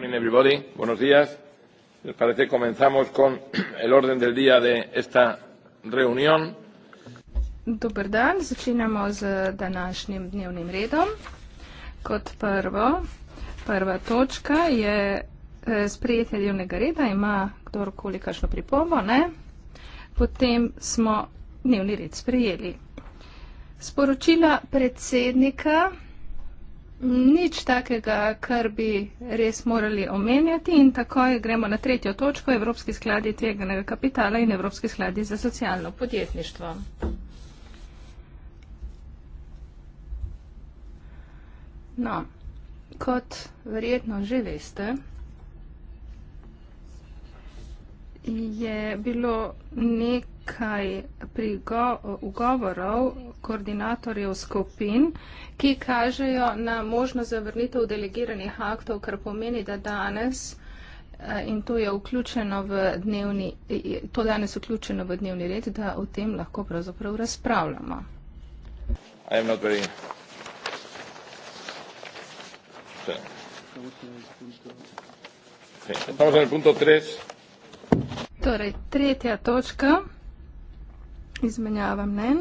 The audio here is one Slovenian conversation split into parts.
morning, everybody. Buenos días. Les parece comenzamos con el orden del día de esta reunión. Dober dan, začinamo z današnjim dnevnim redom. Kot prvo, prva točka je eh, sprejetje dnevnega reda, ima kdorkoli kakšno pripombo, ne? Potem smo dnevni red sprejeli. Sporočila predsednika Nič takega, kar bi res morali omenjati in takoj gremo na tretjo točko, Evropski skladi tveganega kapitala in Evropski skladi za socialno podjetništvo. No, kot verjetno že veste, je bilo nekaj ugovorov koordinatorjev skupin, ki kažejo na možno zavrnitev delegiranih aktov, kar pomeni, da danes eh, in to je vključeno v dnevni, to danes vključeno v dnevni red, da o tem lahko pravzaprav razpravljamo. Estamos en el punto 3. Torej, tretja točka, izmenjava mnenj.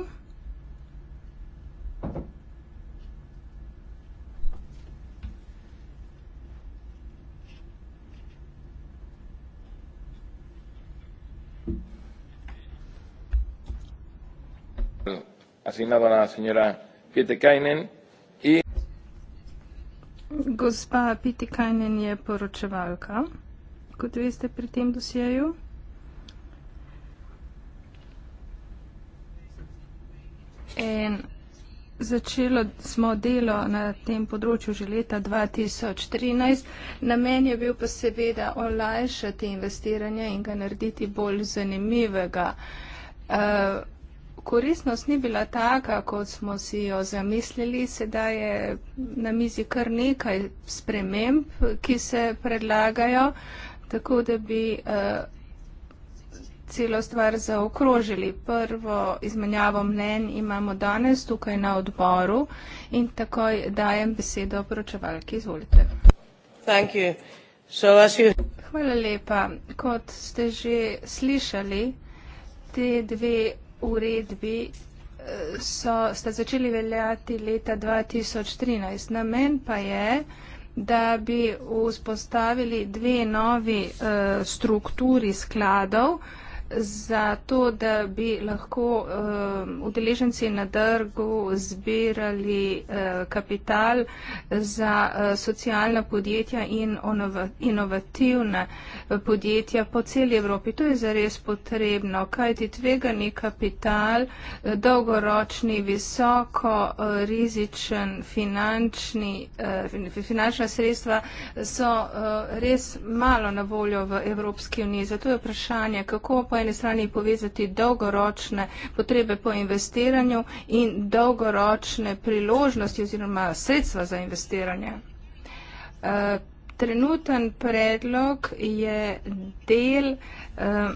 Asignado a la señora Pietikainen y. Gospa Pietikainen je poročevalka. Kot veste pri tem dosjeju. in začelo smo delo na tem področju že leta 2013. Namen je bil pa seveda olajšati investiranje in ga narediti bolj zanimivega. Eh, Korisnost ni bila taka, kot smo si jo zamislili. Sedaj je na mizi kar nekaj sprememb, ki se predlagajo, tako da bi eh, celo stvar zaokrožili. Prvo izmenjavo mnen imamo danes tukaj na odboru in takoj dajem besedo poročevalki. Izvolite. Hvala lepa. Kot ste že slišali, te dve uredbi eh, so, sta začeli veljati leta 2013. Namen pa je, da bi vzpostavili dve novi uh, strukturi skladov, uh, za to, da bi lahko um, udeleženci na trgu zbirali uh, kapital za uh, socialna podjetja in inovativna uh, podjetja po celi Evropi. To je zares potrebno, kajti tvegani kapital, uh, dolgoročni, visoko uh, rizičen finančni, uh, finančna sredstva so uh, res malo na voljo v Evropski uniji. Zato je vprašanje, kako pa eni strani povezati dolgoročne potrebe po investiranju in dolgoročne priložnosti oziroma sredstva za investiranje. Eh, trenuten predlog je del eh,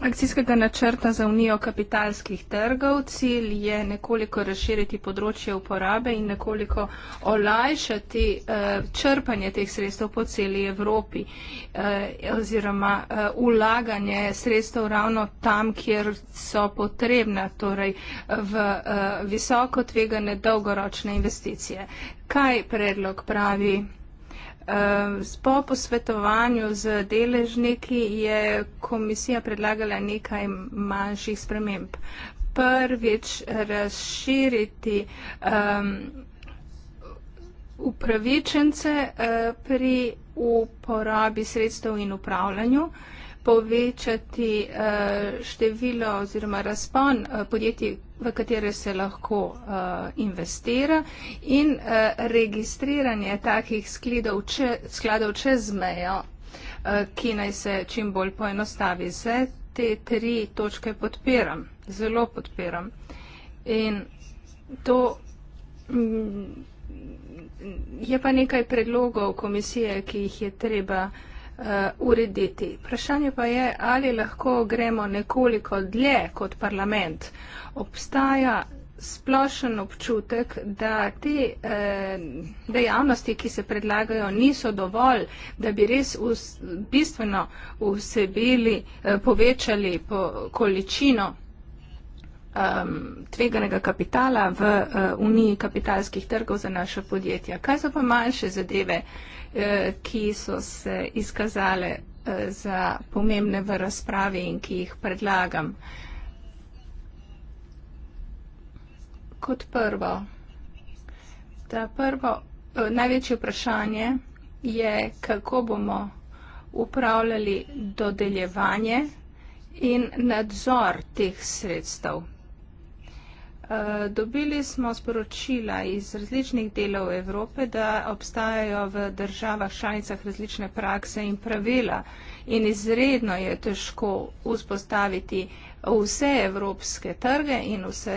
akcijskega načrta za unijo kapitalskih trgov. Cilj je nekoliko razširiti področje uporabe in nekoliko olajšati eh, črpanje teh sredstev po celi Evropi eh, oziroma eh, ulaganje sredstev ravno tam, kjer so potrebna, torej v visoko tvegane dolgoročne investicije. Kaj predlog pravi? Po posvetovanju z deležniki je komisija predlagala nekaj manjših sprememb. Prvič razširiti um, upravičence uh, pri uporabi sredstev in upravljanju, povečati uh, število oziroma razpon uh, podjetij, v katere se lahko uh, investira in uh, registriranje takih skladov, če, skladov čez mejo, uh, ki naj se čim bolj poenostavi. Vse te tri točke podpiram, zelo podpiram. In to mm, je pa nekaj predlogov komisije, ki jih je treba uh, uh, urediti. Vprašanje pa je, ali lahko gremo nekoliko dlje kot parlament. Obstaja splošen občutek, da te eh, dejavnosti, ki se predlagajo, niso dovolj, da bi res vs, bistveno vsebili, eh, povečali po količino eh, tveganega kapitala v eh, Uniji kapitalskih trgov za naše podjetja. Kaj so pa manjše zadeve, eh, Eh, ki so se izkazale eh, za pomembne v razpravi in ki jih predlagam. Kot prvo, da prvo eh, največje vprašanje je, kako bomo upravljali dodeljevanje in nadzor teh sredstev. Eh, dobili smo sporočila iz različnih delov Evrope, da obstajajo v državah članicah različne prakse in pravila in izredno je težko vzpostaviti vse evropske trge in vse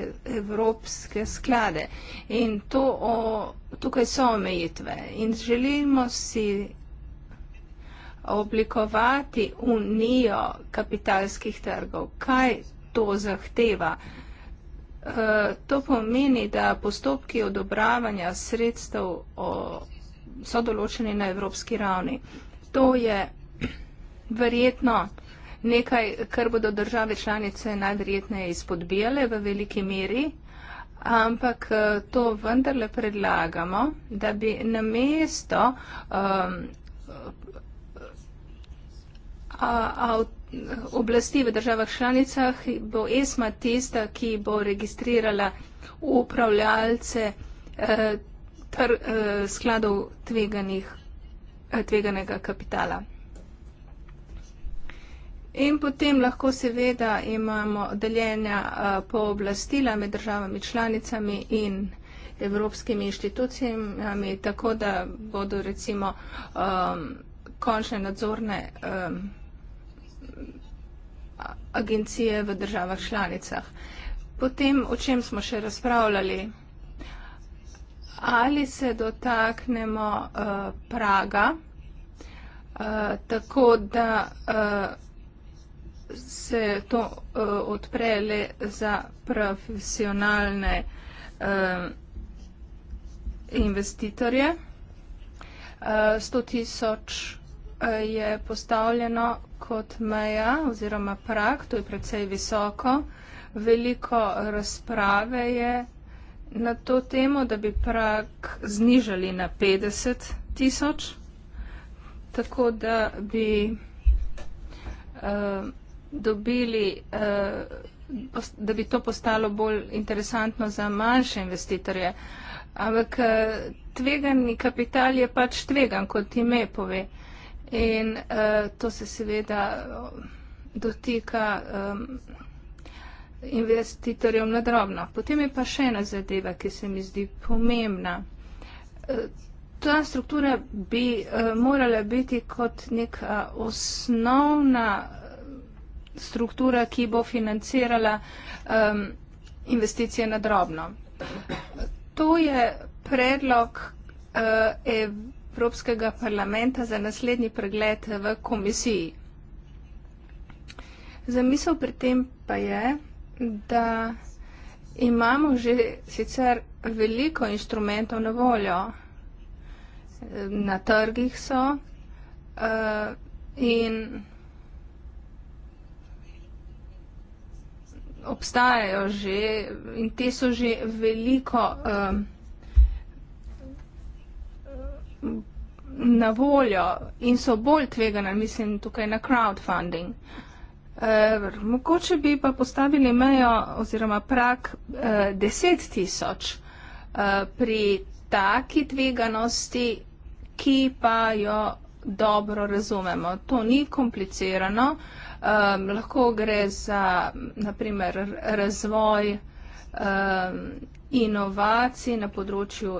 eh, evropske sklade. In to o, tukaj so omejitve in želimo si oblikovati unijo kapitalskih trgov. Kaj to zahteva? Uh, Eh, to pomeni, da postopki odobravanja sredstev o, so določeni na evropski ravni. To je verjetno nekaj, kar bodo države članice najverjetneje izpodbijale v veliki meri, ampak eh, to vendarle predlagamo, da bi na mesto um, oblasti v državah članicah bo ESMA tista, ki bo registrirala upravljalce eh, tr, eh, skladov tveganih, eh, tveganega kapitala. In potem lahko seveda imamo deljenja eh, po oblastila med državami članicami in evropskimi inštitucijami, tako da bodo recimo eh, končne nadzorne. Eh, agencije v državah članicah. Potem, o čem smo še razpravljali, ali se dotaknemo uh, praga, uh, tako da uh, se to uh, odprele za profesionalne uh, investitorje. Uh, 100 tisoč je postavljeno kot meja oziroma prak, to je precej visoko. Veliko razprave je na to temo, da bi prak znižali na 50 tisoč, tako da bi uh, dobili, uh, da bi to postalo bolj interesantno za manjše investitorje. Ampak eh, tvegani kapital je pač tvegan, kot ime pove. Uh, In uh, to se seveda eh, dotika um, investitorjev na drobno. Potem je pa še ena zadeva, ki se mi zdi pomembna. Ta struktura bi uh, morala biti kot neka osnovna struktura, ki bo financirala um, investicije na drobno. To je predlog uh, Evropskega parlamenta za naslednji pregled v komisiji. Zamisel pri tem pa je, da imamo že sicer veliko inštrumentov na voljo. Na trgih so eh, in obstajajo že in te so že veliko inštrumentov. Eh, na voljo in so bolj tvegana, mislim tukaj na crowdfunding. Uh, mogoče bi pa postavili mejo oziroma prak uh, 10 tisoč uh, pri taki tveganosti, ki pa jo dobro razumemo. To ni komplicirano. Um, lahko gre za naprimer razvoj um, inovacij na področju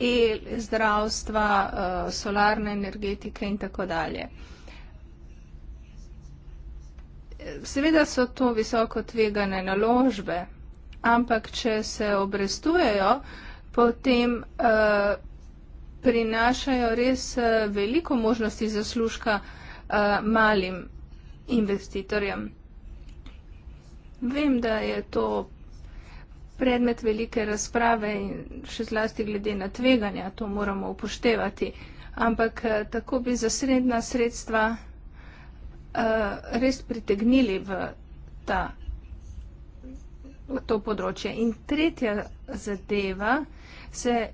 el, zdravstva, eh, solarne energetike in tako dalje. Seveda so to visoko tvegane naložbe, ampak če se obrestujejo, potem eh, prinašajo res eh, veliko možnosti zaslužka malim investitorjem. Vem, da je to predmet velike razprave in še zlasti glede na tveganja, to moramo upoštevati. Ampak eh, tako bi za srednja sredstva eh, res pritegnili v, ta, v to področje. In tretja zadeva se eh,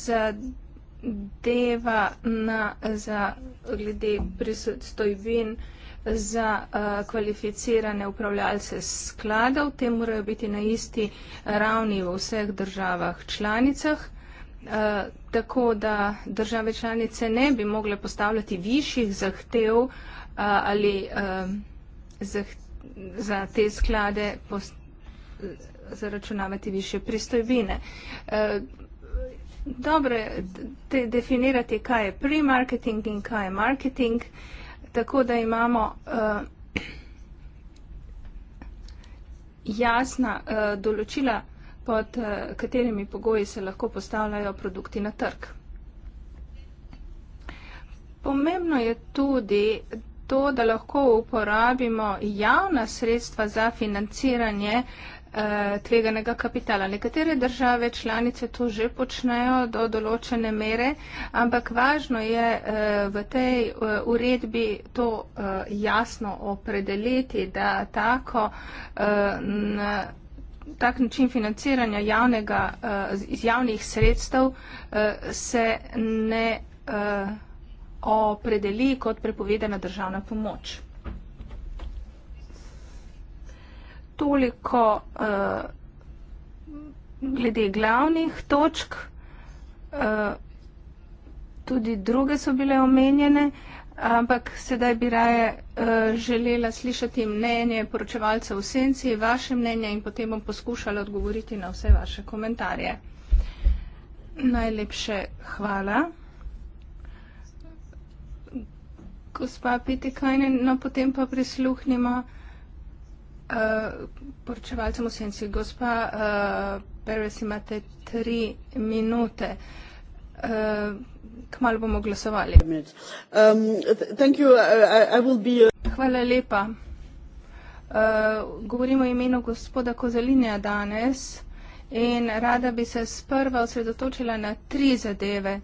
zadeva na, za, glede pristojbin za uh, kvalificirane upravljalce skladov. Te morajo biti na isti eh, ravni v vseh državah članicah, uh, tako da države članice ne bi mogle postavljati višjih zahtev uh, ali uh, zahtev za te sklade zaračunavati više pristojbine. Uh, dobro je de definirati, kaj je pre-marketing in kaj je marketing. Uh, tako da imamo uh, jasna uh, določila, pod uh, katerimi pogoji se lahko postavljajo produkti na trg. Pomembno je tudi to, da lahko uporabimo javna sredstva za financiranje uh, eh, tveganega kapitala. Nekatere države članice to že počnejo do določene mere, ampak važno je eh, v tej eh, uredbi to eh, jasno opredeliti, da tako. Eh, n, Tak način financiranja javnega, eh, iz javnih sredstev eh, se ne eh, opredeli kot prepovedana državna pomoč. toliko uh, glede glavnih točk. Uh, tudi druge so bile omenjene, ampak sedaj bi raje uh, želela slišati mnenje poročevalcev v senci, vaše mnenje in potem bom poskušala odgovoriti na vse vaše komentarje. Najlepše hvala. Gospa Pitikajne, no potem pa prisluhnimo. Eh, poročevalcem v senci. Gospa uh, eh, Peres, imate tri minute. Uh, eh, kmalo bomo glasovali. Um, thank you. I, I will be, uh... Hvala lepa. Uh, govorimo o imenu gospoda Kozalinja danes in rada bi se sprva osredotočila na tri zadeve.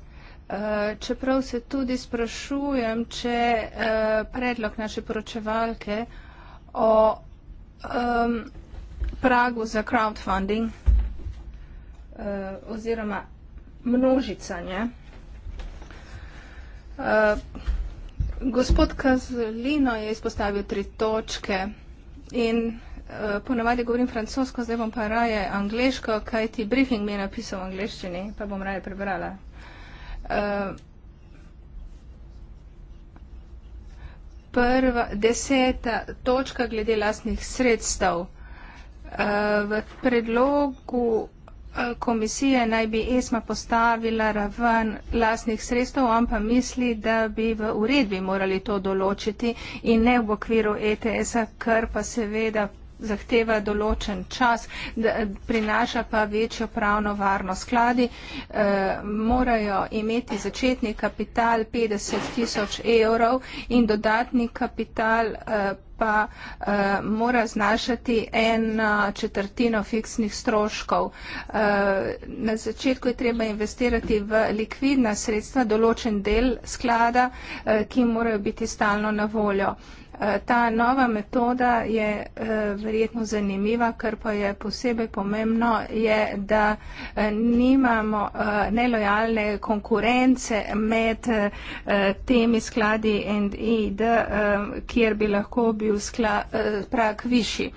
Uh, čeprav se tudi sprašujem, če uh, predlog naše poročevalke o Um, pragu za crowdfunding uh, oziroma množicanje. Uh, gospod Kazlino je izpostavil tri točke in uh, ponavadi govorim francosko, zdaj bom pa raje angliško, kaj ti briefing mi je napisal v angliščini, pa bom raje prebrala. Uh, prva, deseta točka glede lastnih sredstev. Eh, v predlogu eh, komisije naj bi ESMA postavila raven lastnih sredstev, on pa misli, da bi v uredbi morali to določiti in ne v okviru ETS-a, kar pa seveda zahteva določen čas, da, prinaša pa večjo pravno varnost. Skladi e, morajo imeti začetni kapital 50 tisoč evrov in dodatni kapital e, pa e, mora znašati eno četrtino fiksnih stroškov. E, na začetku je treba investirati v likvidna sredstva določen del sklada, e, ki morajo biti stalno na voljo. E, Ta nova metoda je eh, verjetno zanimiva, kar pa je posebej pomembno, je, da eh, nimamo eh, nelojalne konkurence med temi skladi ND, kjer bi lahko bil prak višji.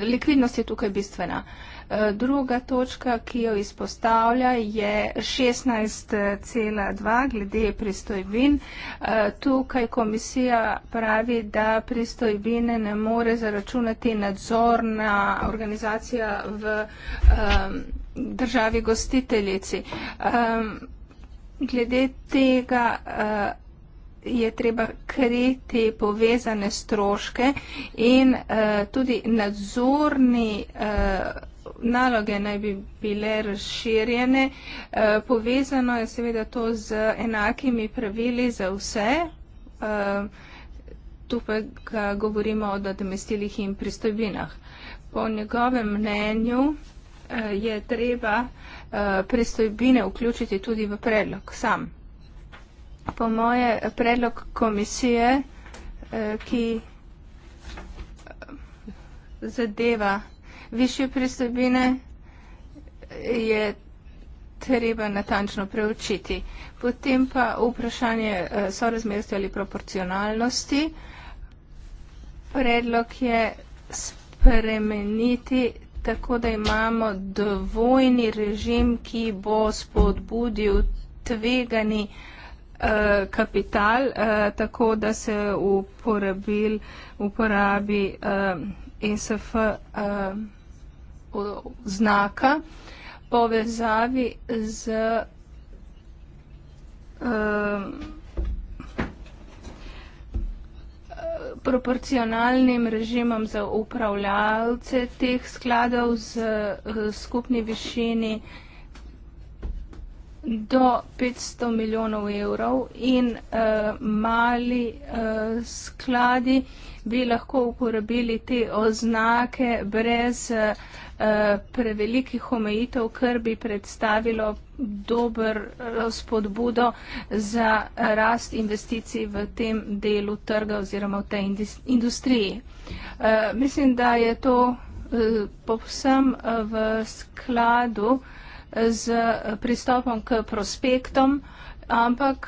Likvidnost je tukaj bistvena. Eh, druga točka, ki jo izpostavlja, je 16,2 glede pristojbin. Eh, tukaj komisija pravi, da pristojbine ne more zaračunati nadzorna organizacija v ehm, državi gostiteljici. Ehm, glede tega eh, je treba kriti povezane stroške in tudi nadzorni organizacija naloge naj bi bile razširjene. Eh, povezano je seveda to z enakimi pravili za vse. Eh, tu pa govorimo o nadomestilih in pristojbinah. Po njegovem mnenju eh, je treba pristojbine vključiti tudi v predlog sam. Po moje predlog komisije, ki zadeva Više pristojbine je treba natančno preučiti. Potem pa vprašanje eh, sorazmerstva ali proporcionalnosti. Predlog je spremeniti tako, da imamo dvojni režim, ki bo spodbudil tvegani eh, kapital, eh, tako da se uporabil, uporabi SF kapital znaka povezavi z um, proporcionalnim režimom za upravljalce teh skladov z, z eh, skupni višini do 500 milijonov evrov in uh, mali uh, skladi bi lahko uporabili te oznake brez uh, Eh, prevelikih omejitev, kar bi predstavilo dober eh, spodbudo za rast investicij v tem delu trga oziroma v tej industriji. Eh, mislim, da je to povsem v skladu z pristopom k prospektom, ampak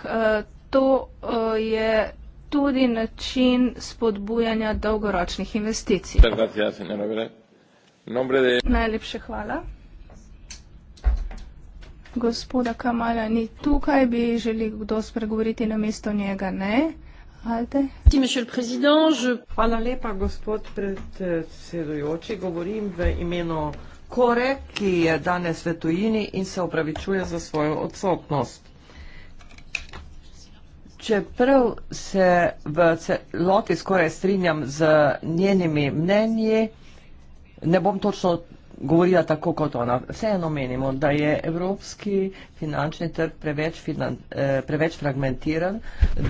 to je tudi način spodbujanja dolgoročnih investicij. Hvala, jaz, De... Najlepša hvala. Gospoda Kamala ni tukaj, bi želi kdo spregovoriti na mesto njega, ne? Alde. Hvala lepa, gospod predsedujoči. Govorim v imenu Kore, ki je danes v tujini in se opravičuje za svojo odsotnost. Čeprav se v celoti skoraj strinjam z njenimi mnenji, ne bom točno govorila tako kot ona. Vseeno menimo, da je evropski finančni trg preveč, finan, eh, preveč fragmentiran,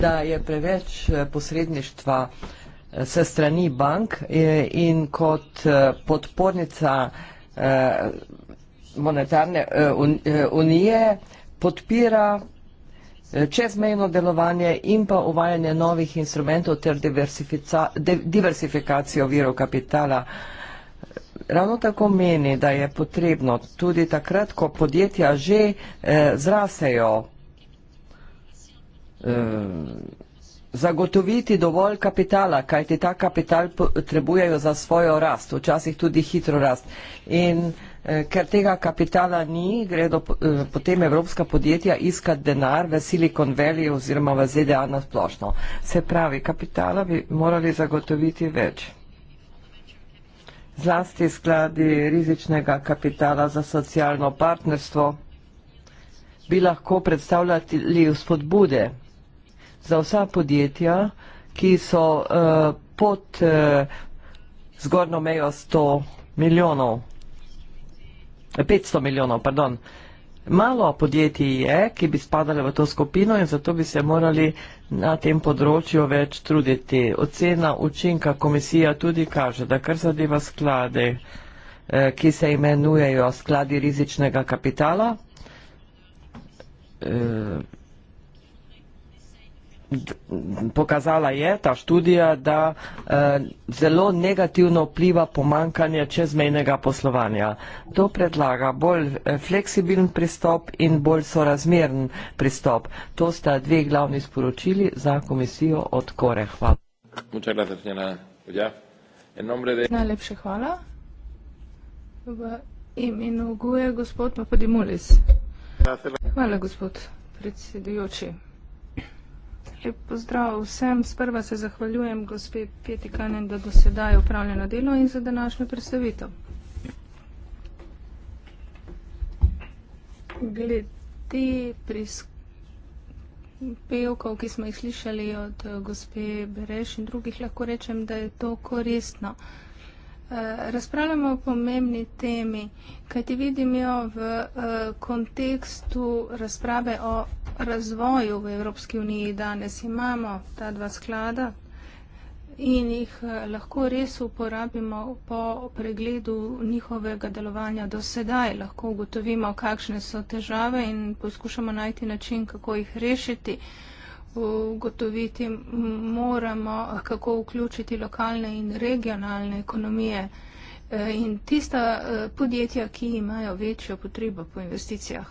da je preveč eh, posredništva eh, se strani bank in kot podpornica monetarne unije podpira čezmejno delovanje in pa uvajanje novih instrumentov ter diversifikacijo virov kapitala ravno tako meni, da je potrebno tudi takrat, ko podjetja že eh, zrasejo, eh, zagotoviti dovolj kapitala, kajti ta kapital potrebujejo za svojo rast, včasih tudi hitro rast. In eh, ker tega kapitala ni, gredo eh, potem evropska podjetja iskat denar v Silicon Valley oziroma v ZDA na splošno. Se pravi, kapitala bi morali zagotoviti več zlasti skladi rizičnega kapitala za socialno partnerstvo, bi lahko predstavljali vzpodbude za vsa podjetja, ki so uh, pod uh, zgornjo mejo 100 milijonov, 500 milijonov, pardon, uh, Malo podjetij je, ki bi spadale v to skupino in zato bi se morali na tem področju več truditi. Ocena učinka komisija tudi kaže, da kar zadeva sklade, eh, ki se imenujejo skladi rizičnega kapitala, eh, pokazala je ta študija, da eh, zelo negativno vpliva pomankanje čezmejnega poslovanja. To predlaga bolj eh, fleksibilen pristop in bolj sorazmeren pristop. To sta dve glavni sporočili za komisijo od Kore. Hvala. Najlepše hvala. V imenu Guje, gospod Papadimulis. Hvala, gospod predsedujoči. Lep pozdrav vsem. Sprva se zahvaljujem gospe Petikanen, da do sedaj upravljeno delo in za današnjo predstavitev. Glede prispevkov, ki smo jih slišali od gospe Bereš in drugih, lahko rečem, da je to koristno razpravljamo o pomembni temi, kajti vidim jo v eh, kontekstu razprave o razvoju v Evropski uniji. Danes imamo ta dva sklada in jih eh, lahko res uporabimo po pregledu njihovega delovanja do sedaj. Lahko ugotovimo, kakšne so težave in poskušamo najti način, kako jih rešiti ugotoviti, moramo kako vključiti lokalne in regionalne ekonomije eh, in tista eh, podjetja, ki imajo večjo potrebo po investicijah.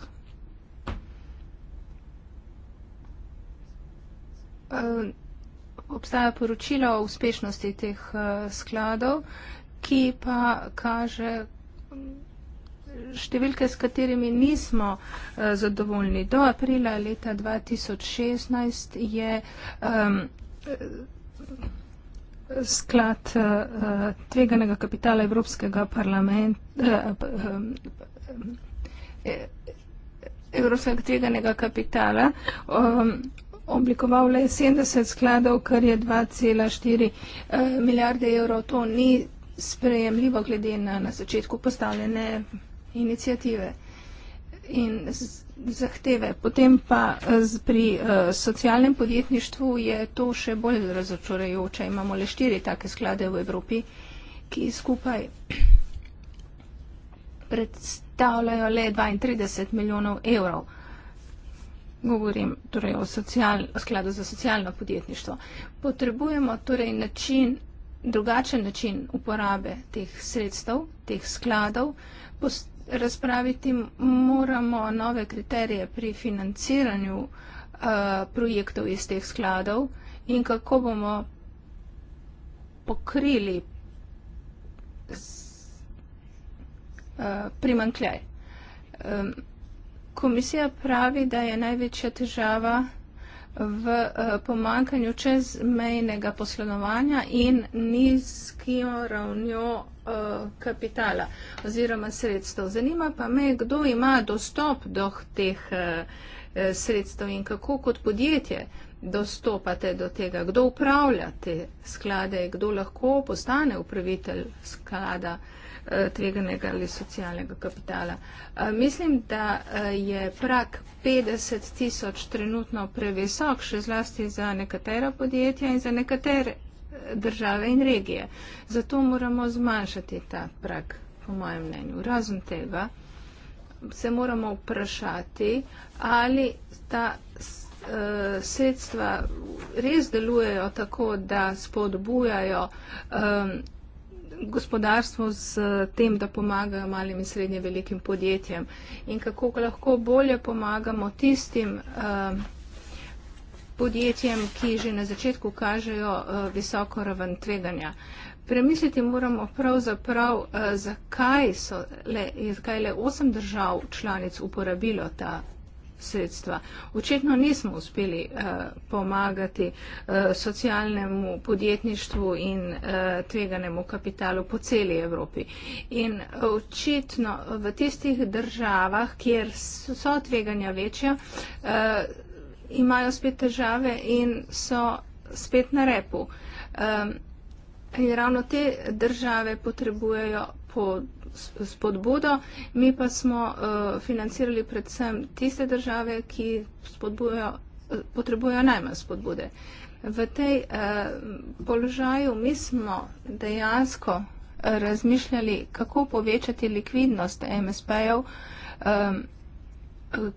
Eh, obstaja poročilo o uspešnosti teh skladov, ki pa kaže, številke, s katerimi nismo eh, zadovoljni. Do aprila leta 2016 je. Um, Sklad uh, tveganega kapitala Evropskega parlamenta, uh, Evropskega tveganega kapitala, um, oblikoval le 70 skladov, kar je 2,4 uh, milijarde evrov. To ni sprejemljivo glede na, na začetku postavljene inicijative in zahteve. Potem pa eh, pri eh, socialnem podjetništvu je to še bolj razočarajoče. Imamo le štiri take sklade v Evropi, ki skupaj predstavljajo le 32 milijonov evrov. Govorim torej o, social, o skladu za socialno podjetništvo. Potrebujemo torej način, drugačen način uporabe teh sredstev, teh skladov, postavljanja razpraviti moramo nove kriterije pri financiranju uh, projektov iz teh skladov in kako bomo pokrili uh, primankljaj. Um, komisija pravi, da je največja težava v uh, pomankanju čezmejnega poslovanja in nizkim ravnjo Eh, kapitala oziroma sredstev. Zanima pa me, kdo ima dostop do teh eh, sredstev in kako kot podjetje dostopate do tega, kdo upravlja te sklade, kdo lahko postane upravitelj sklada eh, tveganega ali socialnega kapitala. Mislim, da je prak 50 tisoč trenutno previsok, še zlasti za nekatera podjetja in za nekatere države in regije. Zato moramo zmanjšati ta prak, po mojem mnenju. Razen tega se moramo vprašati, ali ta eh, sredstva res delujejo tako, da spodbujajo um, gospodarstvo z tem, da pomagajo malim in srednje velikim podjetjem in kako lahko bolje pomagamo tistim um, podjetjem, ki že na začetku kažejo eh, visoko raven tveganja. Premisliti moramo pravzaprav, eh, zakaj so le, zakaj le osem držav članic uporabilo ta sredstva. Očitno nismo uspeli eh, pomagati socialnemu podjetništvu in tveganemu kapitalu po celi Evropi. In očitno v tistih državah, kjer so tveganja večja, imajo spet težave in so spet na repu. Um, in ravno te države potrebujejo pod, spodbudo, mi pa smo uh, financirali predvsem tiste države, ki e, potrebujejo najmanj spodbude. V tej uh, položaju mi smo dejansko razmišljali, kako povečati likvidnost MSP-jev. Um,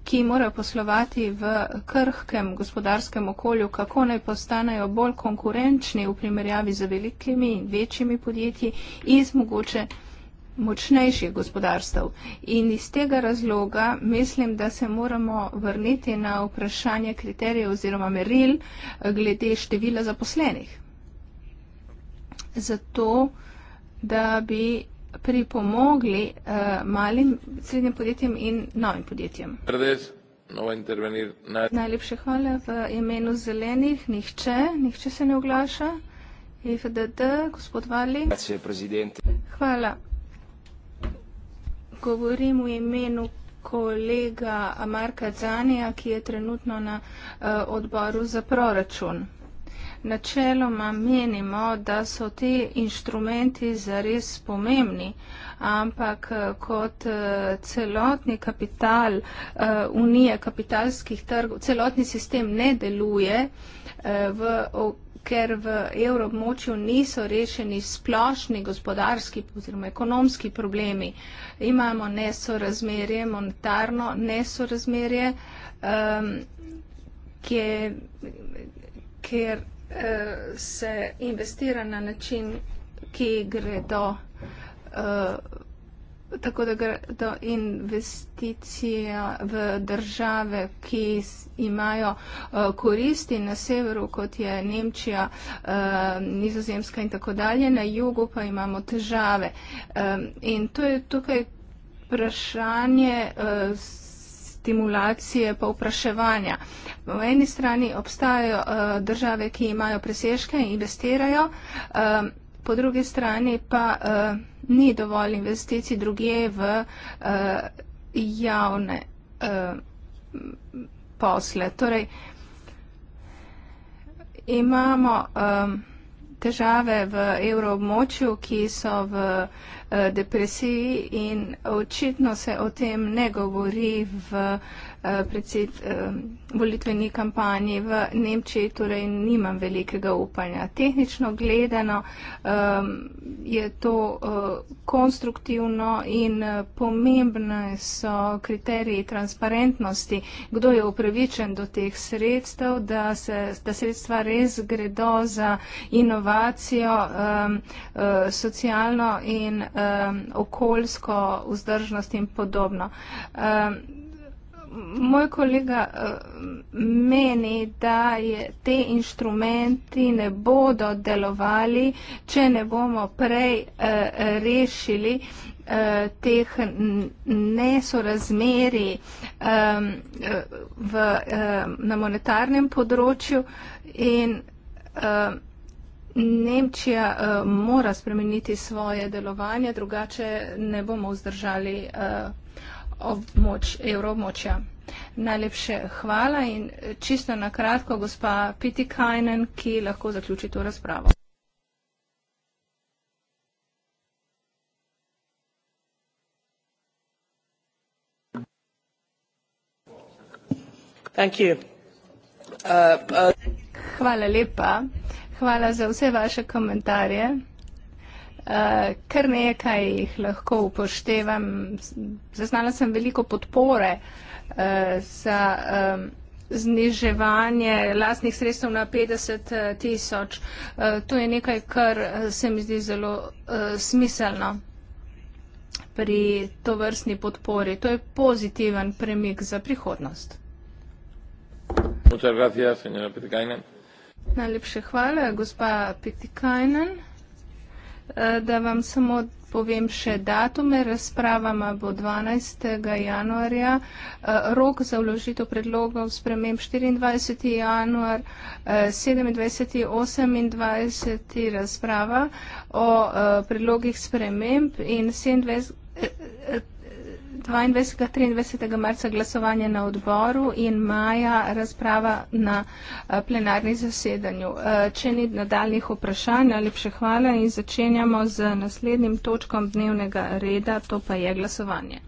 ki morajo poslovati v krhkem gospodarskem okolju, kako naj postanejo bolj konkurenčni v primerjavi z velikimi in večjimi podjetji iz mogoče močnejših gospodarstv. In iz tega razloga mislim, da se moramo vrniti na vprašanje kriterijev oziroma meril glede števila zaposlenih. Zato, da bi pripomogli uh, malim srednjim podjetjem in novim podjetjem. No Najlepše hvala v imenu zelenih. Nihče, nihče se ne oglaša. FDD, gospod Vali. Hvala. Govorim v imenu kolega Marka Zanija, ki je trenutno na uh, odboru za proračun načeloma menimo, da so te inštrumenti zares pomembni, ampak eh, kot eh, celotni kapital uh, unije kapitalskih trgov, celotni sistem ne deluje, uh, v, ker v evroobmočju niso rešeni splošni gospodarski oziroma ekonomski problemi. Imamo nesorazmerje, monetarno nesorazmerje, um, ehm, ki je ker Eh, se investira na način, ki gre do, eh, tako da gre do investicije v države, ki imajo eh, koristi na severu, kot je Nemčija, Nizozemska in tako dalje, na jugu pa imamo težave. In to je tukaj vprašanje stimulacije pa vpraševanja. V eni strani obstajajo eh, države, ki imajo presežke in investirajo, eh, po drugi strani pa eh, ni dovolj investicij druge v javne posle. Torej, imamo težave v evroobmočju, ki so v eh, depresiji in očitno se o tem ne govori v Eh, predsed eh, volitveni kampanji v Nemčiji, torej nimam velikega upanja. Tehnično gledano eh, je to konstruktivno in pomembne so kriteriji transparentnosti, kdo je upravičen do teh sredstev, da se da sredstva res gredo za inovacijo, socialno in okoljsko vzdržnost in podobno moj kolega eh, meni, da je te inštrumenti ne bodo delovali, če ne bomo prej eh, rešili eh, teh nesorazmeri v, na monetarnem področju in Nemčija mora spremeniti svoje delovanje, drugače ne bomo vzdržali območ, evroobmočja. Najlepše hvala in čisto na kratko, gospa Piti Kajnen, ki lahko zaključi to razpravo. Thank you. Uh, uh... Hvala lepa. Hvala za vse vaše komentarje kar nekaj jih lahko upoštevam. Zaznala sem veliko podpore eh, za zniževanje lastnih sredstev na 50 eh, tisoč. Eh, to je nekaj, kar se mi zdi zelo smiselno pri to vrstni podpori. To je pozitiven premik za prihodnost. Gracias, Najlepše hvala, gospa Pitikajnen. Eh, da vam samo povem še datume. Razpravama bo 12. januarja. Eh, rok za vložitev predlogov sprememb 24. januar, 27. Eh, 28. razprava o predlogih sprememb in 27. 22. 23. marca glasovanje na odboru in maja razprava na eh, plenarni zasedanju. Eh, če ni nadaljnih vprašanj, najlepše hvala in začenjamo z naslednjim točkom dnevnega reda, to pa je glasovanje.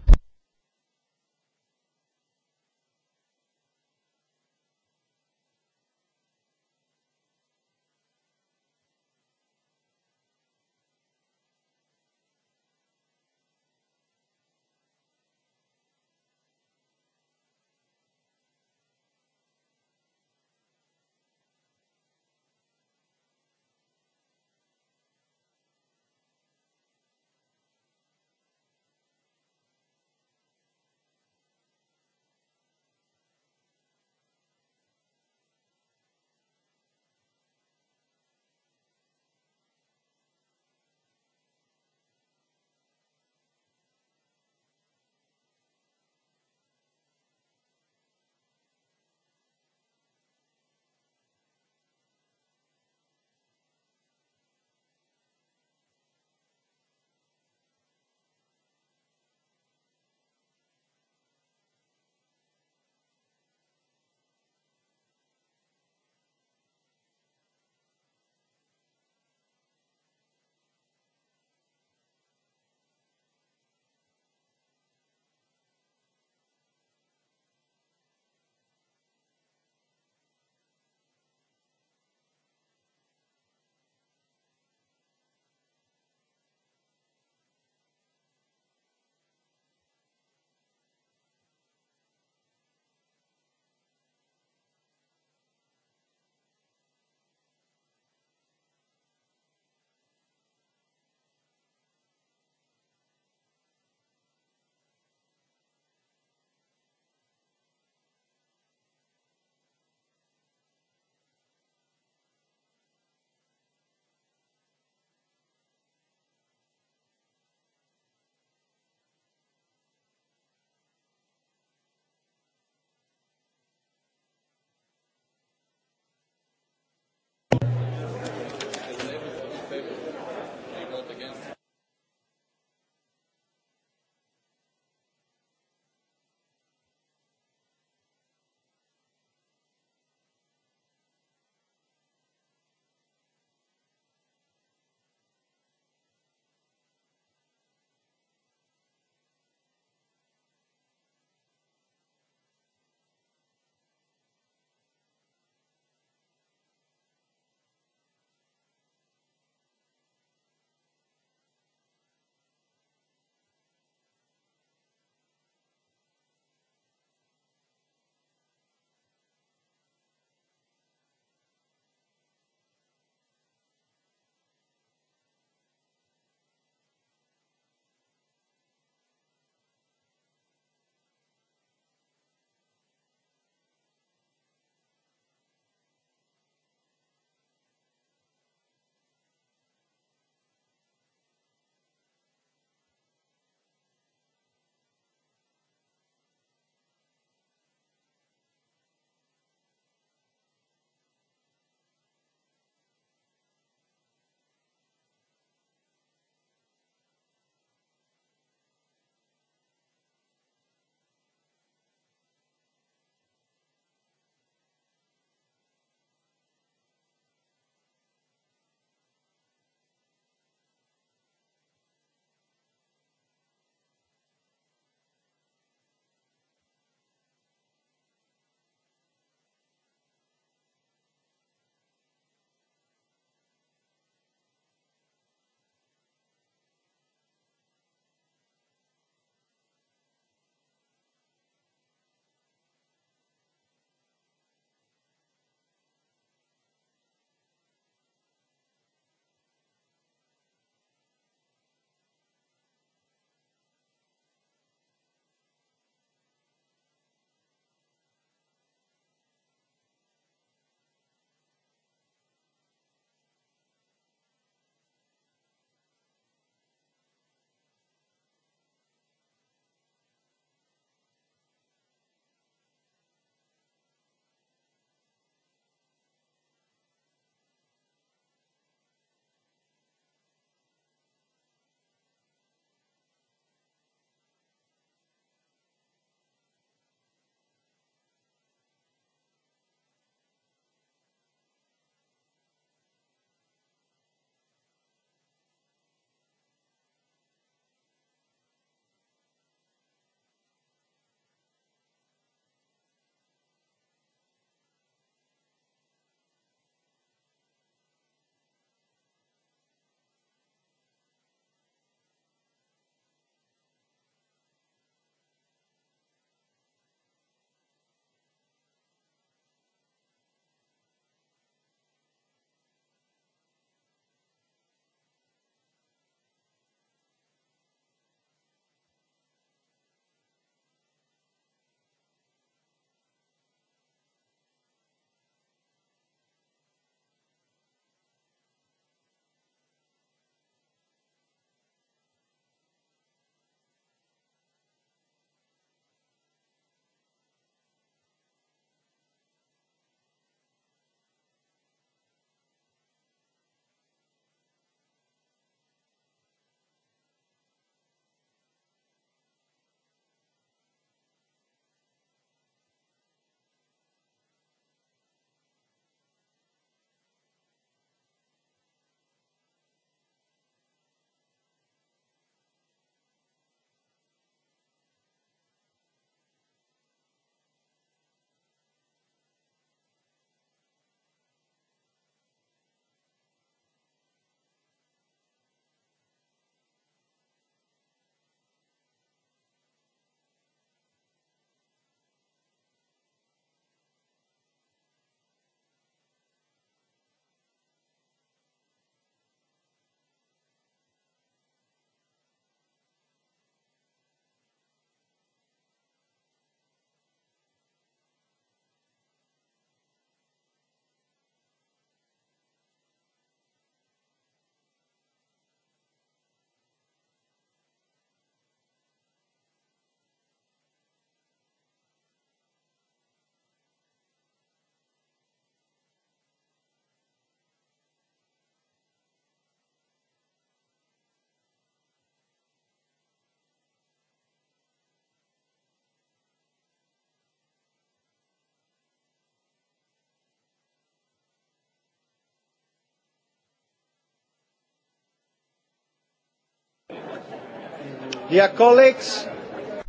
Ja, kolegs.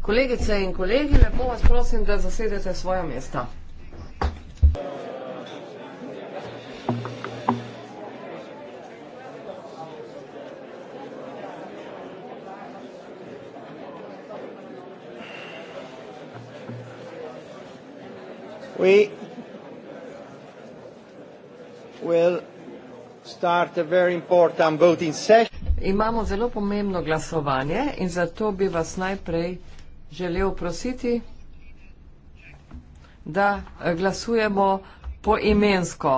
Kolegice in kolegi, lepo vas prosim, da zasedete svoja mesta. We will start a very important voting session. Imamo zelo pomembno glasovanje in zato bi vas najprej želel prositi, da eh, glasujemo poimensko.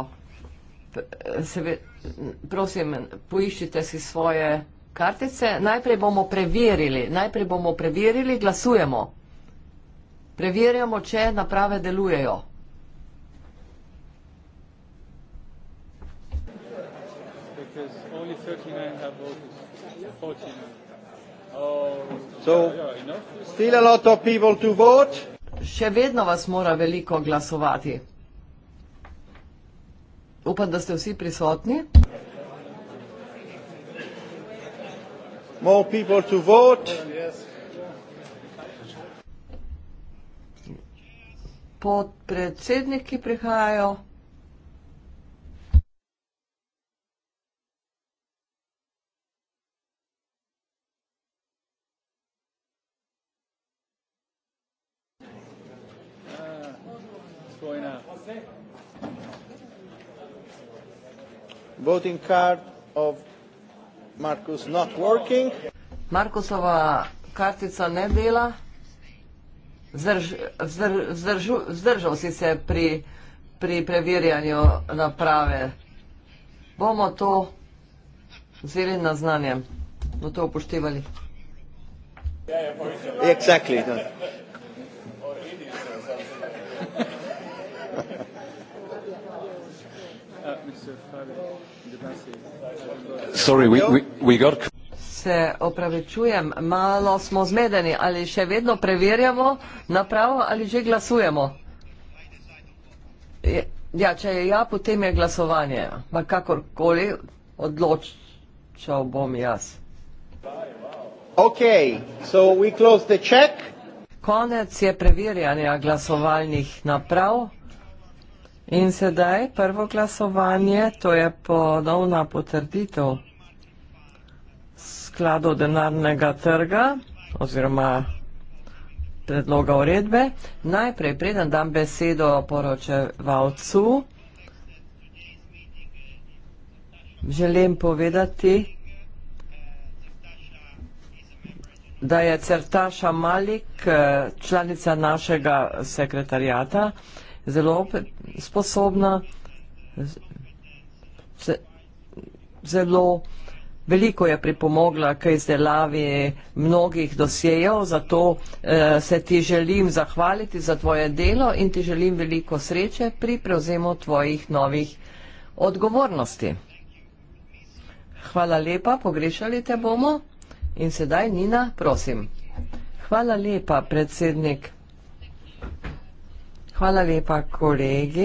Eh, Seve, prosim, poiščite si svoje kartice. Najprej bomo preverili, najprej bomo preverili, glasujemo. Preverjamo, če naprave delujejo. Because only 39 have voted. Še vedno vas mora veliko glasovati. Upam, da ste vsi prisotni. More people to vote. Podpredsedniki prihajajo. Voting card of Marcus not working. Markusova kartica ne dela. Zdrž, zdrž, zdrž, zdržal si se pri, pri preverjanju naprave. Bomo to vzeli na znanje, bomo to upoštevali. Exactly. No. Se opravičujem, malo smo zmedeni, ali še vedno preverjamo napravo ali že glasujemo? Ja, če je ja, potem je glasovanje. Ma kakorkoli odločal bom jaz. Okay, so we close the check. Konec je preverjanja glasovalnih naprav. In sedaj prvo glasovanje, to je ponovna potrditev skladu denarnega trga oziroma predloga uredbe. Najprej preden dam besedo poročevalcu, želim povedati, da je Certaša Malik eh, članica našega sekretarjata zelo sposobna, zelo veliko je pripomogla k izdelavi mnogih dosjejev, zato eh, se ti želim zahvaliti za tvoje delo in ti želim veliko sreče pri prevzemu tvojih novih odgovornosti. Hvala lepa, pogrešali te bomo. In sedaj, Nina, prosim. Hvala lepa, predsednik. Hvala lepa kolegi.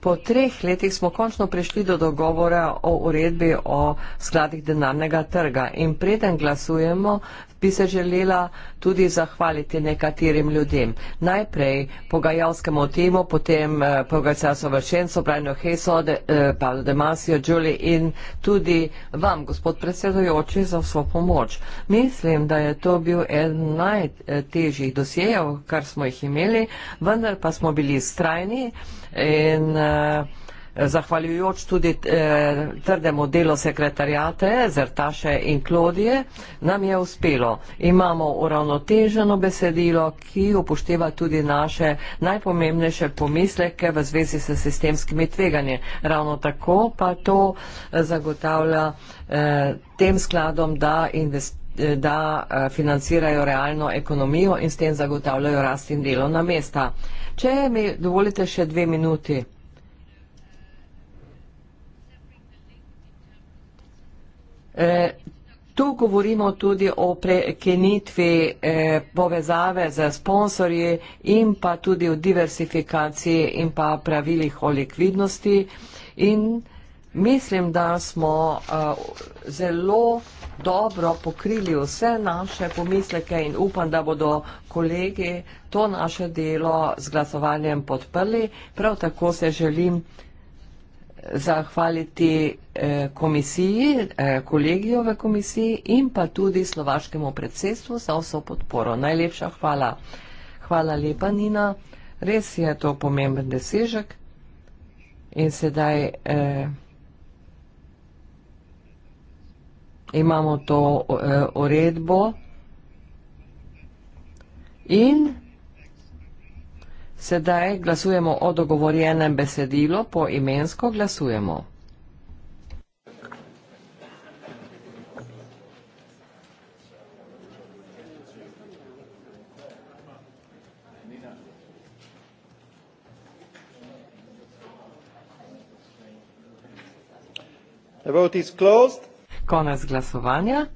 Po treh letih smo končno prišli do dogovora o uredbi o skladih denarnega trga in preden glasujemo, bi se želela tudi zahvaliti nekaterim ljudem. Najprej pogajalskemu timu, potem eh, pogajalcu vršencu, Brajno Heso, de, eh, Pavlo Demasijo, Đuli in tudi vam, gospod predsedujoči, za vso pomoč. Mislim, da je to bil eden najtežjih dosjejev, kar smo jih imeli, vendar pa smo bili strajni in uh, zahvaljujoč tudi uh, trdemu delu sekretarijate Zrtaše in Klodije, nam je uspelo. Imamo uravnoteženo besedilo, ki upošteva tudi naše najpomembnejše pomisleke v zvezi s sistemskimi tveganji. Ravno tako pa to eh, zagotavlja uh, tem skladom, da investicijo da financirajo realno ekonomijo in s tem zagotavljajo rast in delovna mesta. Uh, Če mi dovolite še dve minuti. E, tu govorimo tudi o prekenitvi e, povezave z sponsorji in pa tudi o diversifikaciji in pa pravilih o likvidnosti. In mislim, da smo e, zelo dobro pokrili vse naše pomisleke in upam, da bodo kolegi to naše delo z glasovanjem podprli. Prav tako se želim zahvaliti eh, komisiji, eh, kolegijo v komisiji in pa tudi slovaškemu predsedstvu za vso podporo. Najlepša hvala. Hvala lepa, Nina. Res je to pomemben desežek. In sedaj eh, imamo to e, uredbo in sedaj glasujemo o dogovorjenem besedilo, po imensko glasujemo. The vote is closed konec glasovanja.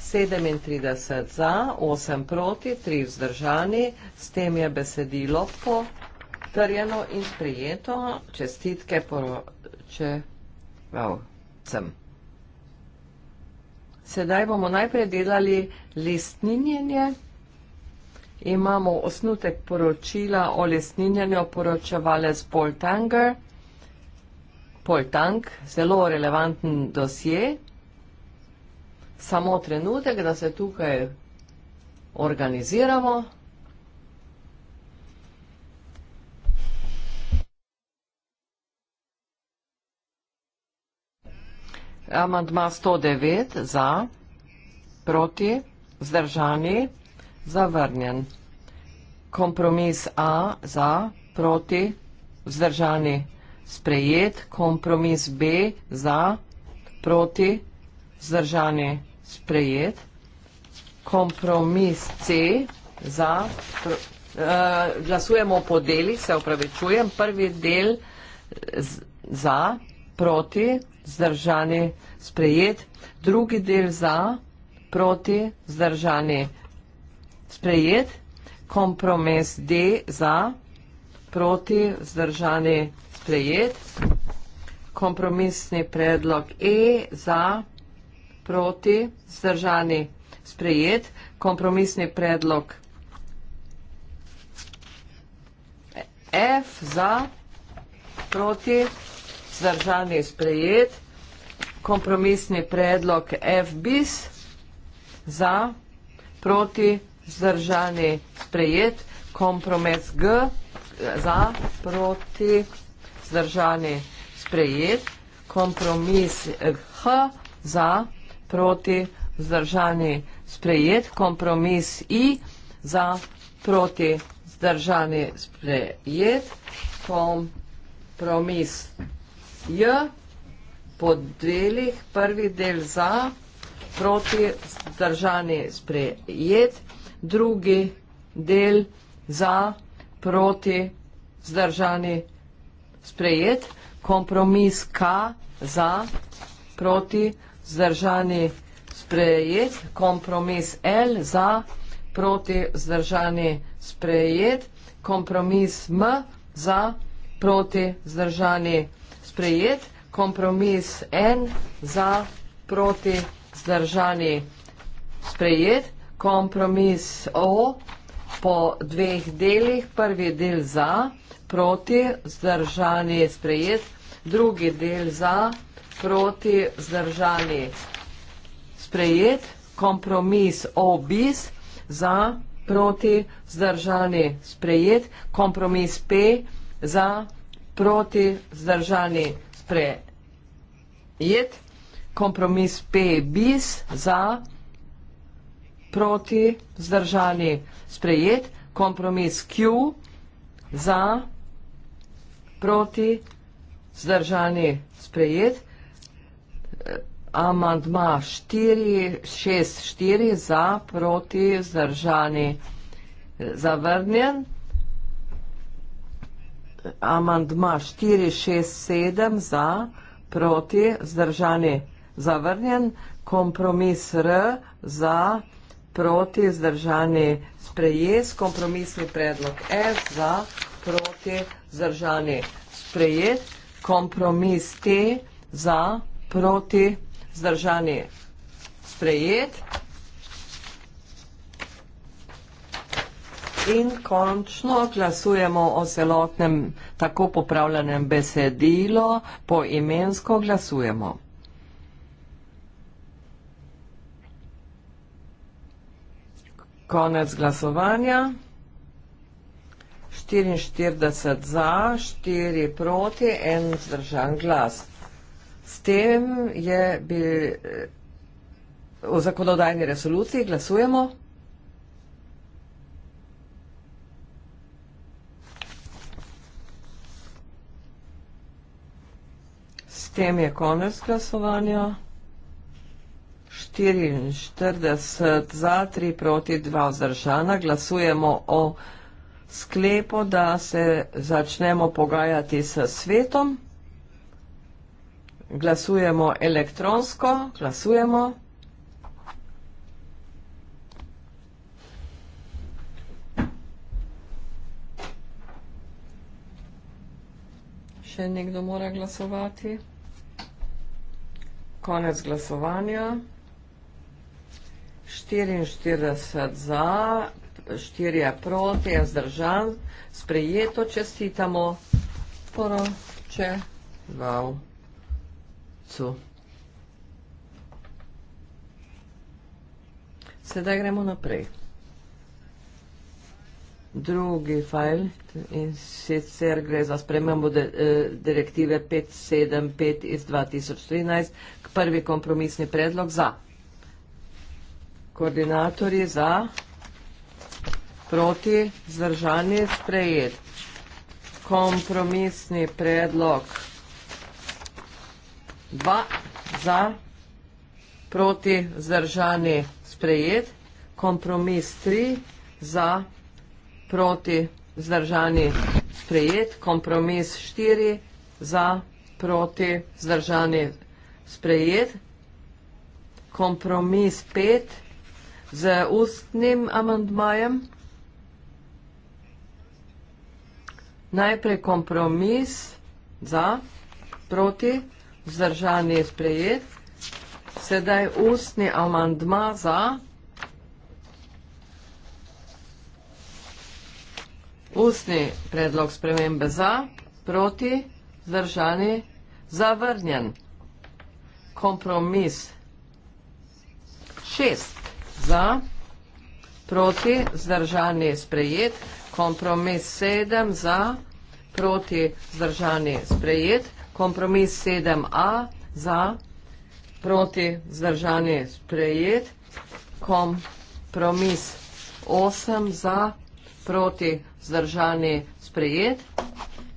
37 za, 8 proti, 3 vzdržani. S tem je besedilo potrjeno in sprijeto. Čestitke poročevalcem. Sedaj bomo najprej delali listninjenje. Imamo osnutek poročila o listninjenju poročevalec Paul Tanger pol tank, zelo relevanten dosje. Samo trenutek, da se tukaj organiziramo. Amandma 109 za, proti, zdržani, zavrnjen. Kompromis A za, proti, zdržani, zavrnjen sprejet, kompromis B za, proti, vzdržanje, sprejet, kompromis C za, pro, uh, eh, glasujemo po deli, se opravičujem, prvi del z, za, proti, vzdržanje, sprejet, drugi del za, proti, vzdržanje, sprejet, kompromis D za, proti, vzdržanje, sprejet, sprejet. Kompromisni predlog E za, proti, zdržani sprejet. Kompromisni predlog F za, proti, zdržani sprejet. Kompromisni predlog F bis za, proti, zdržani sprejet. Kompromis G za, proti, zdržani sprejet vzdržani, sprejet. Kompromis H za, proti, vzdržani, sprejet. Kompromis I za, proti, vzdržani, sprejet. Kompromis J pod delih, prvi del za, proti, vzdržani, sprejet. Drugi del za, proti, vzdržani, sprejet sprejet. Kompromis K za, proti, zdržani sprejet. Kompromis L za, proti, zdržani sprejet. Kompromis M za, proti, zdržani sprejet. Kompromis N za, proti, zdržani sprejet. Kompromis O za, proti, zdržani sprejet po dveh delih. Prvi del za, proti, zdržani, sprejet. Drugi del za, proti, zdržani, sprejet. Kompromis obis za, proti, zdržani, sprejet. Kompromis P za, proti, zdržani, sprejet. Kompromis P bis za, proti, zdržani, sprejet proti, vzdržani, sprejet, kompromis Q za, proti, vzdržani, sprejet, amandma 464 za, proti, vzdržani, zavrnjen, amandma 467 za, proti, vzdržani, zavrnjen, kompromis R za, proti, proti, zdržani, sprejet, kompromisni predlog F za, proti, zdržani, sprejet, kompromis T za, proti, zdržani, sprejet. In končno glasujemo o celotnem tako popravljenem besedilo, po imensko glasujemo. konec glasovanja. 44 za, 4 proti, en zdržan glas. S tem je bil v eh, zakonodajni resoluciji, glasujemo. S tem je konec glasovanja. 44 za, 3 proti, 2 vzdržana. Glasujemo o sklepu, da se začnemo pogajati s svetom. Glasujemo elektronsko. Glasujemo. Še nekdo mora glasovati. Konec glasovanja. 44 za, 4 proti, je zdržan, sprejeto, čestitamo poroče valcu. Sedaj gremo naprej. Drugi fajl in sicer gre za spremembo eh, direktive 575 iz 2013 k prvi kompromisni predlog za koordinatorji za proti zdržani sprejet kompromisni predlog dva za proti zdržani sprejet kompromis tri za proti zdržani sprejet kompromis štiri za proti zdržani sprejet kompromis pet z ustnim amandmajem. Najprej kompromis za, proti, vzdržan je sprejet. Sedaj ustni amandma za, ustni predlog spremembe za, proti, vzdržan je zavrnjen. Kompromis šest. Za. Proti. Zdržanje je sprejet. Kompromis 7. Za. Proti. Zdržanje je sprejet. Kompromis 7a. Za. Proti. Zdržanje je sprejet. Kompromis 8. Za. Proti. Zdržanje je sprejet.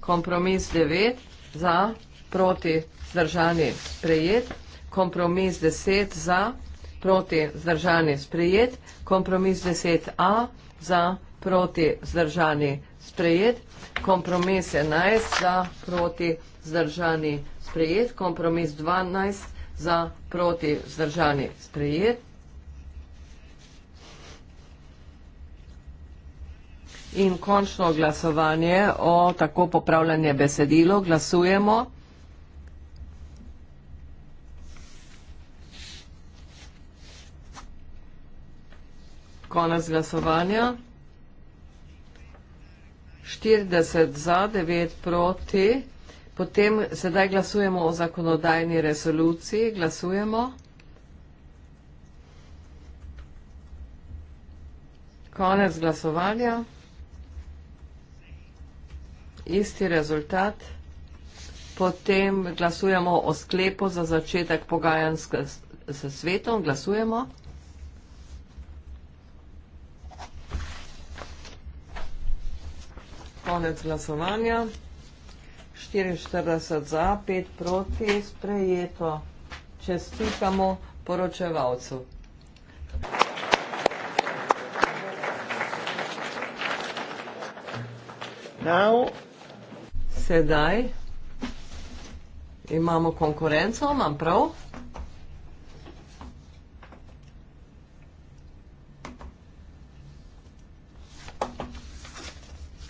Kompromis 9. Za. Proti. Zdržanje je sprejet. Kompromis 10. Za. Proti proti zdržani sprejet, kompromis 10a za proti zdržani sprejet, kompromis 11 za proti zdržani sprejet, kompromis 12 za proti zdržani sprejet. In končno glasovanje o tako popravljanje besedilo glasujemo. Konec glasovanja. 40 za, 9 proti. Potem sedaj glasujemo o zakonodajni resoluciji. Glasujemo. Konec glasovanja. Isti rezultat. Potem glasujemo o sklepu za začetek pogajanj s svetom. Glasujemo. Glasujemo. konec glasovanja. 44 za, 5 proti, sprejeto. Čestitamo poročevalcu. Now. Sedaj imamo konkurenco, imam prav?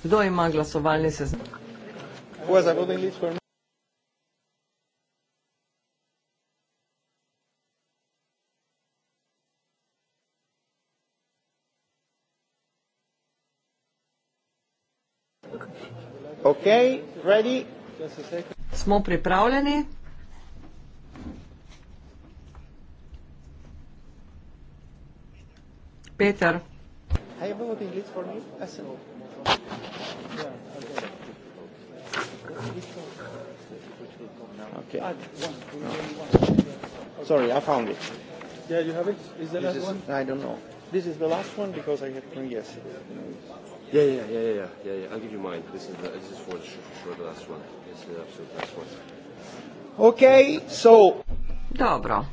Kdo ima glasovalni seznam? Ok, ready? Smo pripravljeni? Peter? Have you voted in Leeds for ja, me? Yes, Okay. No. Sorry, I found it. Yeah, you have it? Is the last one? I don't know. This is the last one because I had one yesterday. Yeah, yeah, yeah, yeah, yeah, yeah. I'll give you mine. This is, the, this is for, sure, for sure the last one. This is the absolute last one. Okay, so. Dobro.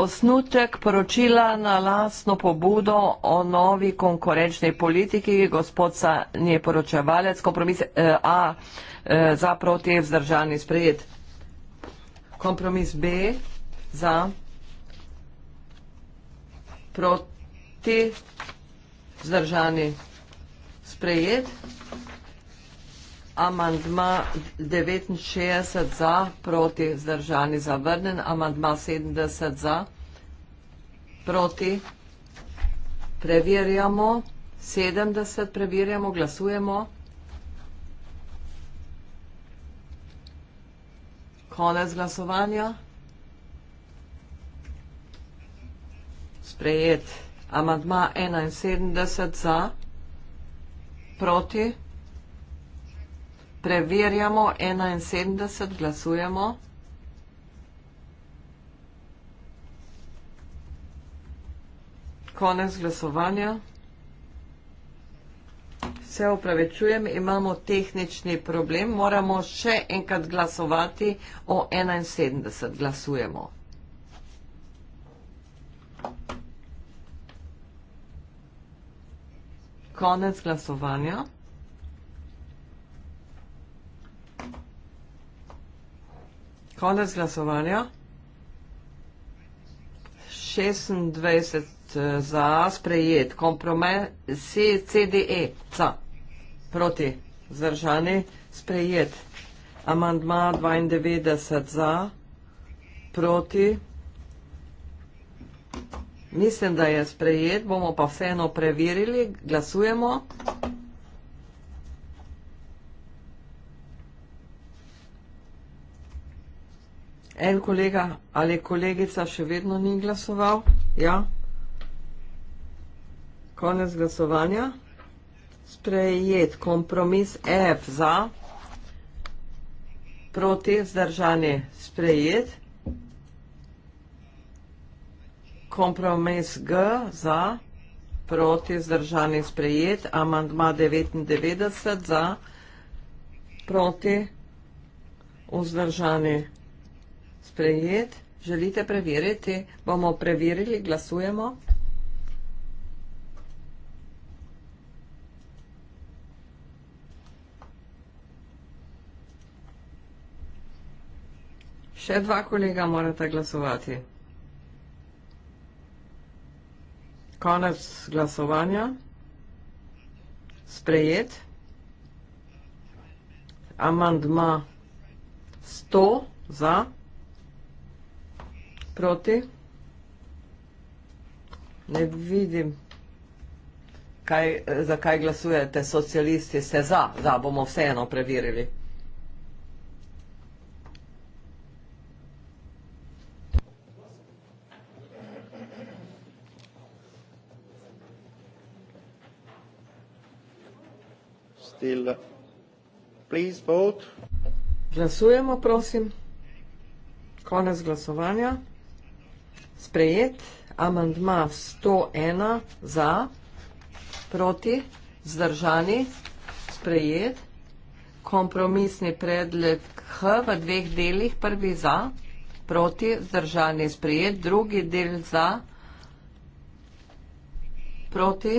Osnutek poročila na lasno pobudo o novi konkurenčni politiki, gospod Sanj je poročevalec, kompromis eh, A eh, za proti vzdržani sprejet, kompromis B za proti vzdržani sprejet amandma 69 za, proti zdržani zavrnen, amandma 70 za, proti preverjamo, 70 preverjamo, glasujemo. Konec glasovanja. Sprejet. Amandma 71 za, proti preverjamo. Preverjamo 71, glasujemo. Konec glasovanja. Se upravičujem, imamo tehnični problem, moramo še enkrat glasovati o 71, glasujemo. Konec glasovanja. Konec glasovanja. 26 eh, za sprejet, kompromis CDE, za, proti, zdržani, sprejet, amandma 92 za, proti, mislim, da je sprejet, bomo pa vseeno preverili, glasujemo. Glasujemo. En kolega ali kolegica še vedno ni glasoval. Ja. Konec glasovanja. Sprejet kompromis F za. Proti zdržanje sprejet. Kompromis G za. Proti zdržanje sprejet. Amandma 99 za. Proti vzdržanje sprejet. Sprejet, želite preveriti? Bomo preverili, glasujemo. Še dva kolega morata glasovati. Konec glasovanja. Sprejet. Amandma 100 za proti. Ne vidim, kaj, za kaj glasujete, socialisti ste za, za, bomo vseeno preverili. Still, please vote. Glasujemo, prosim. Konec glasovanja sprejet, amandma 101 za, proti, zdržani, sprejet, kompromisni predlog H v dveh delih, prvi za, proti, zdržani, sprejet, drugi del za, proti,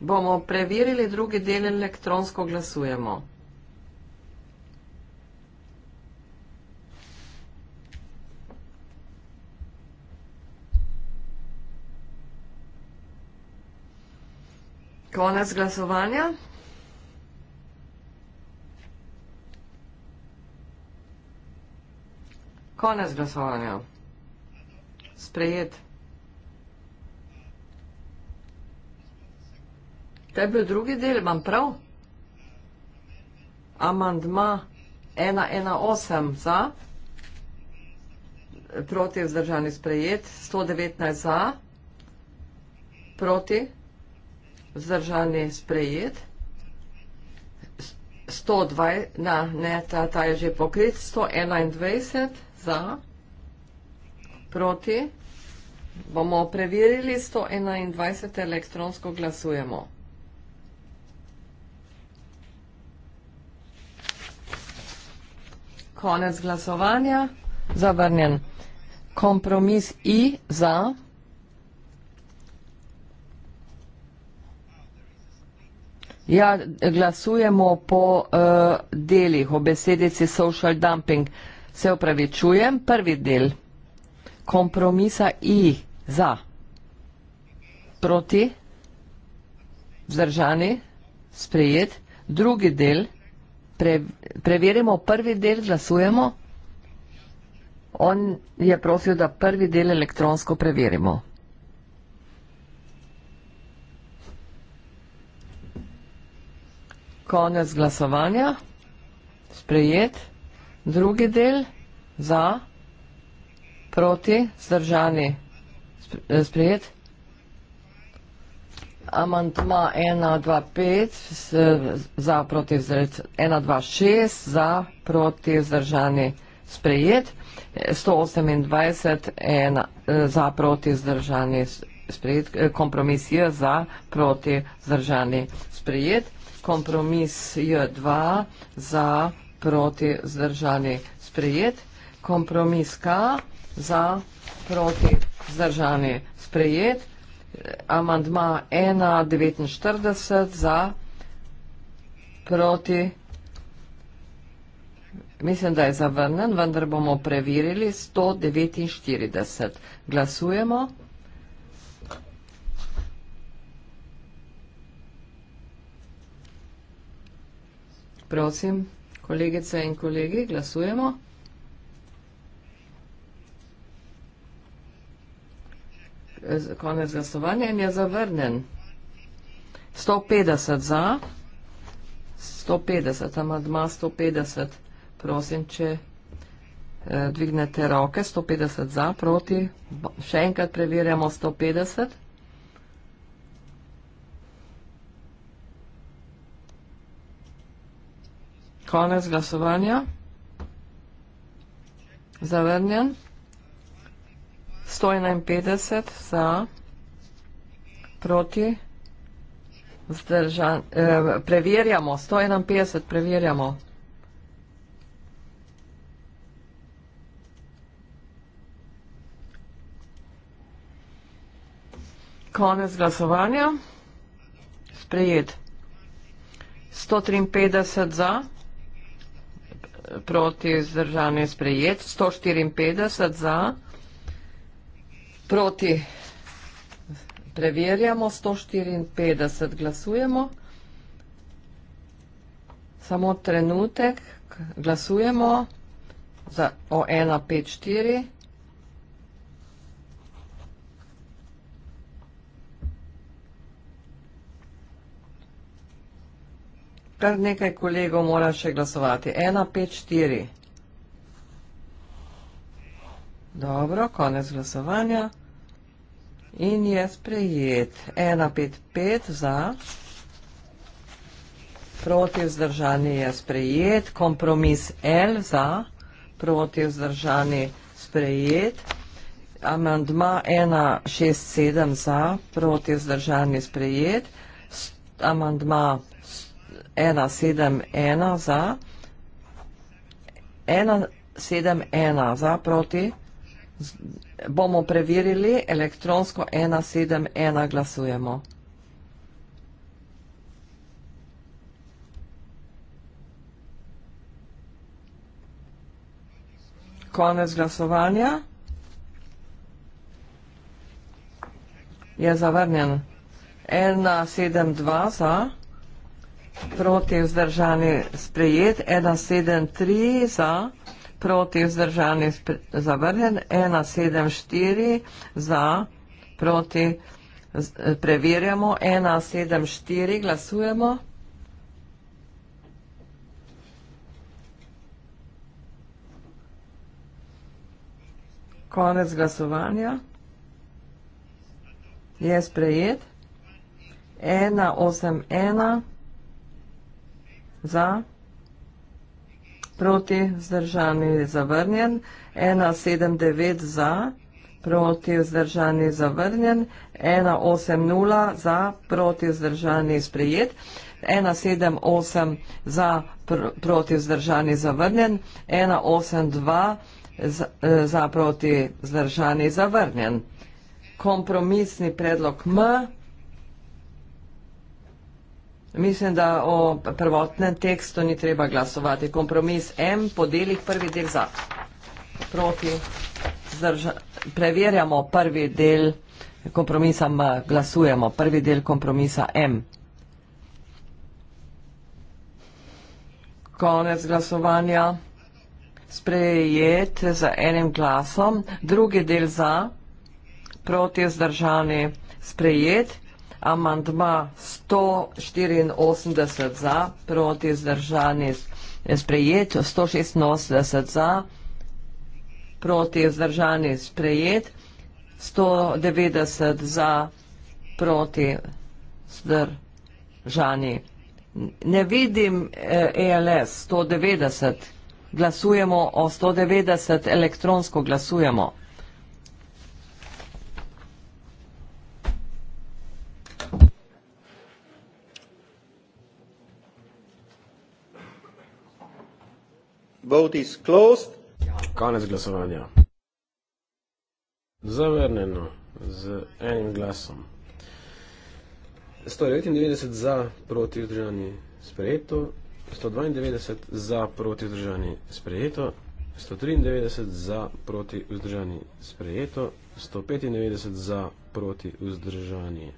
bomo preverili drugi del elektronsko glasujemo. Konec glasovanja. Konec glasovanja. Sprejet. To je bil drugi del, imam prav? Amandma 118 za, proti vzdržani sprejet, 119 za, proti vzdržan je sprejet. 120, na, ne, ta, ta je že pokrit, 121 za, proti. Bomo preverili 121 elektronsko glasujemo. Konec glasovanja, zavrnjen. Kompromis I za. Ja, glasujemo po uh, delih, o besedici social dumping. Se upravičujem, prvi del kompromisa I za, proti, vzdržani, sprejet. Drugi del, pre, preverimo prvi del, glasujemo. On je prosil, da prvi del elektronsko preverimo. konec glasovanja, sprejet, drugi del za, proti, zdržani, eh, sprejet, amantma 1, 2, 5, za, proti, zdržani, 1, 2, 6, za, proti, zdržani, sprejet, 128, 1, eh, za, proti, zdržani, sprejet, kompromisija za, proti, zdržani, sprejet kompromis J2 za proti zdržani sprejet, kompromis K za proti zdržani sprejet, amandma 1.49 za proti, mislim, da je zavrnen, vendar bomo preverili 149. Glasujemo. Prosim, kolegice in kolegi, glasujemo. Konec glasovanja in je zavrnen. 150 za, 150, ima dva 150. Prosim, če eh, dvignete roke, 150 za, proti, še enkrat preverjamo 150. Konec glasovanja. Zavrnjen. 151 za, proti, zdržan, eh, preverjamo, 151 preverjamo. Konec glasovanja, sprejet, 153 za, proti vzdržanje sprejet, 154 za, proti preverjamo, 154 glasujemo, samo trenutek, glasujemo za o 154. kar nekaj kolegov mora še glasovati. 1, 5, 4. Dobro, konec glasovanja. In je sprejet. 1, 5, 5 za. Proti vzdržani je sprejet. Kompromis L za. Proti vzdržani sprejet. Amandma 1, 6, 7 za. Proti vzdržani sprejet. Amandma ena sedem ena za, ena sedem ena za proti, bomo preverili elektronsko ena sedem ena glasujemo. Konec glasovanja. Je zavrnjen. Ena sedem dva za. Proti vzdržani sprejet, 173 za, proti vzdržani zavrnjen, 174 za, proti preverjamo, 174 glasujemo. Konec glasovanja je sprejet, 181 za, proti, vzdržani, zavrnjen, 179 za, proti, vzdržani, zavrnjen, 180 za, proti, vzdržani, sprejet, 178 za, pr proti, vzdržani, zavrnjen, 182 za, eh, za, proti, vzdržani, zavrnjen. Kompromisni predlog M. Mislim, da o prvotnem tekstu ni treba glasovati. Kompromis M, podelih prvi del za, proti, zdržan. Preverjamo prvi del kompromisa M, glasujemo prvi del kompromisa M. Konec glasovanja. Sprejet z enim glasom. Drugi del za, proti, zdržani, sprejet amandma 184 za, proti zdržani sprejet, 186 za, proti zdržani sprejet, 190 za, proti zdržani. Ne vidim ELS eh, e 190. Glasujemo o 190, elektronsko glasujemo. Vote is closed. Konec glasovanja. Zavrnjeno z enim glasom. 199 za proti vzdržani sprejeto, 192 za proti vzdržani sprejeto, 193 za proti vzdržani sprejeto, 195 za proti vzdržani.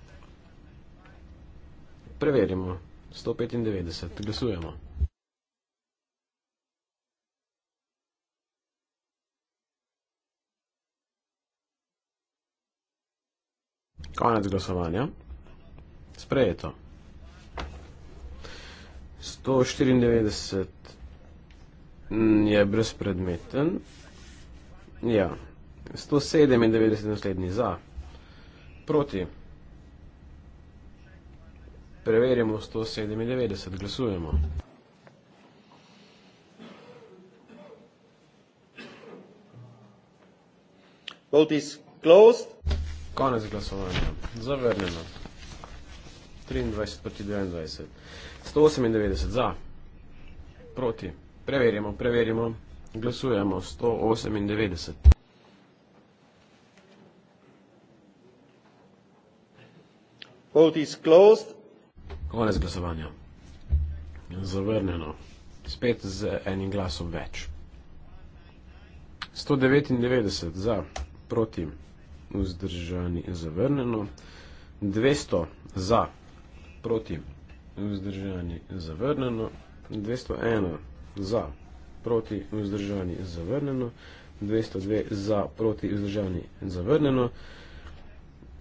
Preverimo. 195. Glasujemo. Konec glasovanja. Sprejeto. 194 je brezpredmeten. Ja. 197 naslednji za. Proti. Preverimo 197. Glasujemo. Vote is closed. Konec glasovanja. Zavrnjeno. 23 proti 22. 198 za. Proti. Preverimo, preverimo. Glasujemo. 198. Vote is closed. Konec glasovanja. Zavrnjeno. Spet z enim glasom več. 199 za. Proti vzdržani, zavrnjeno. 200 za, proti, vzdržani, zavrnjeno. 201 za, proti, vzdržani, zavrnjeno. 202 za, proti, vzdržani, zavrnjeno.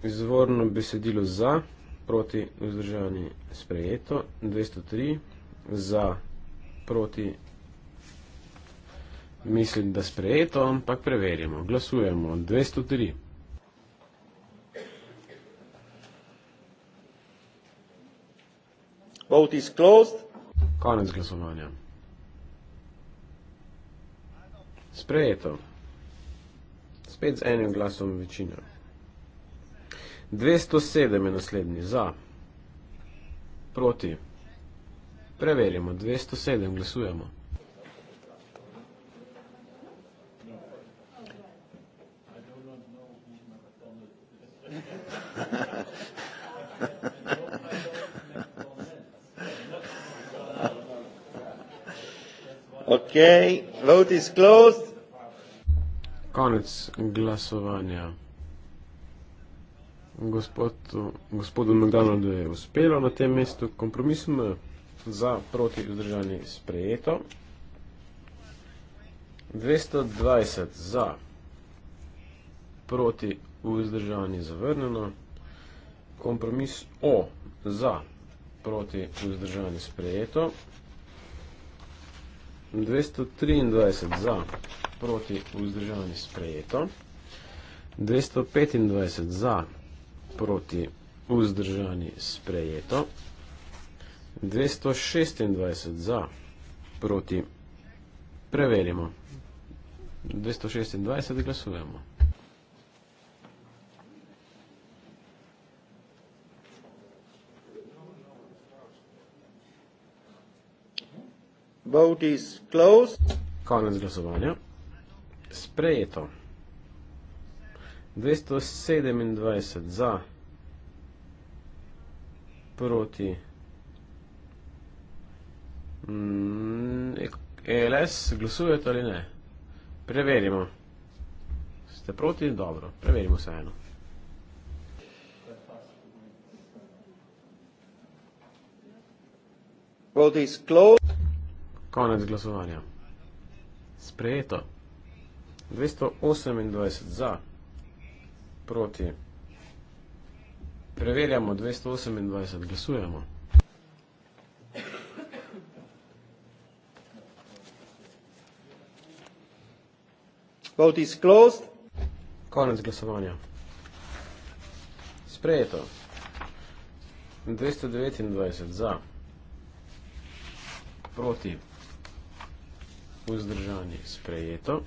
Izvorno besedilo za, proti, vzdržani, sprejeto. 203 za, proti, mislim, da sprejeto, ampak preverimo. Glasujemo. 203. Vote is closed. Konec glasovanja. Sprejeto. Spet z enim glasom večina. 207 je naslednji za. Proti. Preverimo. 207 glasujemo. Ha ha ha. Ok, vote is closed. Konec glasovanja. Gospod, gospodu McDonaldu je uspelo na tem mestu kompromis za proti vzdržanje sprejeto. 220 za proti vzdržanje zavrnjeno. Kompromis O za proti vzdržanje sprejeto. 223 za, proti vzdržani sprejeto. 225 za, proti vzdržani sprejeto. 226 za, proti preverimo. 226 glasujemo. Konec glasovanja. Sprejeto. 227 za, proti mm, ELS, glasujete ali ne? Preverimo. Ste proti? Dobro, preverimo se eno. Vote is closed. Konec glasovanja. Sprejeto. 228 za, proti. Preverjamo 228, glasujemo. Vote is closed. Konec glasovanja. Sprejeto. 229 za. Proti vzdržani sprejeto,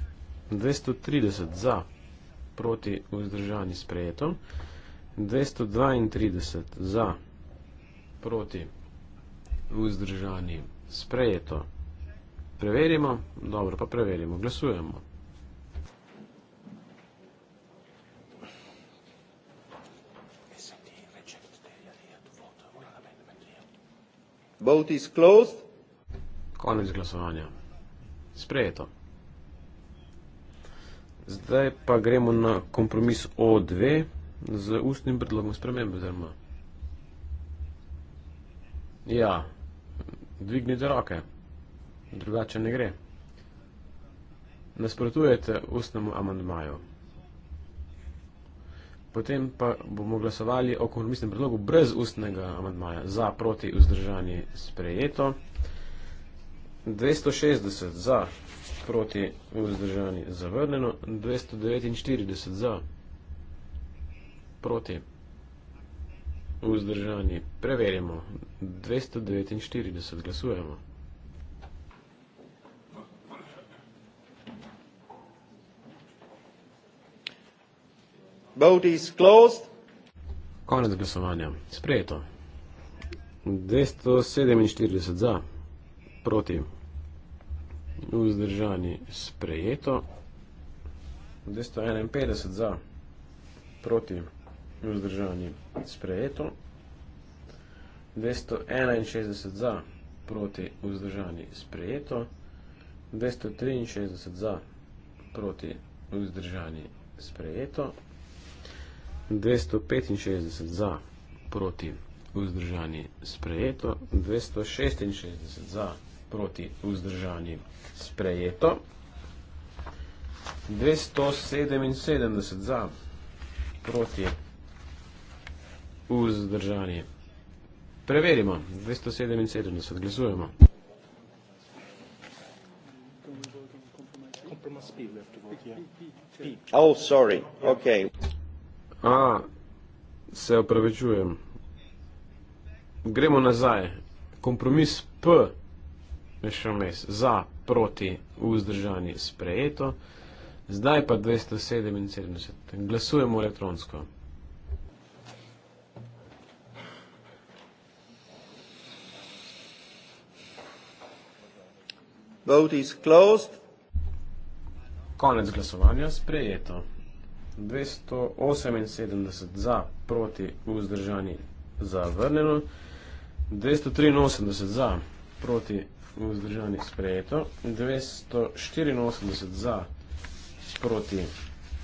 230 za, proti vzdržani sprejeto, 232 za, proti vzdržani sprejeto. Preverimo, dobro pa preverimo, glasujemo. Vote is closed. Konec glasovanja sprejeto. Zdaj pa gremo na kompromis O2 z ustnim predlogom spremembe. Ja, dvignite roke, drugače ne gre. Nasprotujete ustnemu amandmaju. Potem pa bomo glasovali o kompromisnem predlogu brez ustnega amandmaja. Za, proti, vzdržanje sprejeto. 260 za, proti vzdržani zavrneno, 249 za, proti vzdržani preverjamo, 249 glasujemo. Vote is closed. Konec glasovanja. Sprejeto. 247 za proti. Vzdržani sprejeto. 251 za proti. Vzdržani sprejeto. 261 za proti. Vzdržani sprejeto. 263 za proti. Vzdržani sprejeto. 265 za proti. Vzdržani sprejeto. 266 za proti proti vzdržanjem sprejeto. 277 za proti vzdržanjem. Preverimo. 277 glasujemo. Oh, sorry. Okay. A, se opravičujem. Gremo nazaj. Kompromis P še vmes za, proti, vzdržanje sprejeto. Zdaj pa 277. Glasujemo elektronsko. Vote is closed. Konec glasovanja sprejeto. 278 za, proti, vzdržanje zavrneno. 283 za, proti, vzdržanih sprejeto, 284 za, proti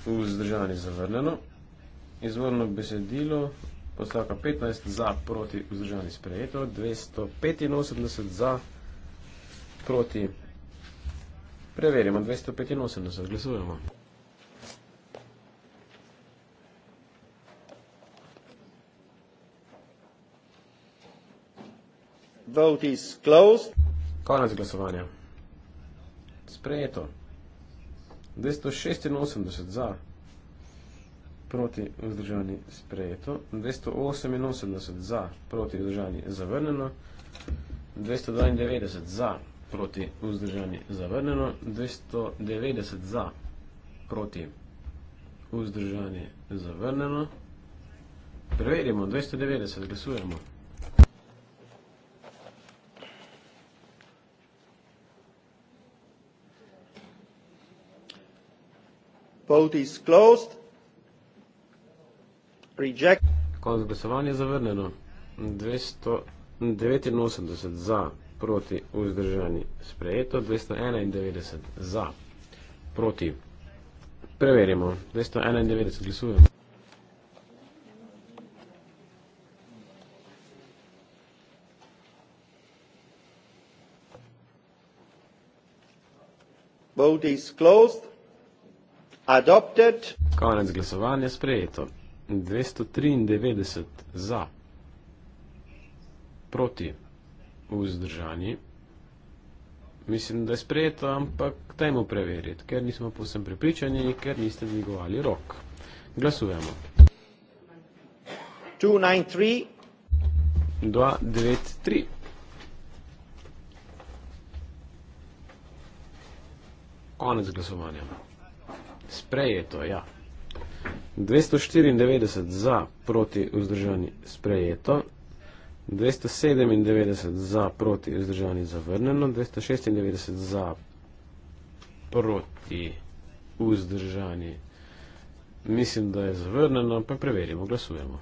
vzdržanih zavrneno, izvorno besedilo, postavka 15 za, proti vzdržanih sprejeto, 285 za, proti, preverimo, 285, glasujemo. Vote is closed. Konec glasovanja. Sprejeto. 286 za, proti vzdržani sprejeto. 288 za, proti vzdržani zavrneno. 292 za, proti vzdržani zavrneno. 290 za, proti vzdržani zavrneno. Preverimo, 290 glasujemo. Vote is closed. Reject. Konec glasovanja zavrnjeno. 289 za, proti, vzdržani, sprejeto. 291 za, proti. Preverimo. 291 glasujemo. Vote is closed adopted. Konec glasovanja sprejeto. 293 za, proti vzdržani. Mislim, da je sprejeto, ampak dajmo preveriti, ker nismo povsem pripričani, ker niste dvigovali rok. Glasujemo. 293. 293. Konec glasovanja sprejeto, ja. 294 za, proti vzdržani sprejeto, 297 za, proti vzdržani zavrneno, 296 za, proti vzdržani, mislim, da je zavrneno, pa preverimo, glasujemo.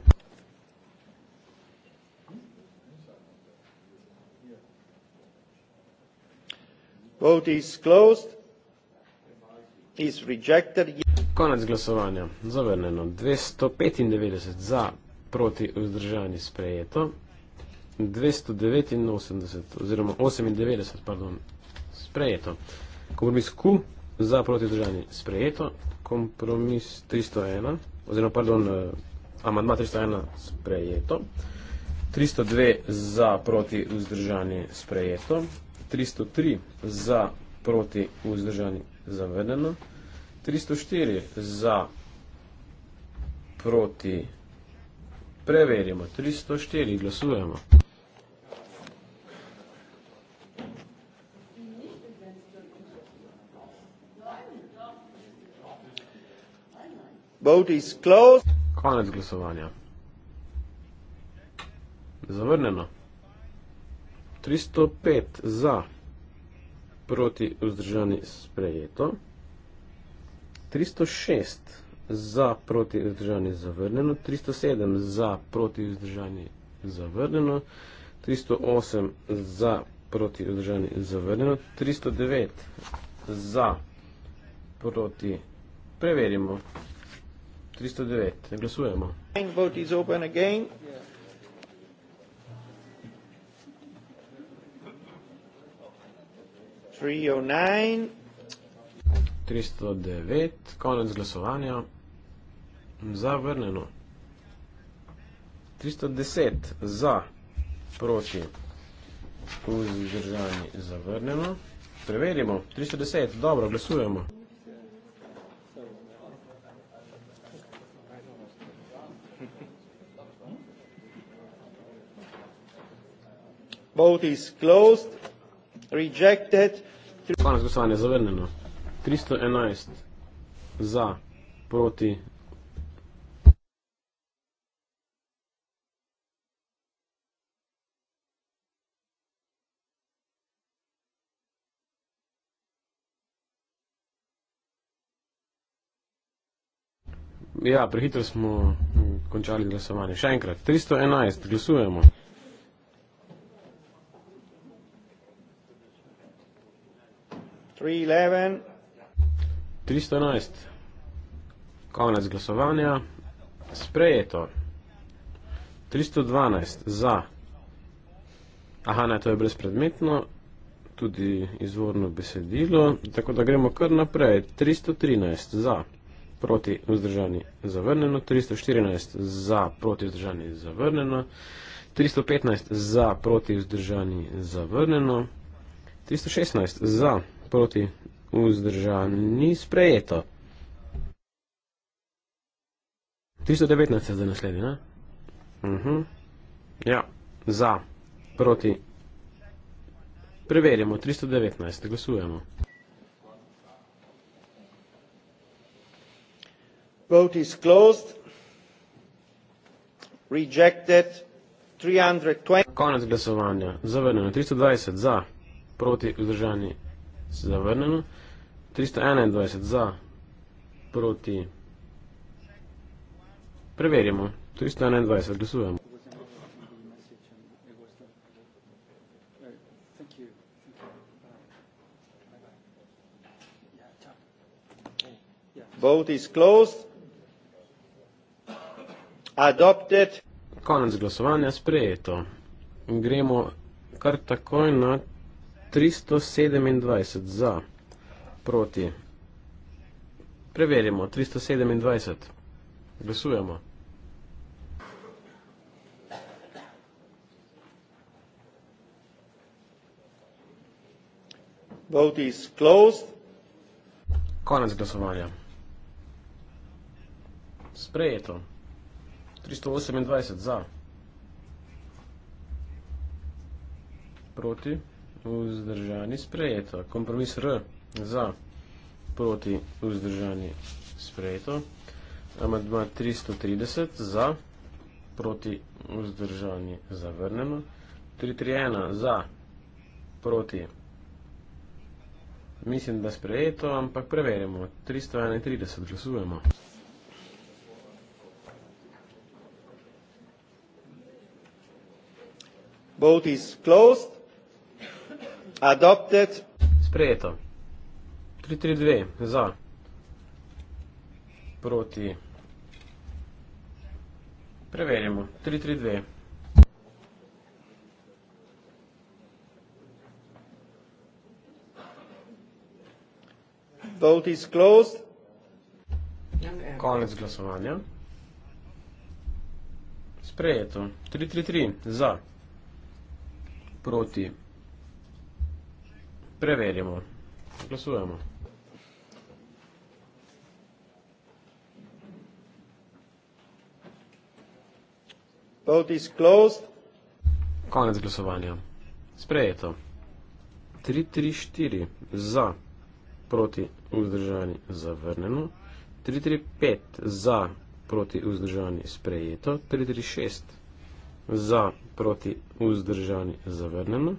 Vote is closed is rejected. Konec glasovanja. Zavrneno. 295 za, proti vzdržanje sprejeto. 289 oziroma 98, pardon, sprejeto. Kompromis Q za proti vzdržanje sprejeto. Kompromis 301 oziroma, pardon, eh, amandma 301 sprejeto. 302 za proti vzdržanje sprejeto. 303 za proti vzdržanje sprejeto zavrnjeno. 304 za proti. Preverimo. 304 glasujemo. Vote is closed. Konec glasovanja. Zavrnjeno. 305 za proti vzdržani sprejeto, 306 za proti vzdržani zavrneno, 307 za proti vzdržani zavrneno, 308 za proti vzdržani zavrneno, 309 za proti, preverimo, 309, glasujemo. Vote is open again. 309, konec glasovanja. Zavrnjeno. 310 za, proti, vzdržani, zavrnjeno. Preverimo. 310, dobro, glasujemo. Vote is closed rejected. Hvala, glasovanje zavrnjeno. 311 za, proti. Ja, prehitro smo končali glasovanje. Še enkrat, 311, glasujemo. 311. Konec glasovanja. Sprejeto. 312. Za. Aha, ne, to je brezpredmetno. Tudi izvorno besedilo. Tako da gremo kar naprej. 313. Za. Proti vzdržani zavrnjeno. 314. Za. Proti vzdržani zavrnjeno. 315. Za. Proti vzdržani zavrnjeno. 316. Za proti vzdržan ni sprejeto. 319 je zdaj naslednji, ne? Mhm. Ja, za, proti. Preverjamo, 319, glasujemo. Vote is closed. Rejected. 320. Konec glasovanja. Zavrnjeno. 320 za, proti vzdržanje zavrnjeno. 321 za, proti. Preverimo. 321 glasujemo. Vote is closed. Adopted. Konec glasovanja sprejeto. Gremo kar takoj na 327 za, proti. Preverimo, 327. Glasujemo. Vote is closed. Konec glasovanja. Sprejeto. 328 za. Proti. Vzdržani sprejeto. Kompromis R za proti vzdržani sprejeto. Amadma 330 za proti vzdržani zavrnemo. 331 za proti mislim, da sprejeto, ampak preverimo. 331 glasujemo. Vote is closed adopted. Sprejeto. 3-3-2 za. Proti. Preverimo. 3-3-2. Vote is closed. Konec glasovanja. Sprejeto. 3-3-3. Za. Proti. 3-3-3. Preverjamo. Glasujemo. Vote is closed. Konec glasovanja. Sprejeto. 334 za, proti vzdržani zavrnjeno. 335 za, proti vzdržani sprejeto. 336 za, proti vzdržani zavrnjeno.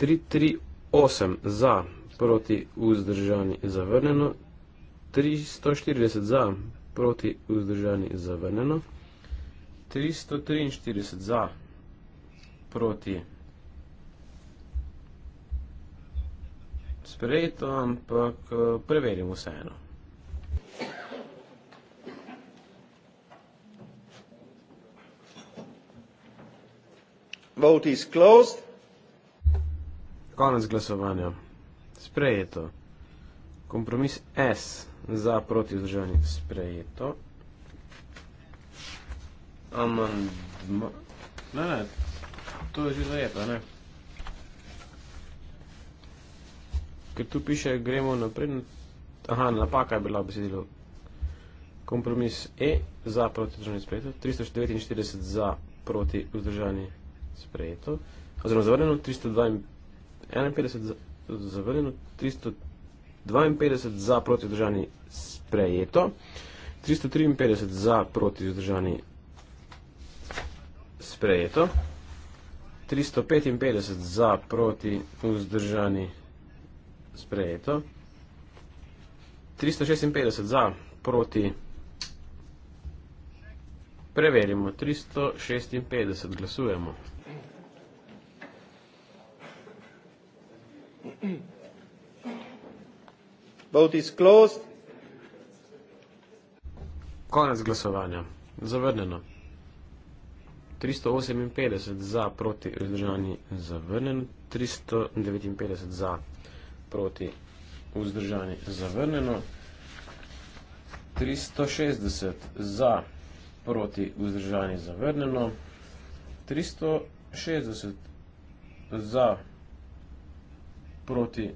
338 osem za, proti vzdržani zavrnjeno, 340 za, proti vzdržani zavrnjeno, 343 za, proti sprejeto, ampak eh, preverimo vseeno. Vote is closed. Konec glasovanja. Sprejeto. Kompromis S za proti združevanje. Sprejeto. Amandma. Ne, ne, to je že zajeto, ne? Ker tu piše, gremo naprej. Aha, napaka je bila besedilo. Kompromis E za proti združevanje. Sprejeto. 349 za proti združevanje. Sprejeto. Oziroma zavrneno 352. 51 zavrljeno, 352 za proti vzdržani sprejeto, 353 za proti vzdržani sprejeto, 355 za proti vzdržani sprejeto, 356 za proti preverimo, 356 glasujemo. Vote is closed. Konec glasovanja. Zavrnjeno. 358 za proti vzdržani zavrnjen, 359 za proti vzdržani zavrnjeno, 360 za proti vzdržani zavrnjeno, 360 za proti vzdržani zavrnjeno, proti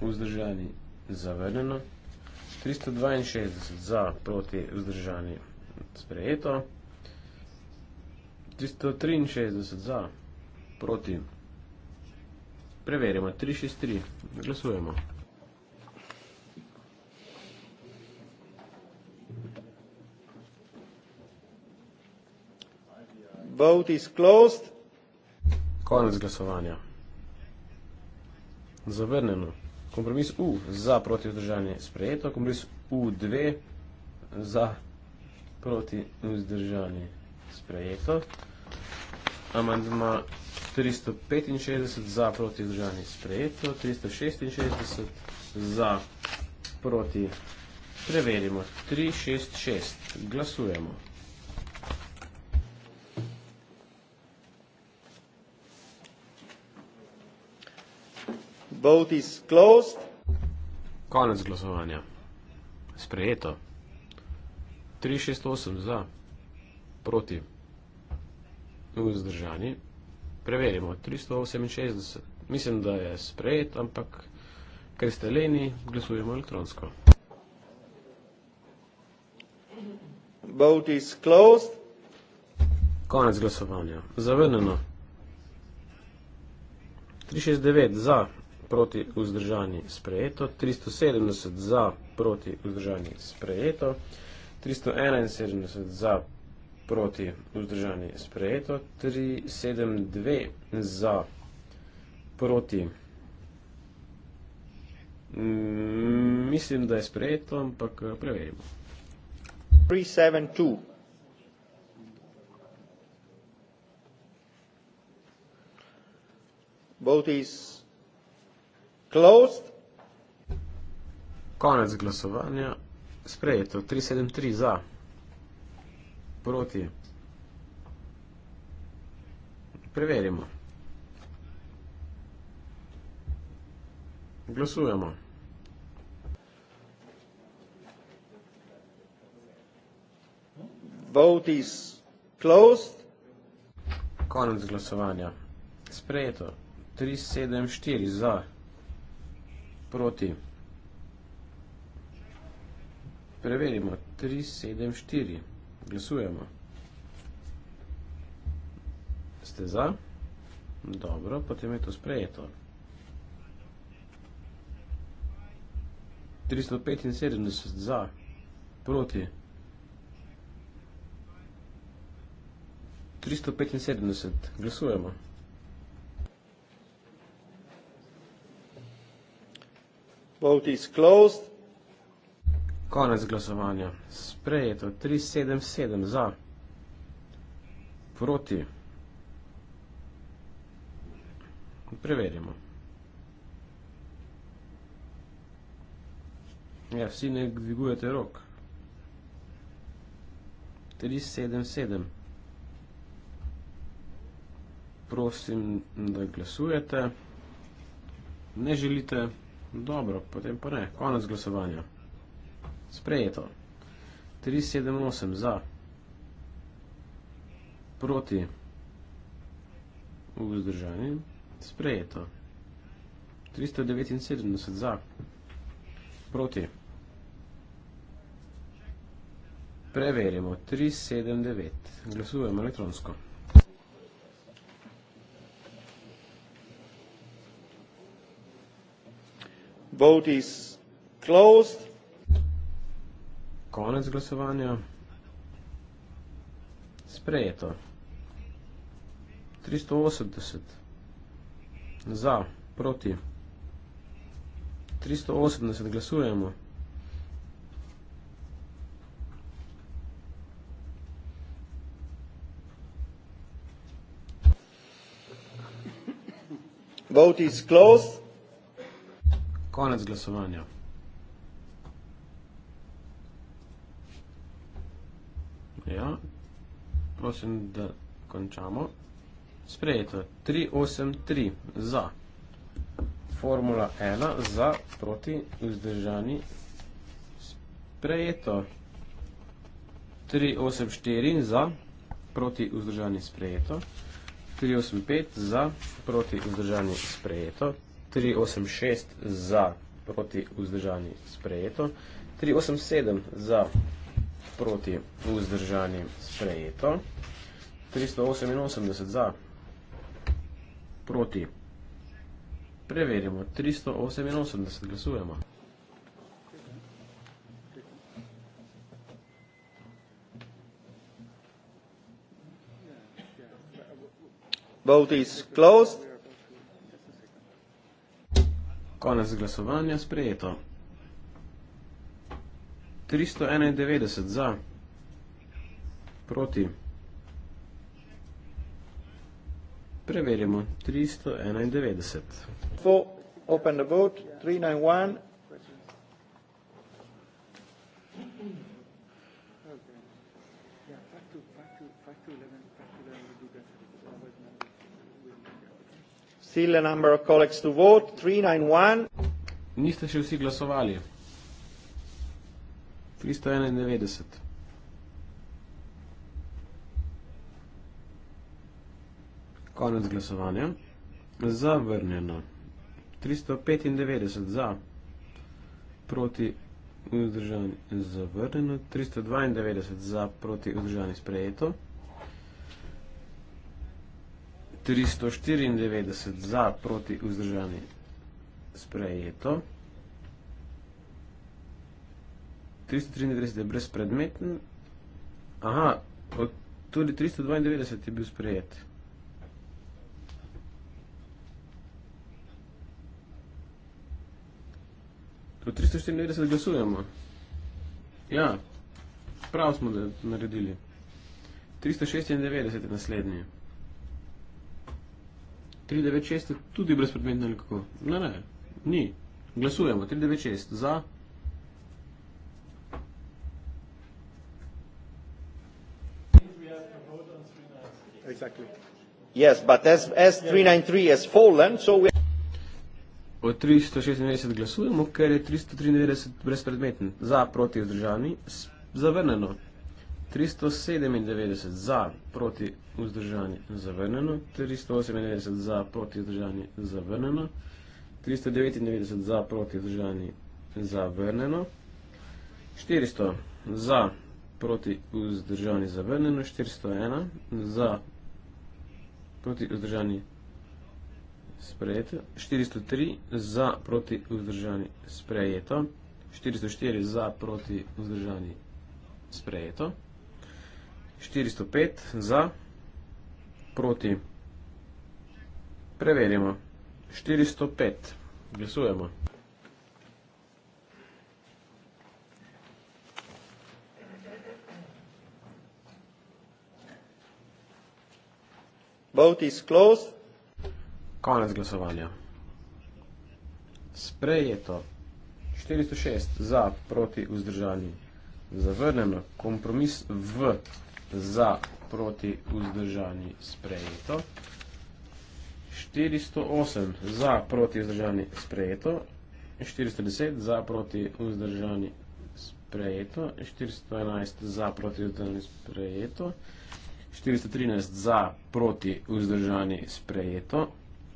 vzdržani zavrnjeno, 362 za proti vzdržani sprejeto, 363 za proti preverimo, 363 glasujemo. Vote is closed. Konec glasovanja zavrnjeno. Kompromis U za proti vzdržanje sprejeto, kompromis U2 za proti vzdržanje sprejeto, amandma 365 za proti vzdržanje sprejeto, 366 za proti preverimo, 366 glasujemo. vote is closed. Konec glasovanja. Sprejeto. 368 za, proti, vzdržani. Preverimo, 368. Mislim, da je sprejet, ampak ker ste leni, glasujemo elektronsko. Vote is closed. Konec glasovanja. Zavrnjeno. 369 za, proti vzdržani sprejeto, 370 za proti vzdržani sprejeto, 371 za proti vzdržani sprejeto, 372 za proti mm, mislim, da je sprejeto, ampak eh, preverimo. 372 Vote is Closed. Konec glasovanja. Sprejeto. 373 za. Proti. Preverimo. Glasujemo. Vote is closed. Konec glasovanja. Sprejeto. 374 za proti. Preverimo. 3, 7, 4. Glasujemo. Ste za? Dobro, potem je to sprejeto. 375 za, proti. 375 glasujemo. Vote is closed. Konec glasovanja. Sprejeto 377 za. Proti. Preverimo. Ja, vsi ne dvigujete rok. 377. Prosim, da glasujete. Ne želite. Dobro, potem pa ne. Konec glasovanja. Sprejeto. 378 za. Proti. Vzdržani. Sprejeto. 379 za. Proti. Preverimo. 379. Glasujemo elektronsko. vote is closed. Konec glasovanja. Sprejeto. 380 za, proti. 380 glasujemo. Vote is closed. Konec glasovanja. Ja, prosim, da končamo. Sprejeto, 383 za. Formula 1 za proti vzdržani. Sprejeto, 384 za proti vzdržani sprejeto. 385 za proti vzdržani sprejeto. 386 za proti vzdržani sprejeto, 387 za proti vzdržani sprejeto, 388 za proti preverimo, 388 glasujemo. Vote is closed. Konec glasovanja sprejeto. 391 za, proti. Preverimo 391. For open the vote 391 Niste še vsi glasovali. 391. Konec glasovanja. Zavrnjeno. 395 za. Proti vzdržanju zavrnjeno. 392 za. Proti vzdržanju sprejeto. 394 za proti vzdržani sprejeto. 393 je brezpredmeten. Aha, od tudi 392 je bil sprejet. Do 394 glasujemo. Ja, prav smo da naredili. 396 je naslednji. 396 je tudi brezpredmetno ali kako? Ne, ne, ni. Glasujemo. 396 za. O 396 glasujemo, ker je 393 brezpredmeten. Za, proti, vzdržani, zavrneno. 397 za proti vzdržanje zavrnjeno, 398 za proti vzdržanje zavrnjeno, 399 za proti vzdržanje zavrnjeno, 400 za proti vzdržanje zavrnjeno, 401 za proti vzdržanje sprejeto, 403 za proti vzdržanje sprejeto, 404 za proti vzdržanje sprejeto. 405 za, proti, preverjamo. 405, glasujemo. Vote is closed. Konec glasovanja. Sprejeto. 406 za, proti, vzdržani. Zavrnjeno. Kompromis v za proti vzdržani sprejeto. 408 za proti vzdržani sprejeto. 410 za proti vzdržani sprejeto. 411 za proti vzdržani sprejeto. 413 za proti vzdržani sprejeto.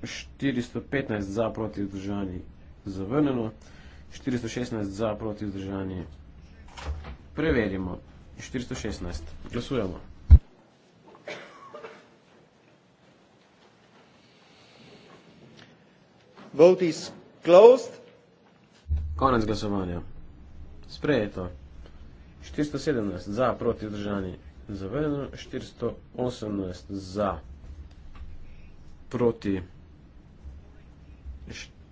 415 za proti vzdržani zavrneno. 416 za proti vzdržani preverimo. 416 416. Glasujemo. Vote is closed. Konec glasovanja. Sprejeto. 417 za proti vzdržani. Zavedeno. 418 za proti.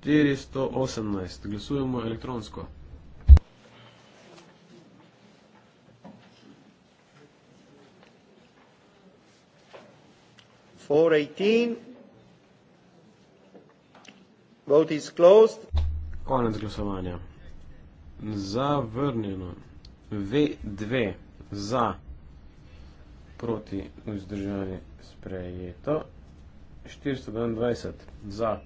418. Glasujemo elektronsko. four eighteen. Vote is closed. Konec glasovanja. Zavrnjeno. V2 za. Proti vzdržanje sprejeto. 422 za.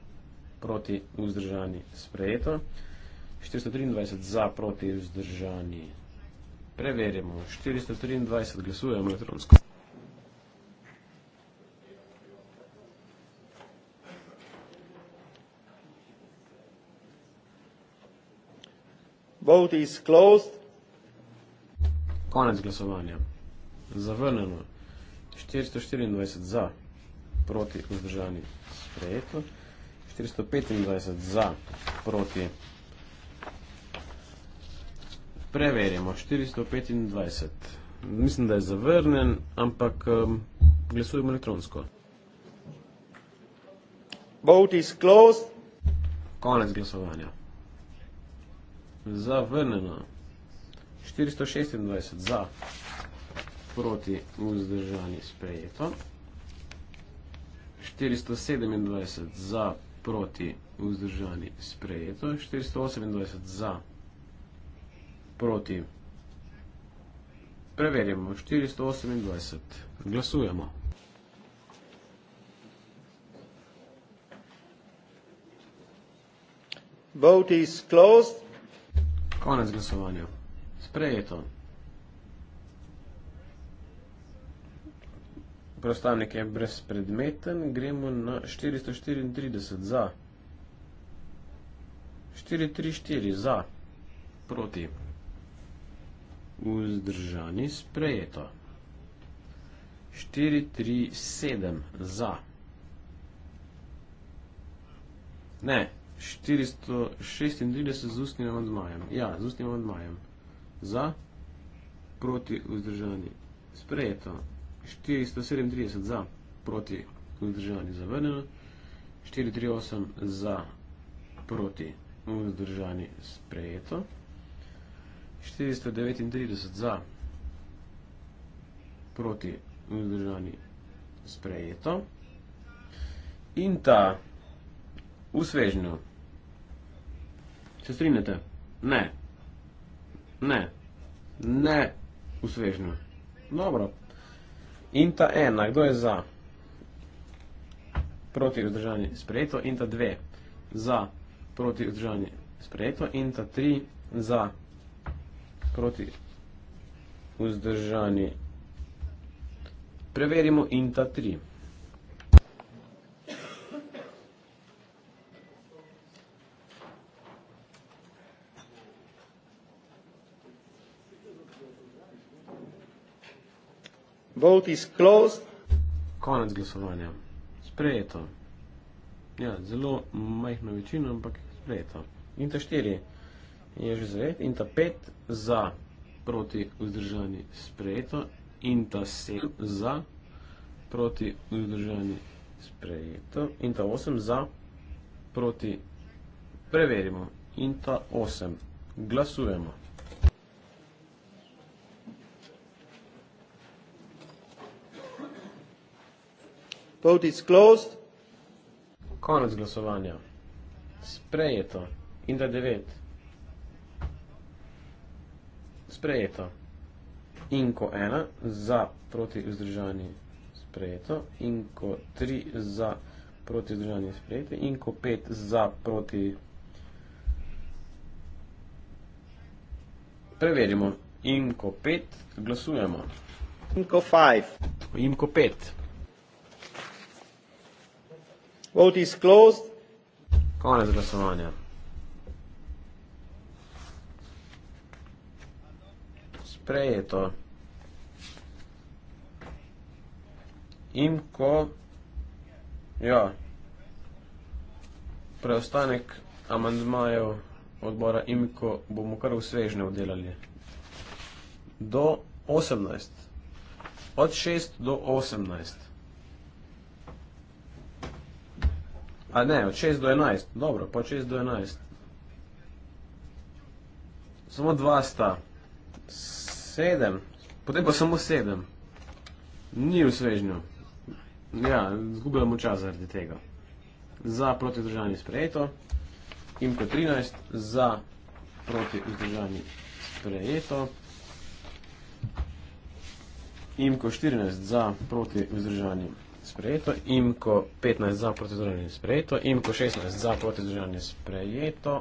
Proti vzdržanje sprejeto. 423 za. Proti vzdržanje. Preverjamo. 423 glasujemo elektronsko. Vote is closed. Konec glasovanja. Zavrnjeno. 424 za, proti vzdržani sprejeto. 425 za, proti preverjamo. 425. Mislim, da je zavrnen, ampak um, glasujemo elektronsko. Vote is closed. Konec glasovanja. Zavrnjeno. 426 za, proti vzdržani sprejeto. 427 za, proti vzdržani sprejeto. 428 za, proti Preverjamo. 428. Glasujemo. Vote is closed. Konec glasovanja. Sprejeto. Preostanek je brezpredmeten. Gremo na 434 za. 434 za. Proti. Vzdržani. Sprejeto. 437 za. Ne. 436 z ustnim amandmajem. Ja, z ustnim amandmajem. Za, proti, vzdržani. Sprejeto. 437 za, proti, vzdržani. Zavrnjeno. 438 za, proti, vzdržani. Sprejeto. 439 za, proti, vzdržani. Sprejeto. In ta. V svežnju. Se strinjate? Ne. Ne. Ne v svežnju. Dobro. In ta ena, kdo je za? Proti vzdržanje sprejeto. In ta dve, za proti vzdržanje sprejeto. In ta tri, za proti vzdržanje. Preverimo in ta tri. Vote is closed. Konec glasovanja. Sprejeto. Ja, zelo majhna večina, ampak sprejeto. In ta štiri je že zavet. In ta pet za proti vzdržani sprejeto. In ta sedem za proti vzdržani sprejeto. In ta osem za proti preverimo. In ta osem glasujemo. Vote is closed. Konec glasovanja. Sprejeto. In da devet. Sprejeto. In ko ena za proti vzdržanje sprejeto. In ko tri za proti vzdržanje sprejeto. In ko pet za proti. Preverimo. In ko pet glasujemo. In ko pet. In ko pet. Vote is closed. Konec glasovanja. Sprejeto. In ko ja, preostanek amandmajev odbora IMKO bomo kar v svežne vdelali. Do 18. Od 6 do 18. A ne, od 6 do 11. Dobro, pa od 6 do 11. Samo dva sta. Sedem. Potem pa samo sedem. Ni v svežnju. Ja, zgubljamo čas zaradi tega. Za proti vzdržanje sprejeto. Imko 13. Za proti vzdržanje sprejeto. Imko 14. Za proti vzdržanje sprejeto sprejeto, imko 15 za proti združenje sprejeto, imko 16 za proti združenje sprejeto,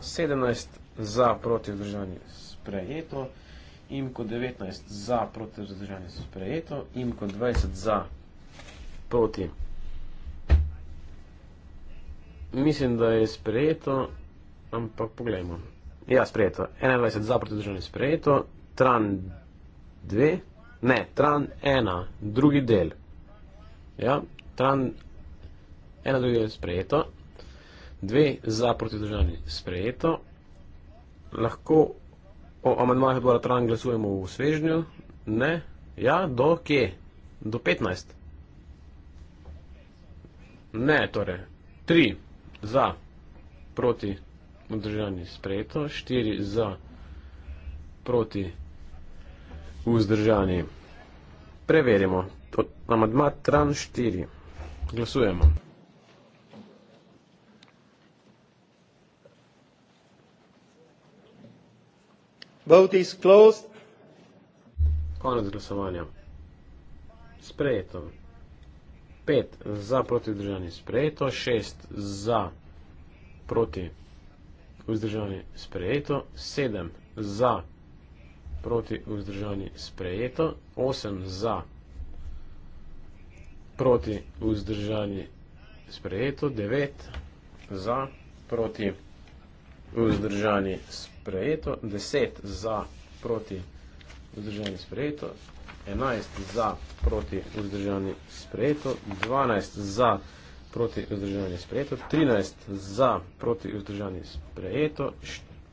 17 za proti združenje sprejeto, imko 19 za proti združenje sprejeto, imko 20 za proti. Mislim, da je sprejeto, ampak pogledajmo. Ja, sprejeto. 21 za proti združenje sprejeto, tran 2, ne, tran 1, drugi del. Ja, tran, ena, druga je sprejeto, dve za proti državni sprejeto. Lahko o amandmajih odbora tran glasujemo v svežnju. Ne, ja, do kje? Do 15. Ne, torej, tri za proti vzdržanje sprejeto, štiri za proti vzdržanje. Preverimo, amadma Tran 4. Glasujemo. Vote is closed. Konec glasovanja. Sprejeto. 5 za proti vzdržani sprejeto, 6 za proti vzdržani sprejeto, 7 za proti vzdržani sprejeto, 8 za proti vzdržani sprejeto, proti vzdržani sprejeto, 9 za, proti vzdržani sprejeto, 10 za, proti vzdržani sprejeto, 11 za, proti vzdržani sprejeto, 12 za, proti vzdržani sprejeto, 13 za, proti vzdržani sprejeto,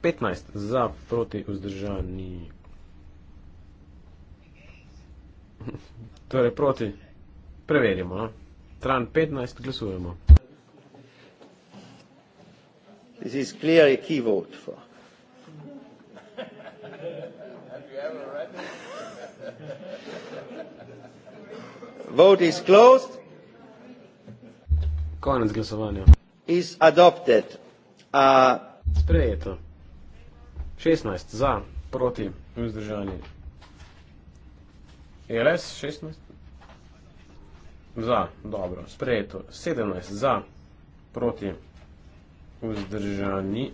15 za, proti vzdržani... Torej, proti Preverimo. No. Tran 15, glasujemo. This is clearly key vote for. Have you ever read it? vote is closed. Konec glasovanja. Is adopted. Uh, Sprejeto. 16 za, proti, vzdržani. ELS 16. Za, dobro, sprejeto. 17 za, proti vzdržani.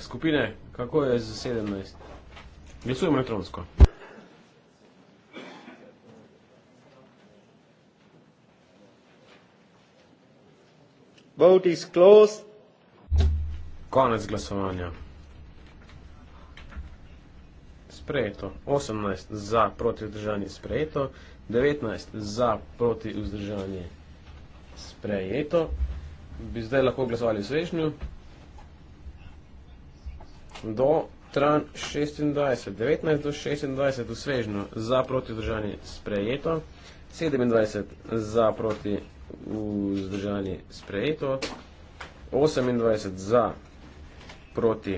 Skupine, kako je za 17? Glesujemo elektronsko. Vote is closed. Konec glasovanja sprejeto, 18 za proti vzdržanje sprejeto, 19 za proti vzdržanje sprejeto. Bi zdaj lahko glasovali v svežnju. Do tran 26, 19 do 26 v svežnju za proti vzdržanje sprejeto, 27 za proti vzdržanje sprejeto, 28 za proti vzdržanje sprejeto, proti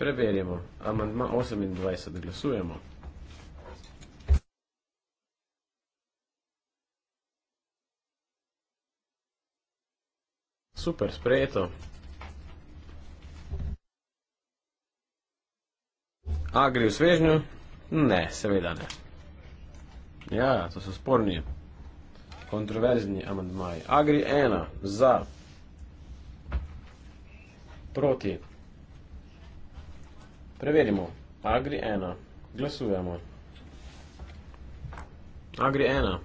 Preverimo. Amandma 28. Glasujemo. Super, sprejeto. A gre v svežnju? Ne, seveda ne. Ja, to so sporni, kontroverzni amandmaji. A gre ena za proti Preverimo. Agri 1. Glasujemo. Agri 1.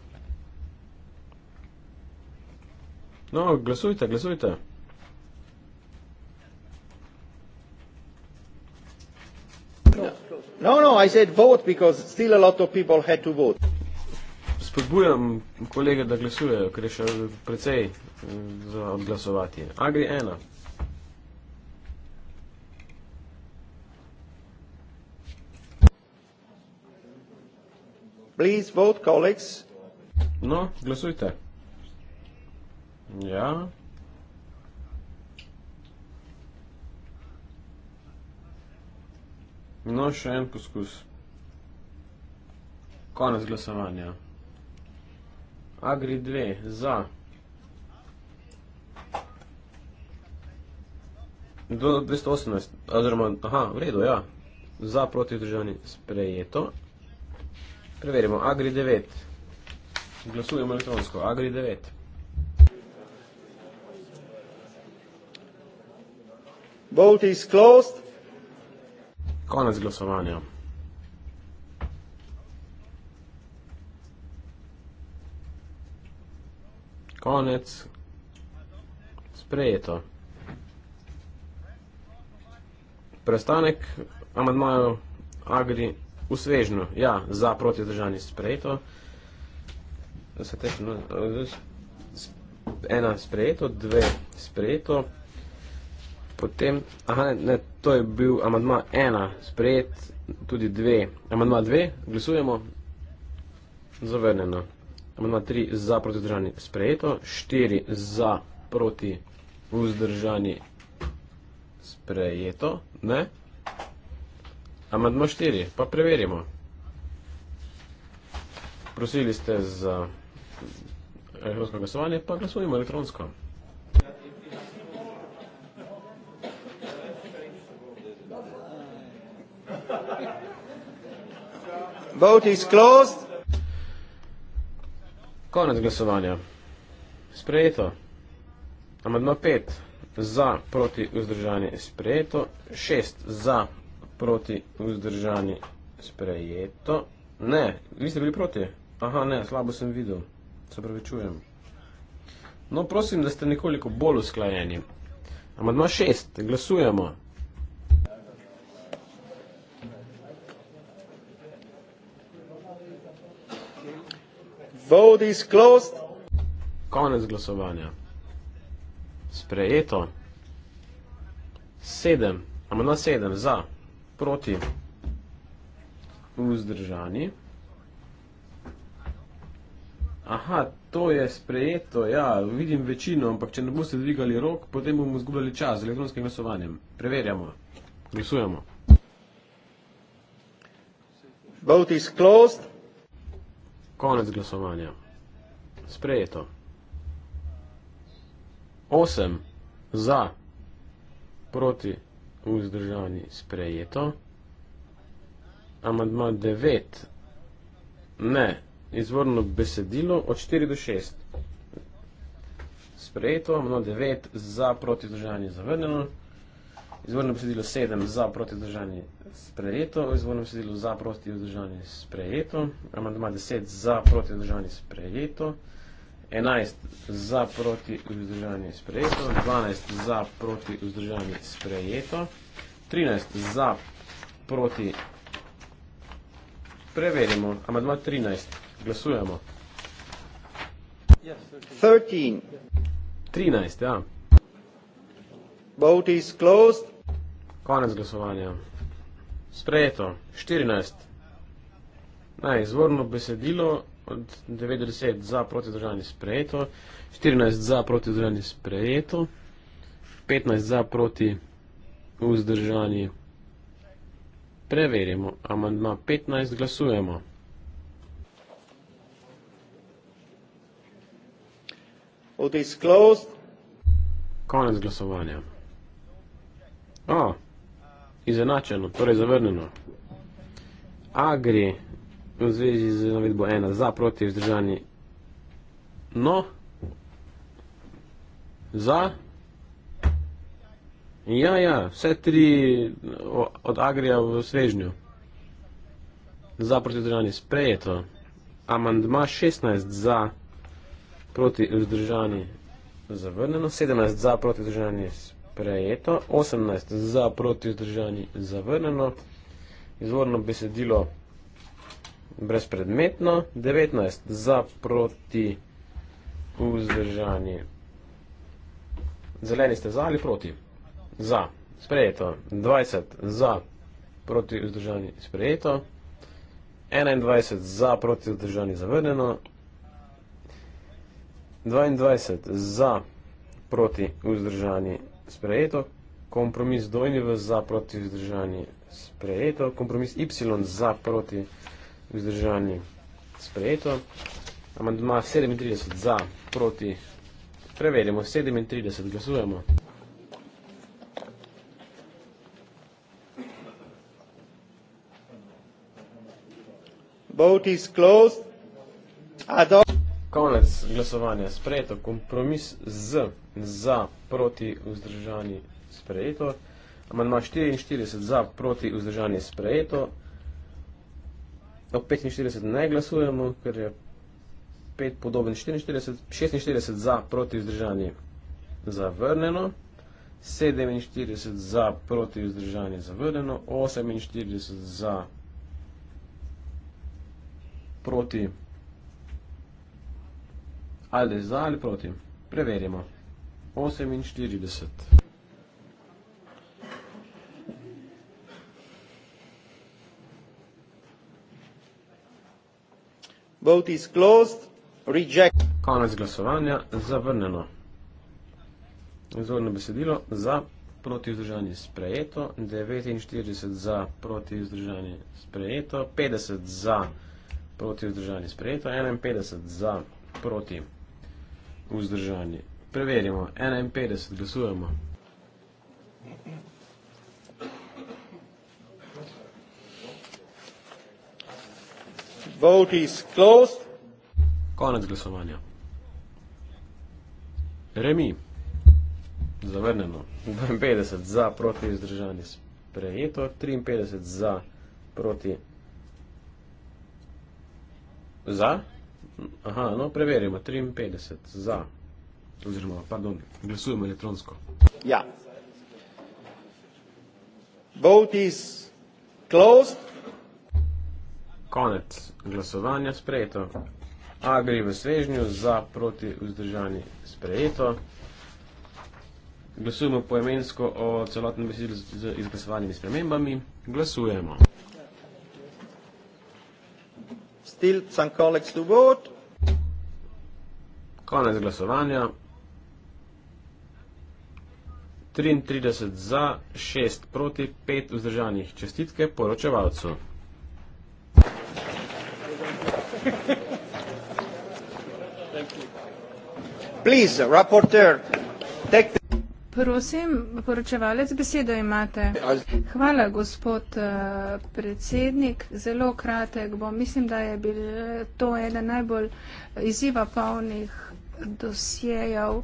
No, glasujte, glasujte. No, no, I said vote because still a lot of people had to vote. Spodbujam kolege, da glasujejo, ker je še precej eh, za odglasovati. Agri 1. Please vote, colleagues. No, glasujte. Ja. No, še en poskus. Konec glasovanja. Agri 2, za. Do 218, oziroma, aha, v redu, ja. Za proti državni sprejeto. Preverimo, Agri 9. Glasujemo elektronsko, Agri 9. Vote is closed. Konec glasovanja. Konec. Sprejeto. Prestanek amadmajo Agri 9. V svežnju, ja, za protizdržanje sprejeto. Tečno, ena sprejeto, dve sprejeto. Potem, aha, ne, ne, to je bil amadma ena sprejet, tudi dve. Amadma dve, glasujemo, zavrneno. Amadma tri za protizdržanje sprejeto, štiri za protizdržanje sprejeto, ne? Amandma 4, pa preverimo. Prosili ste za elektronsko glasovanje, pa glasujemo elektronsko. Vote is closed. Konec glasovanja. Sprejeto. Amandma 5. Za proti vzdržanje sprejeto. 6 za proti, vzdržani, sprejeto. Ne, vi ste bili proti. Aha, ne, slabo sem videl. Se pravi, čujem. No, prosim, da ste nekoliko bolj usklajeni. Amadma šest, glasujemo. Vote is closed. Konec glasovanja. Sprejeto. Sedem. Amadma sedem, za proti, vzdržani. Aha, to je sprejeto, ja, vidim večino, ampak če ne boste dvigali rok, potem bomo zgubili čas z elektronskim glasovanjem. Preverjamo, glasujemo. Vote is closed. Konec glasovanja. Sprejeto. Osem za proti vzdržani vzdržani sprejeto. Amadma 9, ne, izvorno besedilo od 4 do 6. Sprejeto, amadma 9 za proti vzdržanje zavrnjeno. Izvorno besedilo 7 za proti vzdržanje sprejeto, izvorno besedilo za proti vzdržanje sprejeto, amadma 10 za proti vzdržanje sprejeto. 11 za proti vzdržanje sprejeto, 12 za proti vzdržanje sprejeto, 13 za proti preverimo, ama 2, 13, glasujemo. 13. 13, ja. Vote is closed. Konec glasovanja. Sprejeto, 14. Naj, izvorno besedilo od 9 do 10 za proti zdržanje sprejeto, 14 za proti zdržanje sprejeto, 15 za proti vzdržanje preverimo. Amandma 15 glasujemo. Vote is closed. Konec glasovanja. A, izenačeno, torej zavrneno. A gre v zvezi z navedbo ena za proti vzdržanje. No, za. Ja, ja, vse tri od Agrija v svežnju. Za proti vzdržanje sprejeto. Amandma 16 za proti vzdržanje zavrneno. 17 za proti vzdržanje sprejeto. 18 za proti vzdržanje zavrneno. Izvorno besedilo vzdržanje brezpredmetno, 19 za proti vzdržanje. Zeleni ste za ali proti? Za. Sprejeto. 20 za proti vzdržanje. Sprejeto. 21 za proti vzdržanje. Zavrneno. 22 za proti vzdržanje. Sprejeto. Kompromis dojni v za proti vzdržanje. Sprejeto. Kompromis Y za proti vzdržanje vzdržanje sprejeto. Amandma 37 za, proti, preverimo, 37 glasujemo. Vote is closed. Adopt. Konec glasovanja sprejeto, kompromis z, za, proti, vzdržanje sprejeto. Amandma 44 za, proti, vzdržanje sprejeto. O 45 ne glasujemo, ker je 5 podoben 44, 46 za proti vzdržanje zavrneno, 47 za proti vzdržanje zavrneno, 48 za proti ali za ali proti. Preverimo. 48. Vote is closed. Reject. Konec glasovanja, zavrnjeno. Vzorno besedilo za proti vzdržanje sprejeto, 49 za proti vzdržanje sprejeto, 50 za proti vzdržanje sprejeto, 51 za proti vzdržanje. Preverimo, 51 glasujemo. Vote is closed. Konec glasovanja. Remi, zavrnjeno. 52 za, proti izdržanje sprejeto. 53 za, proti. Za? Aha, no, preverimo. 53 za. Oziroma, pardon, glasujemo elektronsko. Ja. Vote is closed konec glasovanja sprejeto. Agri v svežnju za proti vzdržani sprejeto. Glasujemo poemensko o celotnem besedilu z izglasovanimi spremembami. Glasujemo. Still some colleagues to vote. Konec glasovanja. 33 za, 6 proti, 5 vzdržanih. Čestitke poročevalcu. Please, rapporteur, take the... Prosim, poročevalec, besedo imate. Hvala, gospod uh, predsednik. Zelo kratek bom. Mislim, da je bil to eden najbolj izziva polnih dosjejev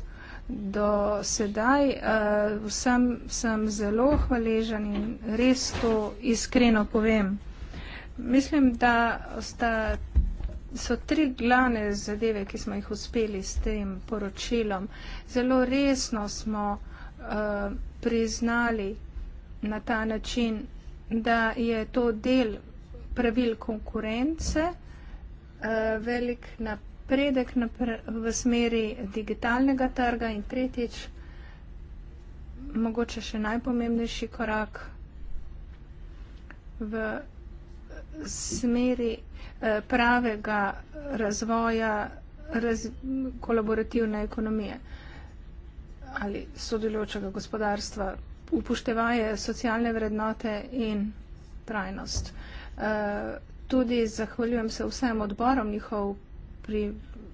do sedaj. Uh, vsem sem zelo hvaležen in res to iskreno povem. Mislim, da sta so tri glavne zadeve, ki smo jih uspeli s tem poročilom. Zelo resno smo uh, priznali na ta način, da je to del pravil konkurence, uh, velik napredek napr v smeri digitalnega trga in tretjič, mogoče še najpomembnejši korak v smeri Eh, pravega razvoja raz, kolaborativne ekonomije ali sodelujočega gospodarstva, upoštevaje socialne vrednote in trajnost. Eh, tudi zahvaljujem se vsem odborom njihov pri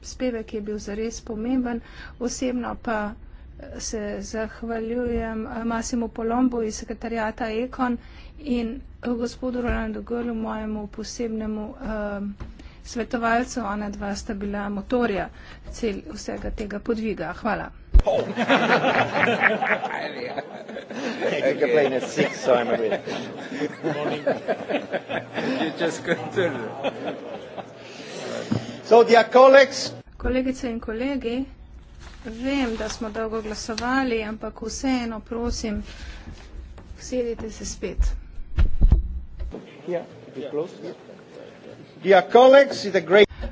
spevek, ki je bil zares pomemben. Osebno pa eh, se zahvaljujem Masimo Polombu iz sekretarijata Ekon In eh, gospodu Rolandu Grlu, mojemu posebnemu uh, svetovalcu, ona dva sta bila motorja cel vsega tega podviga. Hvala. Oh. I could play in a six time with You just continue. So, dear colleagues. Kolegice in kolegi, vem, da smo dolgo glasovali, ampak vseeno prosim, sedite se spet.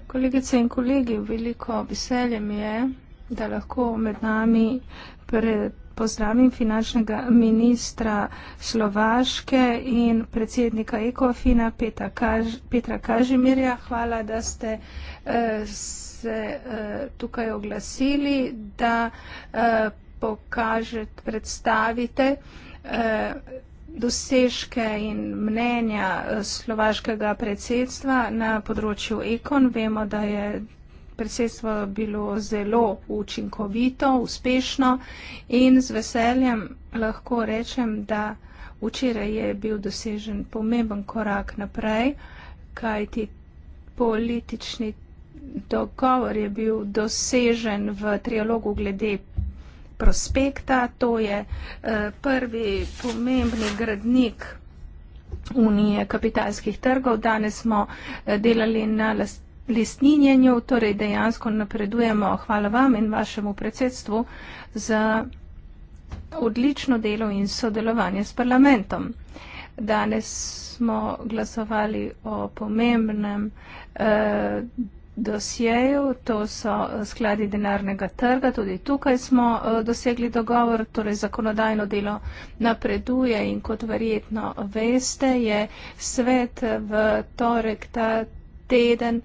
Kolegice in kolegi, veliko veselje mi je, da lahko med nami pozdravim finančnega ministra Slovaške in predsednika ECOFIN-a Petra, Kaž, Petra Kažimirja. Hvala, da ste eh, se eh, tukaj oglasili, da eh, pokažete, predstavite dosežke in mnenja eh, slovaškega predsedstva na področju ekon. Vemo, da je predsedstvo bilo zelo učinkovito, uspešno in z veseljem lahko rečem, da včeraj je bil dosežen pomemben korak naprej, kajti politični dogovor je bil dosežen v trialogu glede prospekta. To je eh, prvi pomembni gradnik Unije kapitalskih trgov. Danes smo eh, delali na lesninjenju, torej dejansko napredujemo. Hvala vam in vašemu predsedstvu za odlično delo in sodelovanje s parlamentom. Danes smo glasovali o pomembnem eh, dosjeju, to so eh, skladi denarnega trga, tudi tukaj smo eh, dosegli dogovor, torej zakonodajno delo napreduje in kot verjetno veste, je svet eh, v torek ta teden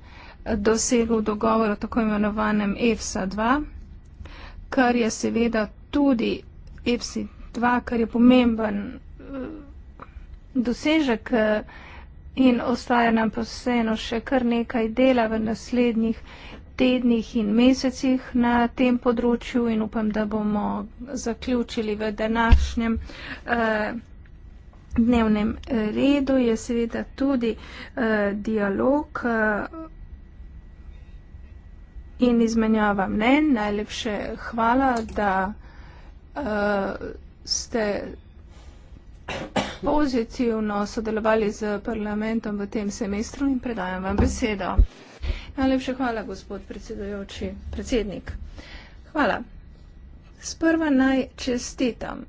dosegel dogovor o tako imenovanem EFSA 2, kar je seveda tudi EFSI 2, kar je pomemben dosežek, in ostaja nam pa vseeno še kar nekaj dela v naslednjih tednih in mesecih na tem področju in upam, da bomo zaključili v današnjem eh, dnevnem eh, redu. Je seveda tudi eh, dialog eh, in izmenjava mnen. Najlepše hvala, da eh, ste pozitivno sodelovali z parlamentom v tem semestru in predajam vam besedo. Najlepša hvala, gospod predsedujoči, predsednik. Hvala. Sprva naj čestitam,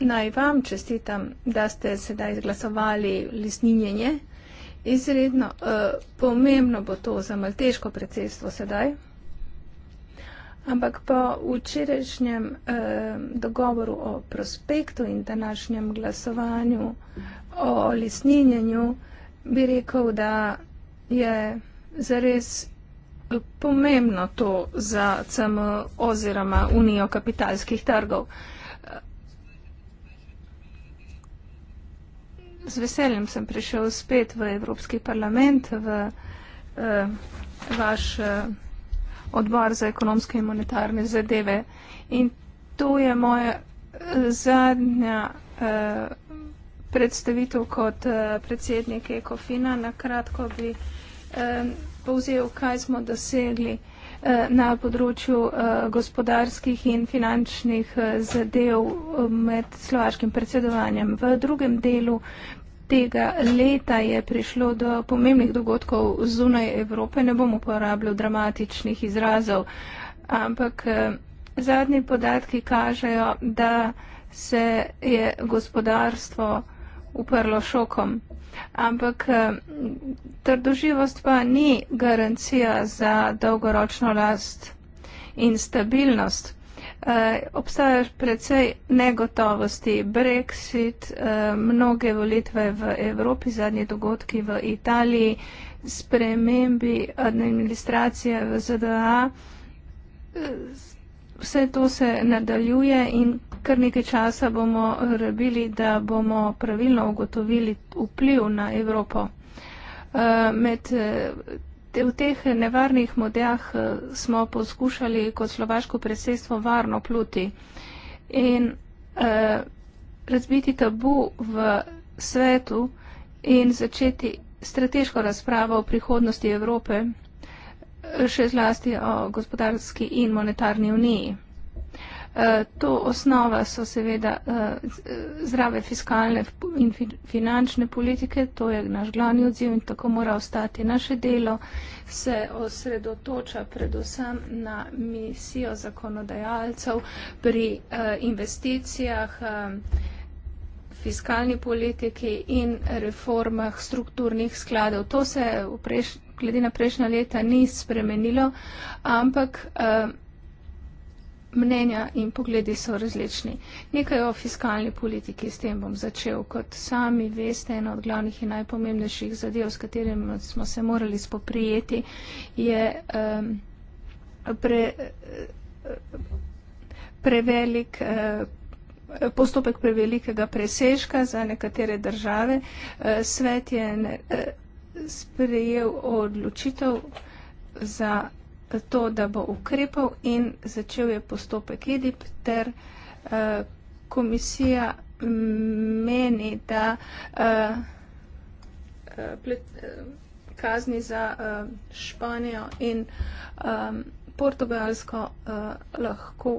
naj vam čestitam, da ste sedaj izglasovali lisninjenje. Izredno eh, pomembno bo to za malteško predsedstvo sedaj, Ampak po včerajšnjem eh, dogovoru o prospektu in današnjem glasovanju o lesninjenju bi rekel, da je zares pomembno to za CM oziroma Unijo kapitalskih trgov. Z veseljem sem prišel spet v Evropski parlament, v eh, vaš. Eh, odbor za ekonomske in monetarne zadeve. In to je moja eh, zadnja eh, predstavitev kot eh, predsednik Ekofina. Na kratko bi povzel, kaj smo dosegli na področju gospodarskih in finančnih zadev med slovaškim predsedovanjem. V drugem delu tega leta je prišlo do pomembnih dogodkov zunaj Evrope, ne bom uporabljal dramatičnih izrazov, ampak eh, zadnji podatki kažejo, da se je gospodarstvo uprlo šokom. Ampak eh, trdoživost pa ni garancija za dolgoročno last in stabilnost Eh, obstaja precej negotovosti. Brexit, eh, mnoge volitve v Evropi, zadnji dogodki v Italiji, spremembi administracije v ZDA. Eh, vse to se nadaljuje in kar nekaj časa bomo rabili, da bomo pravilno ugotovili vpliv na Evropo. Med veste, v teh nevarnih modeljih eh, smo poskušali kot slovaško predsedstvo varno pluti in eh, razbiti tabu v svetu in začeti strateško razpravo o prihodnosti Evrope, eh, še zlasti o gospodarski in monetarni uniji. Eh, to osnova so seveda eh, zdrave fiskalne in finančne politike, to je naš glavni odziv in tako mora ostati. Naše delo se osredotoča predvsem na misijo zakonodajalcev pri eh, investicijah fiskalni politiki in reformah strukturnih skladov. To se prejš, glede na prejšnja leta ni spremenilo, ampak uh, mnenja in pogledi so različni. Nekaj o fiskalni politiki, s tem bom začel. Kot sami veste, ena od glavnih in najpomembnejših zadev, s katerim smo se morali spoprijeti, je um, pre, prevelik. Uh, postopek prevelikega presežka za nekatere države. E, svet je e, sprejel odločitev za to, da bo ukrepal in začel je postopek EDIP, ter eh, komisija meni, da eh, eh, kazni za Španijo in Portugalsko lahko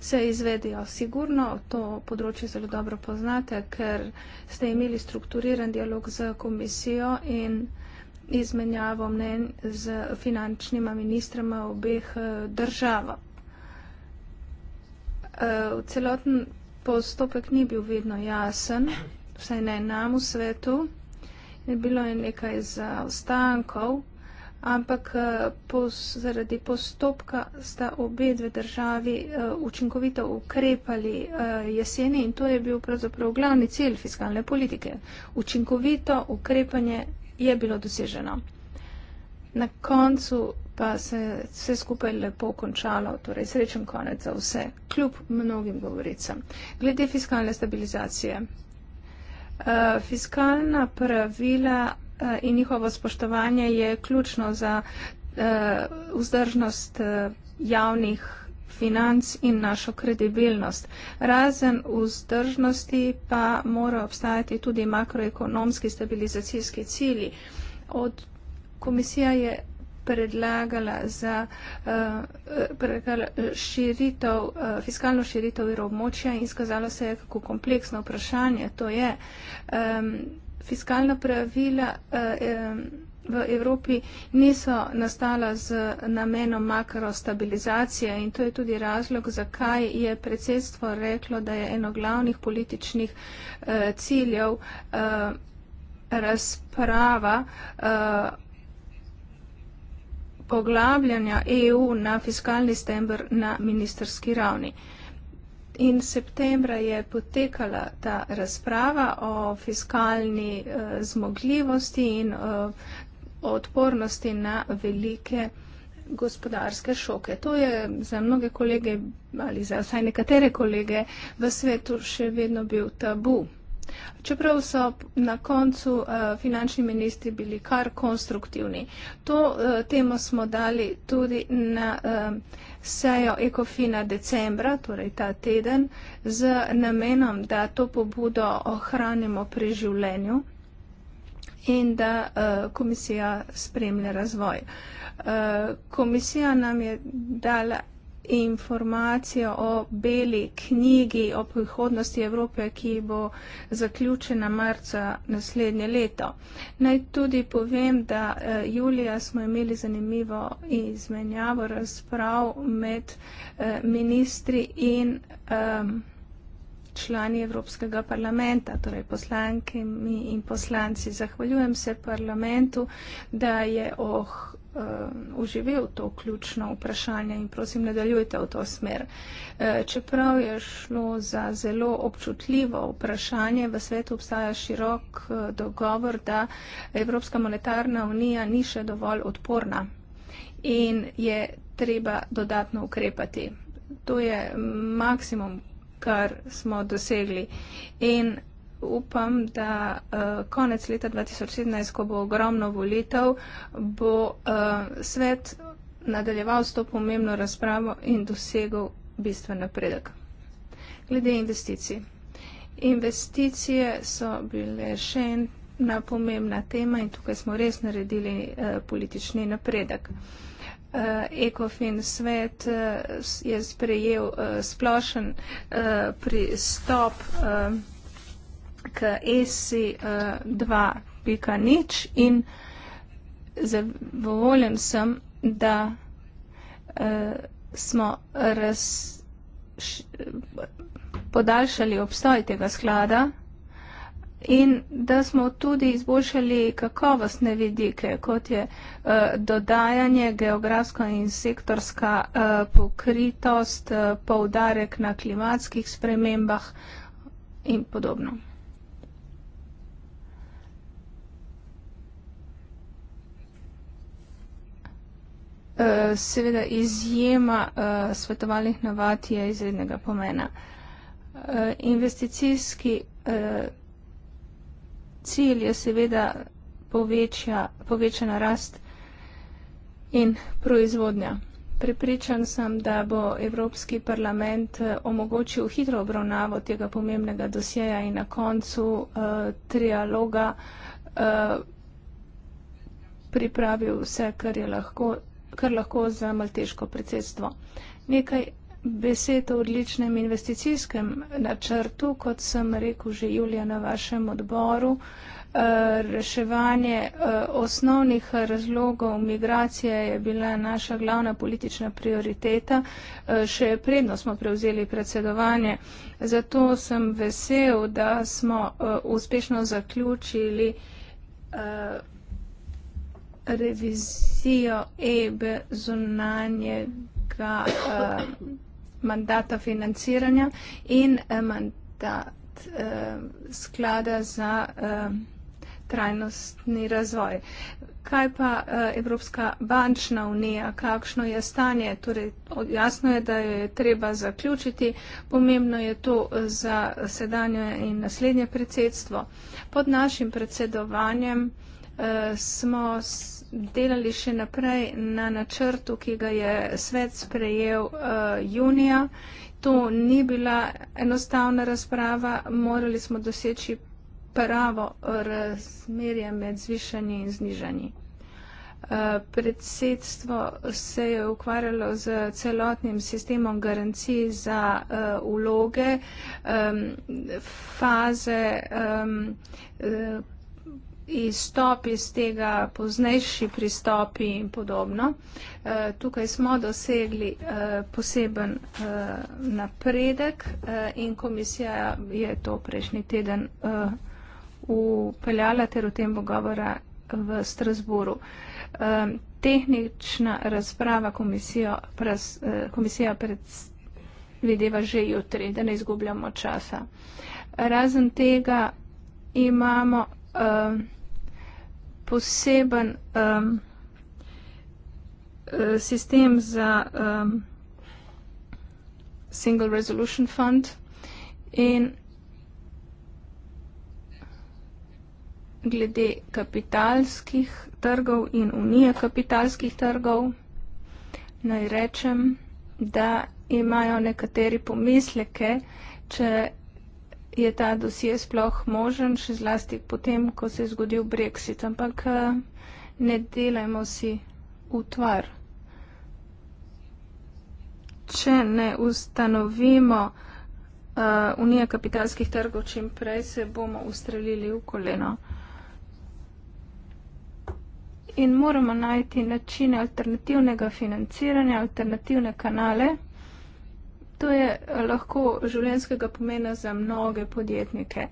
se izvedijo. Sigurno to področje zelo dobro poznate, ker ste imeli strukturiran dialog z komisijo in komisijo izmenjavo mnen z finančnima ministrama obeh eh, držav. Eh, celoten postopek ni bil vedno jasen, vsaj ne nam v svetu. Bilo je nekaj zaostankov, ampak eh, zaradi postopka sta obe dve državi učinkovito ukrepali jeseni in to je bil pravzaprav glavni cilj fiskalne politike. Učinkovito ukrepanje je bilo doseženo. Na koncu pa se je vse skupaj lepo končalo, torej srečen konec za vse, kljub mnogim govoricam. Glede fiskalne stabilizacije. Eh, fiskalna pravila eh, in njihovo spoštovanje je ključno za eh, vzdržnost javnih financ in našo kredibilnost. Razen vzdržnosti pa morajo obstajati tudi makroekonomski stabilizacijski cilji. Od komisija je predlagala za uh, predlagala širitev, uh, fiskalno širitev evroobmočja in skazalo se je, kako kompleksno vprašanje to je. Um, fiskalna pravila. Uh, um, v Evropi niso nastala z namenom makrostabilizacije in to je tudi razlog, zakaj je predsedstvo reklo, da je eno glavnih političnih eh, ciljev eh, razprava. Eh, poglabljanja EU na fiskalni stembr na ministerski ravni. In septembra je potekala ta razprava o fiskalni eh, zmogljivosti in eh, odpornosti na velike gospodarske šoke. To je za mnoge kolege ali za vsaj nekatere kolege v svetu še vedno bil tabu. Čeprav so na koncu uh, finančni ministri bili kar konstruktivni. To uh, temo smo dali tudi na uh, sejo Ekofina decembra, torej ta teden, z namenom, da to pobudo ohranimo pri življenju in da uh, komisija spremlja razvoj. Uh, komisija nam je dala informacijo o beli knjigi o prihodnosti Evrope, ki bo zaključena marca naslednje leto. Naj tudi povem, da eh, julija smo imeli zanimivo izmenjavo razprav med eh, ministri in eh, člani Evropskega parlamenta, torej poslankami in poslanci. Zahvaljujem se parlamentu, da je oh, uživel eh, to ključno vprašanje in prosim, nadaljujte v to smer. Eh, čeprav je šlo za zelo občutljivo vprašanje, v svetu obstaja širok eh, dogovor, da Evropska monetarna unija ni še dovolj odporna in je treba dodatno ukrepati. To je maksimum, kar smo dosegli. In upam, da uh, konec leta 2017, ko bo ogromno volitev, bo uh, svet nadaljeval s to pomembno razpravo in dosegel bistven napredek. Glede investicij. Investicije so bile še ena pomembna tema in tukaj smo res naredili uh, politični napredek. Uh, uh, eh, ECOFIN svet uh, je sprejel uh, splošen uh, pristop uh, k ESI uh, 2.0 nič in zavoljen sem, da uh, smo raz podaljšali obstoj tega sklada in da smo tudi izboljšali kakovostne vidike, kot je eh, dodajanje geografsko in sektorska eh, pokritost, eh, poudarek na klimatskih spremembah in podobno. Seveda izjema svetovalnih navad je izrednega pomena. Investicijski cilj je seveda povečja, povečana rast in proizvodnja. Pripričan sem, da bo Evropski parlament eh, omogočil hitro obravnavo tega pomembnega dosjeja in na koncu uh, trialoga uh, pripravil vse, kar, je lahko, kar lahko za malteško predsedstvo. Nekaj besed o odličnem investicijskem načrtu, kot sem rekel že Julija na vašem odboru, eh, reševanje eh, osnovnih razlogov migracije je bila naša glavna politična prioriteta, eh, še predno smo prevzeli predsedovanje. Zato sem vesel, da smo uspešno zaključili revizijo EB zunanjega mandata financiranja in eh, mandat eh, sklada za eh, trajnostni razvoj. Kaj pa eh, Evropska bančna unija, kakšno je stanje? Torej, jasno je, da jo je treba zaključiti. Pomembno je to eh, za sedanje in naslednje predsedstvo. Pod našim predsedovanjem eh, smo. S, delali še naprej na načrtu, ki ga je svet sprejel uh, junija. To ni bila enostavna razprava, morali smo doseči pravo razmerje med zvišanji in znižanji. Eh, predsedstvo se je ukvarjalo z celotnim sistemom garancij za uh, vloge, um, faze um, izstopi iz tega, poznejši pristopi in podobno. Eh, tukaj smo dosegli eh, poseben eh, napredek in komisija je to prejšnji teden upeljala ter o tem bo govora v Strasburu. Tehnična razprava komisija predvideva že jutri, da ne izgubljamo časa. Razen tega imamo uh, poseben um, uh, sistem za um, Single Resolution Fund in glede kapitalskih trgov in unije kapitalskih trgov naj rečem, da imajo nekateri pomisleke, če je ta dosje sploh možen, še zlasti potem, ko se je zgodil Brexit. Ampak eh, ne delajmo si utvar. Če ne ustanovimo uh, Unije kapitalskih trgov čim prej, se bomo ustrelili v koleno. In moramo najti načine alternativnega financiranja, alternativne kanale. To je eh, lahko življenskega pomena za mnoge podjetnike.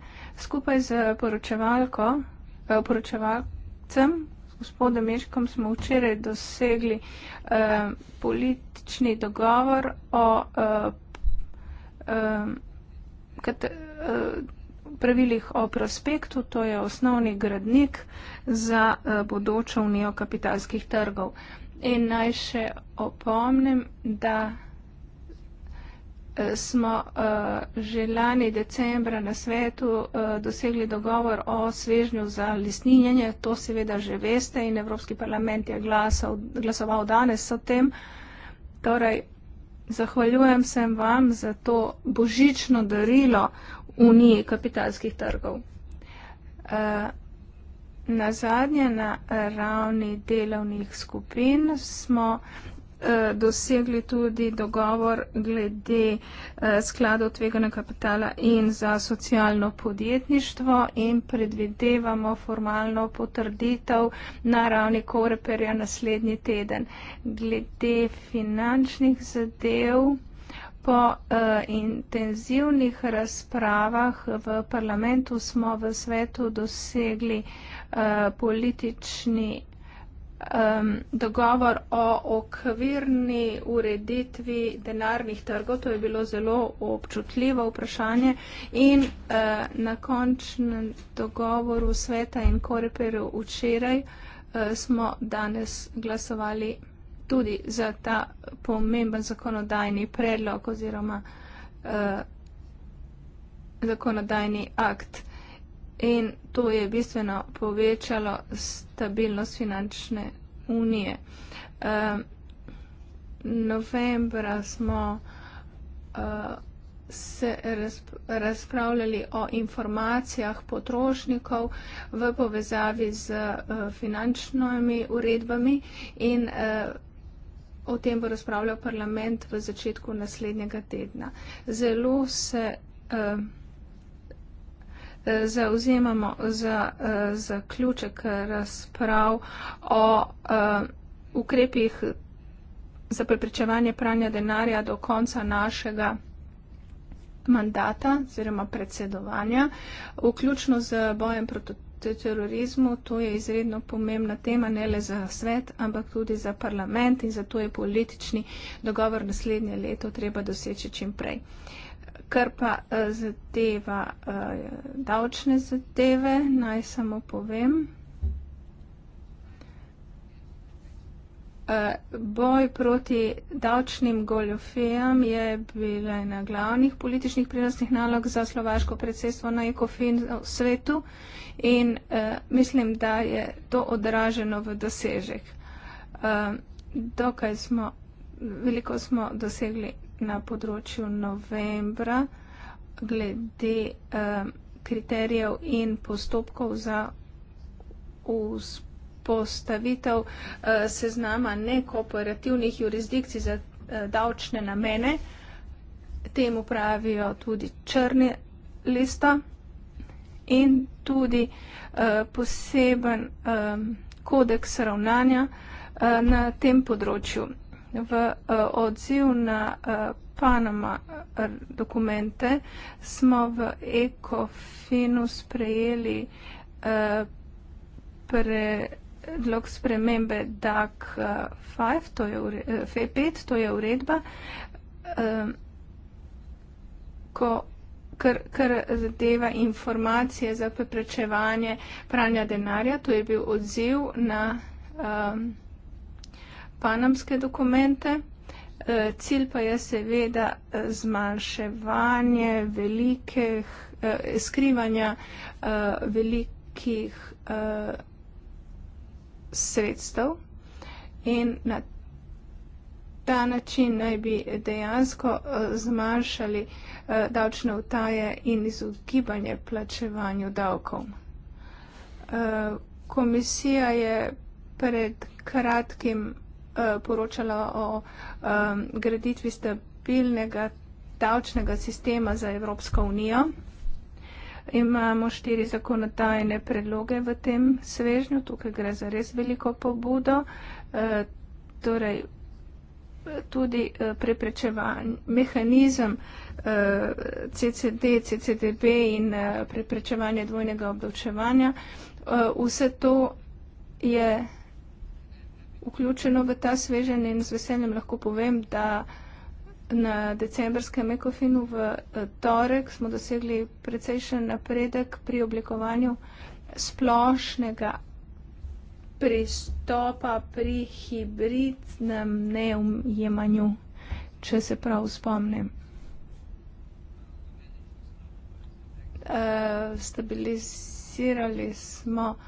Skupaj z eh, poročevalcem, gospodom Ješkom, smo včeraj dosegli eh, politični dogovor o eh, kat, eh, eh, pravilih o prospektu, to je osnovni gradnik za eh, bodočo unijo kapitalskih trgov. In naj še opomnim, da smo eh, že lani decembra na svetu eh, dosegli dogovor o svežnju za lisninjenje, to seveda že veste in Evropski parlament je glasal, glasoval danes o tem. Torej, zahvaljujem se vam za to božično darilo Uniji kapitalskih trgov. Eh, na zadnje, na ravni delovnih skupin smo Eh, dosegli tudi dogovor glede eh, skladov tvegane kapitala in za socialno podjetništvo in predvidevamo formalno potrditev na ravni Koreperja naslednji teden. Glede finančnih zadev. Po eh, intenzivnih razpravah v parlamentu smo v svetu dosegli politični um, dogovor o okvirni ureditvi denarnih trgov. To je bilo zelo občutljivo vprašanje in uh, na končnem dogovoru sveta in koreperu včeraj uh, smo danes glasovali tudi za ta pomemben zakonodajni predlog oziroma uh, zakonodajni akt in to je bistveno povečalo stabilnost finančne unije. Um, novembra smo uh, se razp razpravljali o informacijah potrošnikov v povezavi z uh, finančnimi uredbami in uh, o tem bo razpravljal parlament v začetku naslednjega tedna. Zelo se uh, zauzemamo za eh, zaključek razprav o eh, ukrepih za preprečevanje pranja denarja do konca našega mandata oziroma predsedovanja, vključno z bojem proti terorizmu. To je izredno pomembna tema ne le za svet, ampak tudi za parlament in zato je politični dogovor naslednje leto treba doseči čim prej. Kar pa eh, zadeva eh, davčne zadeve, naj samo povem. Eh, boj proti davčnim goljofejam je bil ena glavnih političnih prednostnih nalog za slovaško predsedstvo na ECOFIN v svetu in uh, mislim, da je to odraženo v dosežek. Uh, dokaj smo, veliko smo dosegli na področju novembra glede eh, kriterijev in postopkov za vzpostavitev eh, seznama nekooperativnih jurisdikcij za eh, davčne namene. Temu pravijo tudi črni lista in tudi eh, poseben eh, kodeks ravnanja eh, na tem področju v uh, odziv na uh, Panama eh, dokumente smo v ECOFINU sprejeli uh, predlog spremembe DAC 5, to je F5, to je uredba, uh, ko Kar, kar zadeva informacije za preprečevanje pranja denarja. To je bil odziv na um, panamske dokumente. Eh, cilj pa je seveda eh, zmanjševanje velikih, eh, skrivanja velikih sredstev in na ta način naj bi dejansko zmanjšali davčne utaje in izogibanje plačevanju davkov. Komisija je pred kratkim Eh, poročala o um, graditvi stabilnega davčnega sistema za Evropsko unijo. Imamo štiri zakonodajne predloge v tem svežnju, tukaj gre za res veliko pobudo. E, torej, eh, tudi preprečevanje, mehanizem e, CCD, CCDB in e, preprečevanje dvojnega obdavčevanja. E, vse to je vključeno v ta svežen in z veseljem lahko povem, da na decembrskem ekofinu v eh, torek smo dosegli precejšen napredek pri oblikovanju splošnega pristopa pri hibridnem neumjemanju, če se prav spomnim. Uh, stabilizirali smo uh,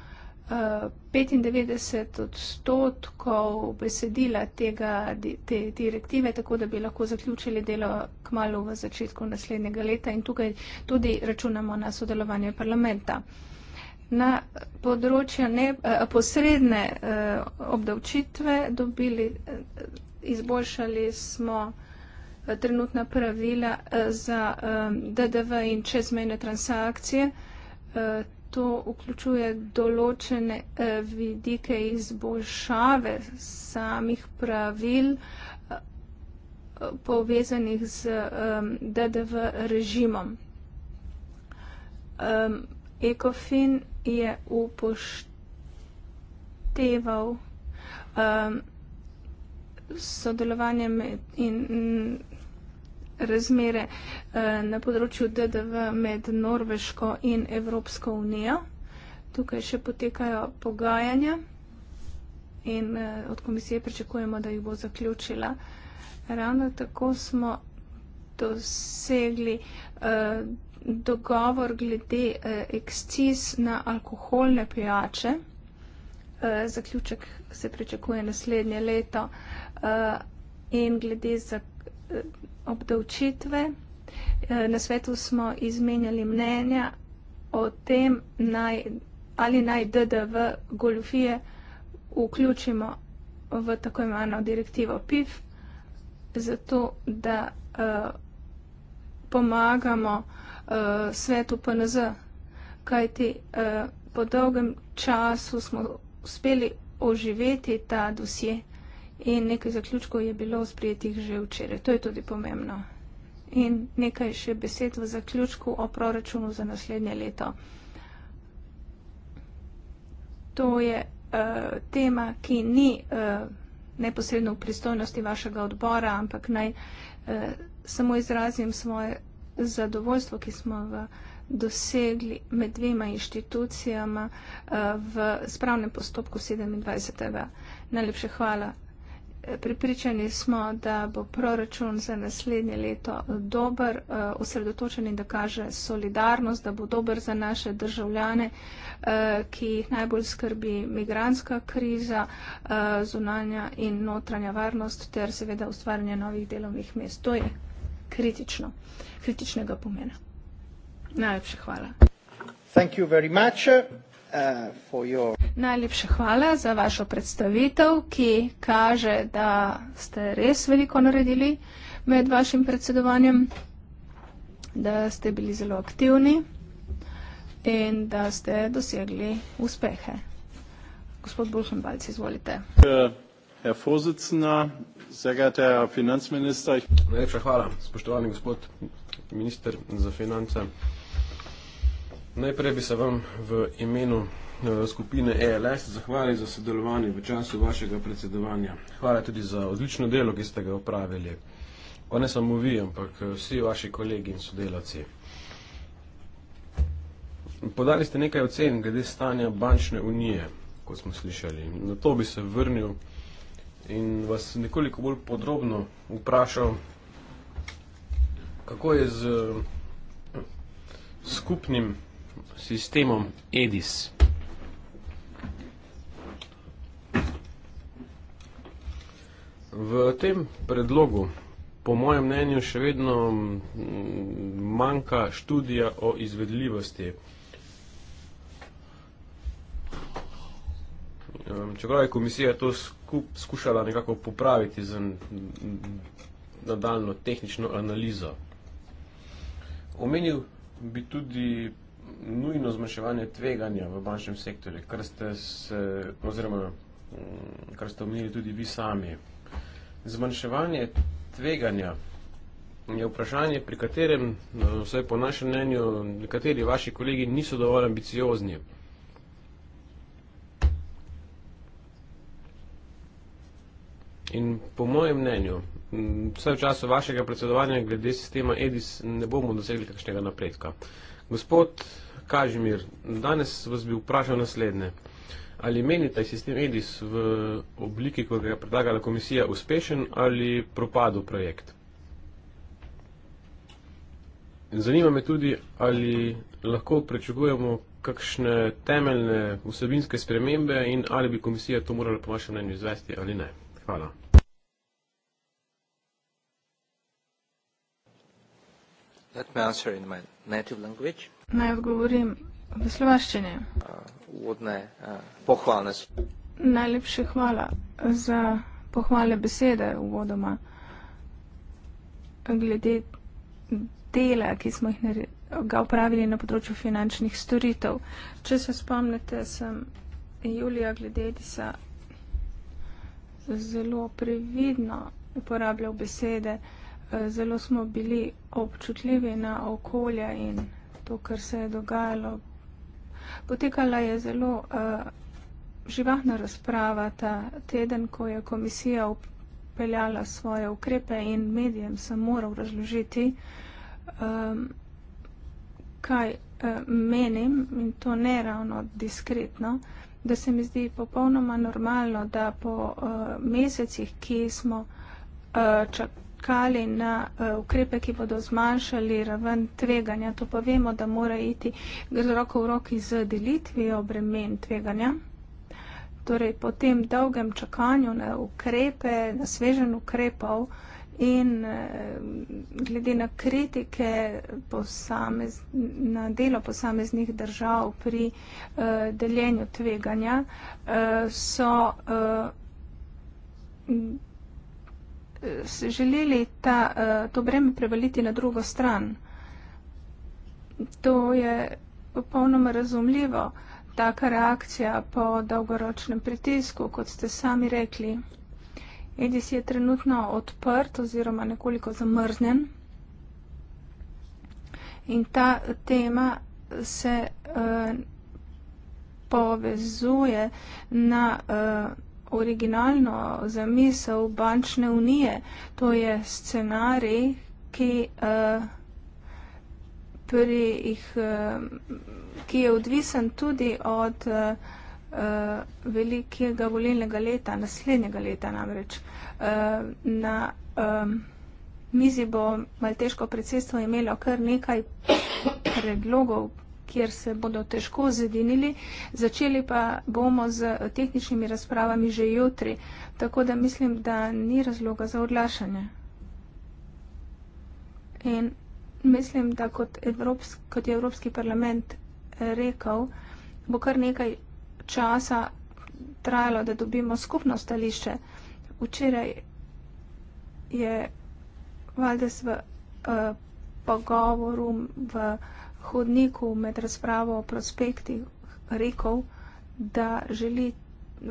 95 odstotkov besedila tega, te direktive, tako da bi lahko zaključili delo k malu v začetku naslednjega leta in tukaj tudi računamo na sodelovanje parlamenta. Na področju ne, eh, posredne eh, obdavčitve dobili, eh, izboljšali smo trenutna pravila za DDV in čezmejne transakcije to vključuje določene eh, vidike izboljšave samih pravil eh, povezanih z eh, DDV režimom. Ekofin je upošteval sodelovanje med in razmere eh, na področju DDV med Norveško in Evropsko unijo. Tukaj še potekajo pogajanja in eh, od komisije pričakujemo, da jih bo zaključila. Ravno tako smo dosegli eh, dogovor glede eksciz na alkoholne pijače. Zaključek se pričakuje naslednje leto in glede za obdavčitve. E, na svetu smo izmenjali mnenja o tem, naj, ali naj DDV goljofije vključimo v tako imeno direktivo PIF, zato da e, pomagamo e, svetu PNZ, kajti po dolgem času smo uspeli oživeti ta dosje in nekaj zaključkov je bilo sprijetih že včeraj. To je tudi pomembno. In nekaj še besed v zaključku o proračunu za naslednje leto. To je uh, tema, ki ni uh, neposredno v pristojnosti vašega odbora, ampak naj uh, samo izrazim svoje zadovoljstvo, ki smo ga dosegli med dvema inštitucijama uh, v spravnem postopku 27. Najlepše hvala Pripričani smo, da bo proračun za naslednje leto dober, eh, osredotočen in da kaže solidarnost, da bo dober za naše državljane, eh, ki jih najbolj skrbi migranska kriza, eh, zunanja in notranja varnost ter seveda ustvarjanje novih delovnih mest. To je kritično, kritičnega pomena. Najlepša hvala. Thank you very much. Najlepša hvala za vašo predstavitev, ki kaže, da ste res veliko naredili med vašim predsedovanjem, da ste bili zelo aktivni in da ste dosegli uspehe. Gospod Bulšenbalc, izvolite. Najlepša hvala, spoštovani gospod minister za finance. Najprej bi se vam v imenu eh, skupine ELS zahvalil za sodelovanje v času vašega predsedovanja. Hvala tudi za odlično delo, ki ste ga opravili. Pa ne samo vi, ampak eh, vsi vaši kolegi in sodelavci. Podali ste nekaj ocen glede stanja bančne unije, kot smo slišali. Na to bi se vrnil in vas nekoliko bolj podrobno vprašal, kako je z skupnim sistemom EDIS. V tem predlogu, po mojem mnenju, še vedno manjka študija o izvedljivosti. Ehm, čeprav je komisija to skušala nekako popraviti z nadaljno tehnično analizo. Omenil bi tudi nujno zmanjševanje tveganja v bančnem sektorju, kar ste se, oziroma mm, kar ste omenili tudi vi sami. Zmanjševanje tveganja je vprašanje, pri katerem, vsaj po našem mnenju, nekateri vaši kolegi niso dovolj ambiciozni. In po mojem mnenju, vse v času vašega predsedovanja glede sistema EDIS ne bomo dosegli kakšnega napredka. Gospod Kažmir, danes vas bi vprašal naslednje. Ali menite sistem EDIS v obliki, kot ga je predlagala komisija, uspešen ali propadel projekt? Zanima me tudi, ali lahko prečugujemo kakšne temeljne vsebinske spremembe in ali bi komisija to morala po vašem mnenju izvesti ali ne. Hvala. Let me answer in my native language. Naj odgovorim v slovaščini. Uvodne eh, pohvalne so. Najlepše hvala za pohvale besede uvodoma glede dela, ki smo jih naredili ga upravili na področju finančnih storitev. Če se spomnite, sem Julija glede Edisa zelo previdno uporabljal besede, eh, zelo smo bili občutljivi na okolje in to, kar se je dogajalo. Potekala je zelo uh, živahna razprava ta teden, ko je komisija upeljala svoje ukrepe in medijem sem moral razložiti, um, kaj uh, menim in to ne ravno diskretno, da se mi zdi popolnoma normalno, da po uh, mesecih, ki smo uh, čakali, iskali na eh, ukrepe, ki bodo zmanjšali raven tveganja. To pa vemo, da mora iti roko v roki z delitvijo bremen tveganja. Torej, po tem dolgem čakanju na ukrepe, na svežen ukrepov in eh, glede na kritike posamez, na delo posameznih držav pri uh, deljenju tveganja, uh, so uh, želeli ta, eh, to breme prevaliti na drugo stran. To je popolnoma razumljivo, taka reakcija po dolgoročnem pritisku, kot ste sami rekli. Edis je trenutno odprt oziroma nekoliko zamrznjen in ta tema se uh, povezuje na uh, originalno zamisel bančne unije. To je scenarij, ki, uh, eh, ih, uh, eh, ki je odvisen tudi od uh, uh, velikega volilnega leta, naslednjega leta namreč. Uh, na um, mizi bo malteško predsedstvo imelo kar nekaj predlogov kjer se bodo težko zedinili, začeli pa bomo z tehničnimi razpravami že jutri, tako da mislim, da ni razloga za odlašanje. In mislim, da kot, Evropsk, kot je Evropski parlament rekel, bo kar nekaj časa trajalo, da dobimo skupno stališče. Včeraj je Valdes v uh, pogovoru v hodniku med razpravo o prospektih rekel, da želi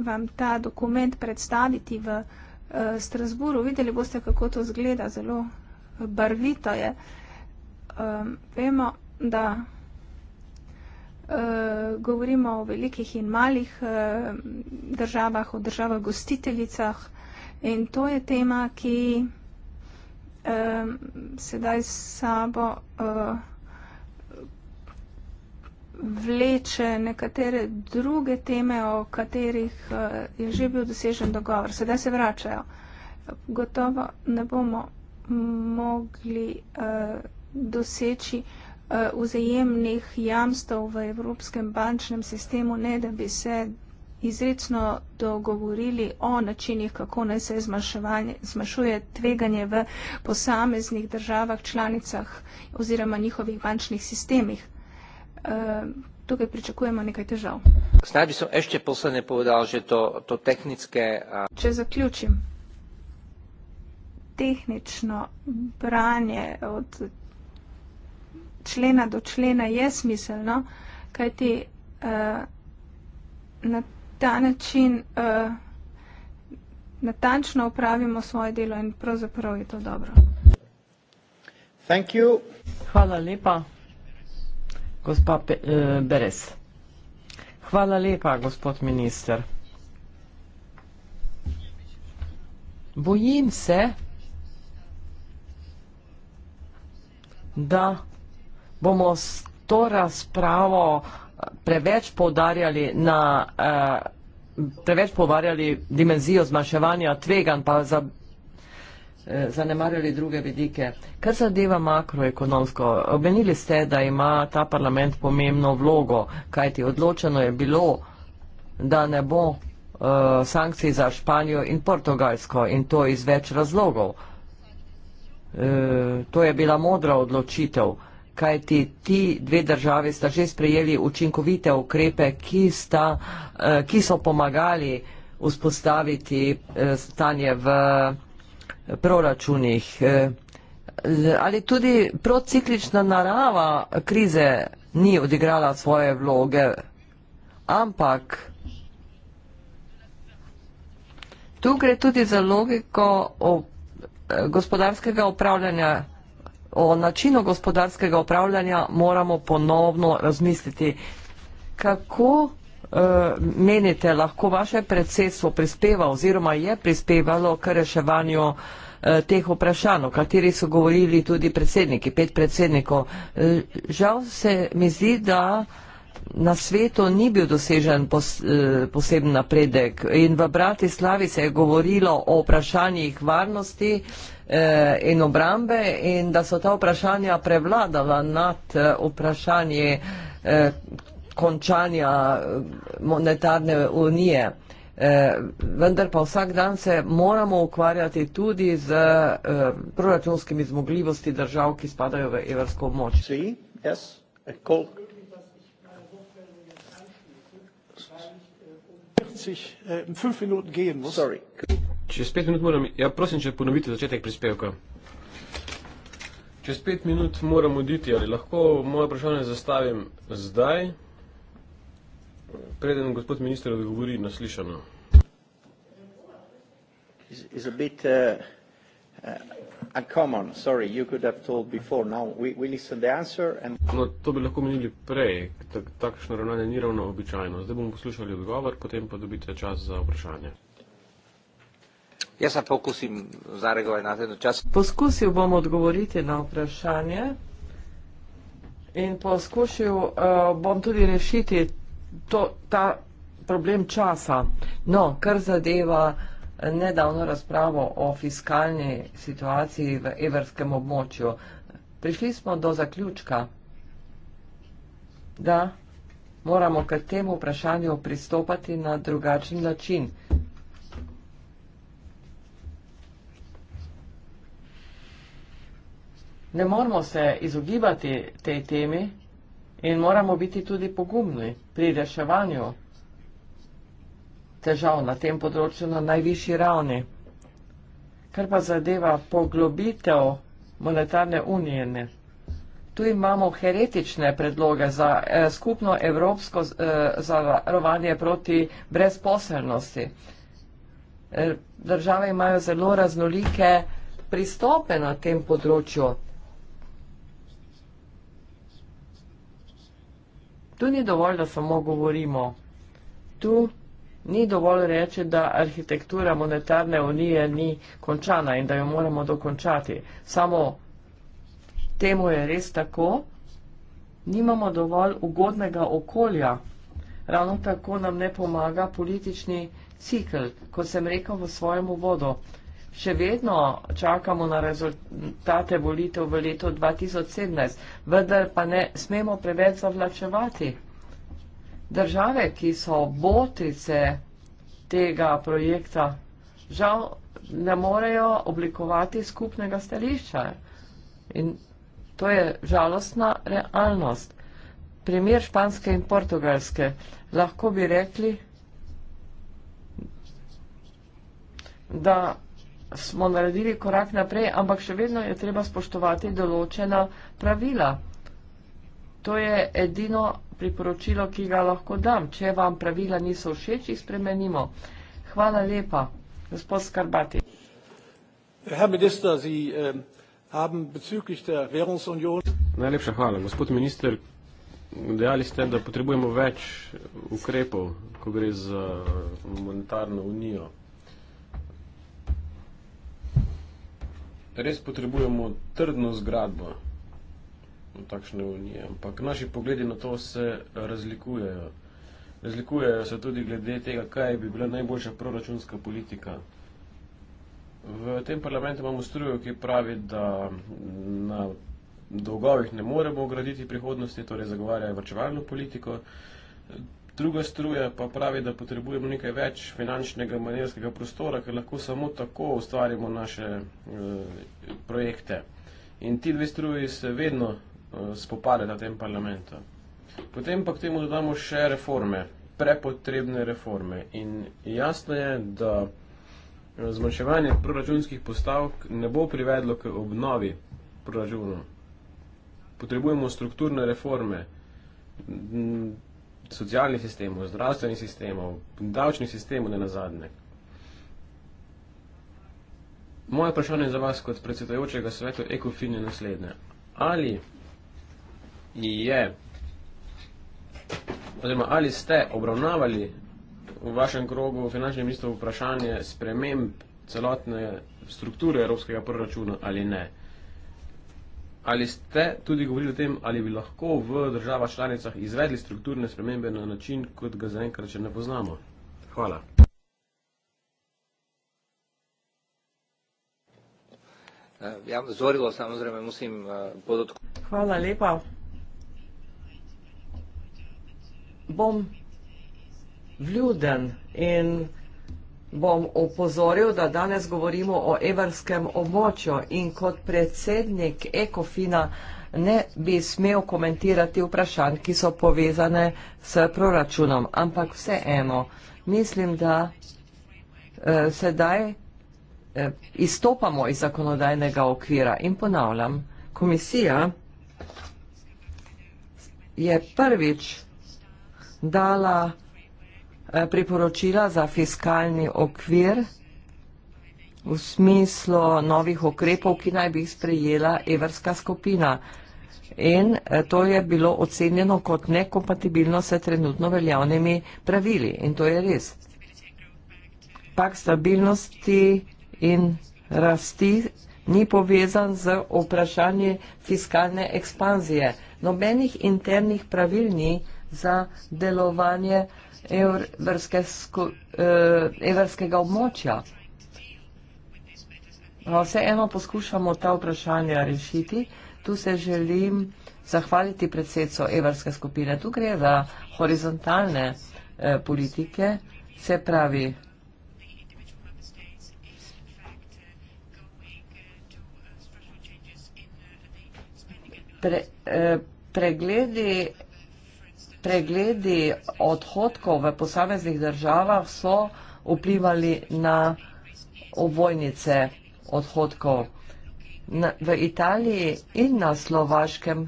vam ta dokument predstaviti v uh, eh, Strasburu. Videli boste, kako to zgleda, zelo eh, barvito je. Um, vemo, da uh, govorimo o velikih in malih uh, državah, o državah gostiteljicah in to je tema, ki um, sedaj sabo. Uh, vleče nekatere druge teme, o katerih eh, je že bil dosežen dogovor. Sedaj se vračajo. Gotovo ne bomo mogli uh, doseči uh, vzajemnih jamstov v evropskem bančnem sistemu, ne da bi se izredno dogovorili o načinih, kako naj se zmanjšuje tveganje v posameznih državah, članicah oziroma njihovih bančnih sistemih. Eh, tukaj pričakujemo nekaj težav. Snaj bi sem ešte posledne povedal, že to, to tehnické... A... Če zaključim, tehnično branje od člena do člena je smiselno, kajti uh, na ta način uh, natančno upravimo svoje delo in pravzaprav je to dobro. Thank you. Hvala lepa. Gospa Pe uh, Beres. Hvala lepa, gospod minister. Bojim se, da bomo s to razpravo eh, preveč povdarjali na uh, preveč povarjali dimenzijo zmanjševanja tvegan pa za Eh, zanemarjali druge vedike. Kar zadeva makroekonomsko, obenili ste, da ima ta parlament pomembno vlogo, kajti odločeno je bilo, da ne bo uh, sankcij za Španijo in Portugalsko in to iz več razlogov. E, to je bila modra odločitev, kajti ti dve države sta že sprejeli učinkovite ukrepe, ki, sta, e, ki so pomagali vzpostaviti e, stanje v proračunih. E, ali tudi prociklična narava krize ni odigrala svoje vloge, ampak tu gre tudi za logiko e, gospodarskega upravljanja, o načinu gospodarskega upravljanja moramo ponovno razmisliti, kako Eh, menite, lahko vaše predsedstvo prispeva oziroma je prispevalo k reševanju eh, teh vprašanj, o katerih so govorili tudi predsedniki, pet predsednikov. Eh, žal se mi zdi, da na svetu ni bil dosežen poseben napredek in v Bratislavi se je govorilo o vprašanjih varnosti in obrambe in da so ta vprašanja prevladala nad vprašanje končanja eh, monetarne unije. Eh, vendar pa vsak dan se moramo ukvarjati tudi z eh, proračunskimi zmogljivosti držav, ki spadajo v evrsko moč. Čez pet minut moram, ja prosim, če ponovite začetek prispevka. Čez pet minut moram oditi, ali lahko moje vprašanje zastavim zdaj, Preden gospod minister odgovori na slišano. Is a bit uh, uh, uncommon. Sorry, you could have told before. Now we, we listen the answer and. No, to bi lahko menili prej. Tak, takšno ravnanje ni ravno običajno. Zdaj bomo poslušali odgovor, potem pa dobite čas za vprašanje. Jaz se pokusim zareagovati na ten čas. Poskusil bom odgovoriti na vprašanje in poskušal uh, bom tudi rešiti to, ta problem časa. No, kar zadeva nedavno razpravo o fiskalni situaciji v evrskem območju. Prišli smo do zaključka, da moramo k temu vprašanju pristopati na drugačen način. Ne moramo se izogibati tej temi, In moramo biti tudi pogumni pri reševanju težav na tem področju na najvišji ravni. Kar pa zadeva poglobitev monetarne unije, ne. tu imamo heretične predloge za eh, skupno evropsko eh, zavarovanje proti brezposelnosti. Eh, države imajo zelo raznolike pristope na tem področju. Tu ni dovolj, da samo govorimo. Tu ni dovolj reči, da arhitektura monetarne unije ni končana in da jo moramo dokončati. Samo temu je res tako, nimamo dovolj ugodnega okolja. Ravno tako nam ne pomaga politični cikl, kot sem rekel v svojem uvodu še vedno čakamo na rezultate volitev v letu 2017, vendar pa ne smemo preveč zavlačevati. Države, ki so botice tega projekta, žal ne morejo oblikovati skupnega stališča. In to je žalostna realnost. Primer Španske in Portugalske. Lahko bi rekli, da smo naredili korak naprej, ampak še vedno je treba spoštovati določena pravila. To je edino priporočilo, ki ga lahko dam. Če vam pravila niso všeč, jih spremenimo. Hvala lepa, gospod Skarbati. Herr minister, Sie eh, haben bezüglich der Währungsunion. Najlepša hvala. Gospod minister, dejali ste, da potrebujemo več ukrepov, ko gre za monetarno unijo. res potrebujemo trdno zgradbo takšne unije, ampak naši pogledi na to se razlikujejo. Razlikujejo se tudi glede tega, kaj bi bila najboljša proračunska politika. V tem parlamentu imamo strujo, ki pravi, da na dolgovih ne moremo graditi prihodnosti, torej zagovarjajo vrčevalno politiko. Druga struja pa pravi, da potrebujemo nekaj več finančnega manjerskega prostora, ker lahko samo tako ustvarimo naše e, projekte. In ti dve struji se vedno e, eh, spopade na tem parlamentu. Potem pa k temu dodamo še reforme, prepotrebne reforme. In jasno je, da zmanjševanje proračunskih postavk ne bo privedlo k obnovi proračunov. Potrebujemo strukturne reforme socialnih sistemov, zdravstvenih sistemov, davčnih sistemov, ne nazadnje. Moje vprašanje za vas kot predsedujočega svetu ECOFIN je naslednje. Ali je, oziroma ali ste obravnavali v vašem krogu finančnem ministru vprašanje sprememb celotne strukture evropskega proračuna ali ne? Ali ste tudi govorili o tem, ali bi lahko v državah članicah izvedli strukturne spremembe na način, kot ga zaenkrat še ne poznamo? Hvala. Eh, ja, zorilo samozrejme musím eh, podotko. Hvala lepa. Bom vljuden in vljuden bom opozoril, da danes govorimo o evrskem območju in kot predsednik Ekofina ne bi smel komentirati vprašanj, ki so povezane s proračunom. Ampak vseeno, mislim, da eh, sedaj eh, izstopamo iz zakonodajnega okvira in ponavljam, komisija je prvič dala Eh, priporočila za fiskalni okvir v smislu novih okrepov, ki naj bi jih sprejela evrska skupina. In eh, to je bilo ocenjeno kot nekompatibilno s trenutno veljavnimi pravili. In to je res. Pak stabilnosti in rasti ni povezan z vprašanje fiskalne ekspanzije. Nobenih internih pravil ni za delovanje E, evrskega območja. No, Vse eno poskušamo ta vprašanja rešiti. Tu se želim zahvaliti predsedco evrske skupine. Tu gre za horizontalne e, politike, se pravi, e, pregledi pregledi odhodkov v posameznih državah so vplivali na ovojnice odhodkov. V Italiji in na Slovaškem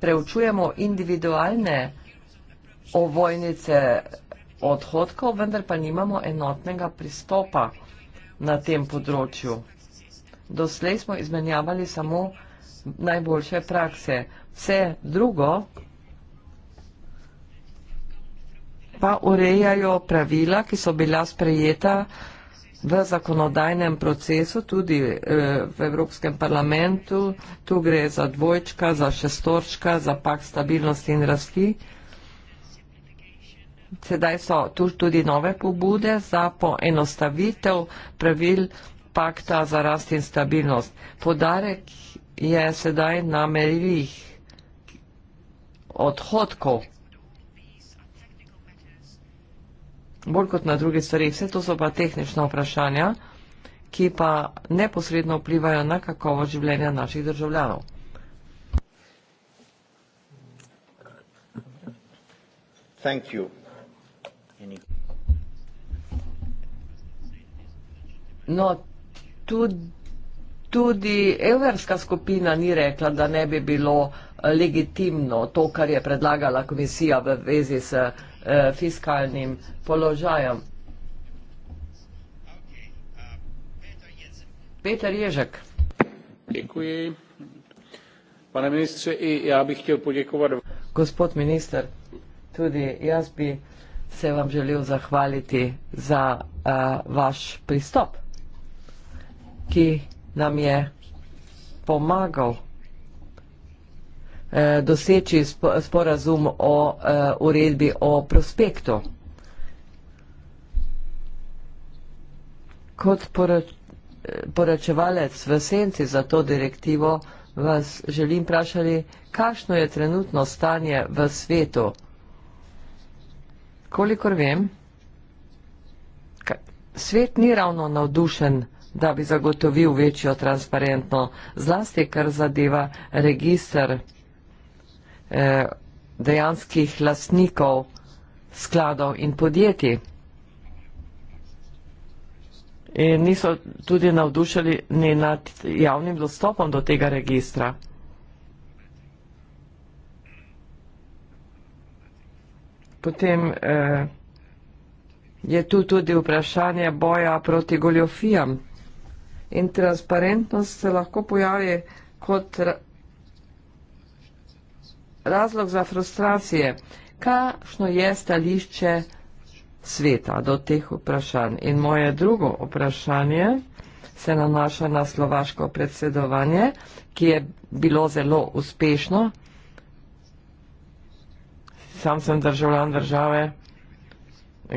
preučujemo individualne ovojnice odhodkov, vendar pa nimamo enotnega pristopa na tem področju. Doslej smo izmenjavali samo najboljše prakse. Vse drugo pa urejajo pravila, ki so bila sprejeta v zakonodajnem procesu, tudi eh, v Evropskem parlamentu. Tu gre za dvojčka, za šestorčka, za pak stabilnosti in rasti. Sedaj so tu tudi nove pobude za poenostavitev pravil pakta za rast in stabilnost. Podarek je sedaj na merilih odhodkov, bolj kot na druge stvari. Vse to so pa tehnična vprašanja, ki pa neposredno vplivajo na kakovo življenja naših državljanov. Thank you. No, tudi, tudi evropska skupina ni rekla, da ne bi bilo legitimno to, kar je predlagala komisija v vezi s uh, eh, fiskalnim položajem. Peter Ježek. Děkuji. Pane ministře, i já bych chtěl poděkovat. Gospod minister, tudi jaz bi se vam želel zahvaliti za uh, vaš pristop, ki nam je pomagal Eh, doseči sporazum o eh, uredbi o prospektu. Kot poračevalec v senci za to direktivo vas želim vprašati, kakšno je trenutno stanje v svetu. Kolikor vem, svet ni ravno navdušen, da bi zagotovil večjo transparentno zlasti, kar zadeva registr. Eh, dejanskih lastnikov skladov in podjetij. In niso tudi navdušili ni nad javnim dostopom do tega registra. Potem eh, je tu tudi vprašanje boja proti goljofijam. In transparentnost se lahko pojavi kot razlog za frustracije, kakšno je stališče sveta do teh vprašanj. In moje drugo vprašanje se nanaša na slovaško predsedovanje, ki je bilo zelo uspešno. Sam sem državljan države,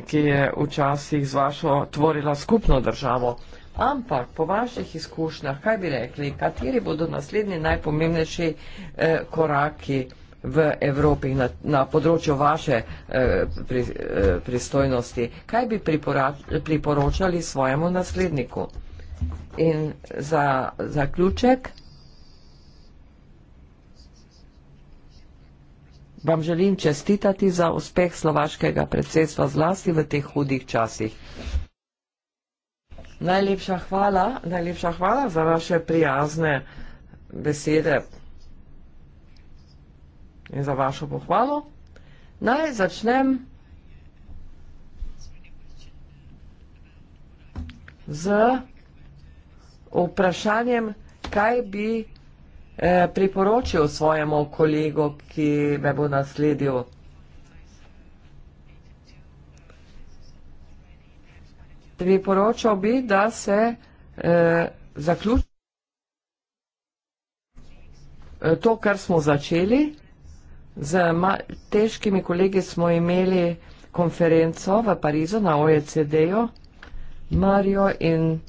ki je včasih z vašo tvorila skupno državo. Ampak po vaših izkušnjah, kaj bi rekli, kateri bodo naslednji najpomembnejši eh, koraki? v Evropi na, na področju vaše eh, pri, eh, pristojnosti, kaj bi priporočali svojemu nasledniku? In za zaključek vam želim čestitati za uspeh slovaškega predsedstva zlasti v teh hudih časih. Najlepša hvala, najlepša hvala za vaše prijazne besede in za vašo pohvalo. Naj začnem z vprašanjem, kaj bi eh, priporočil svojemu kolegu, ki me bo nasledil. Priporočal bi, da se eh, zaključi eh, to, kar smo začeli, Z težkimi kolegi smo imeli konferenco v Parizu na OECD-ju, Mario in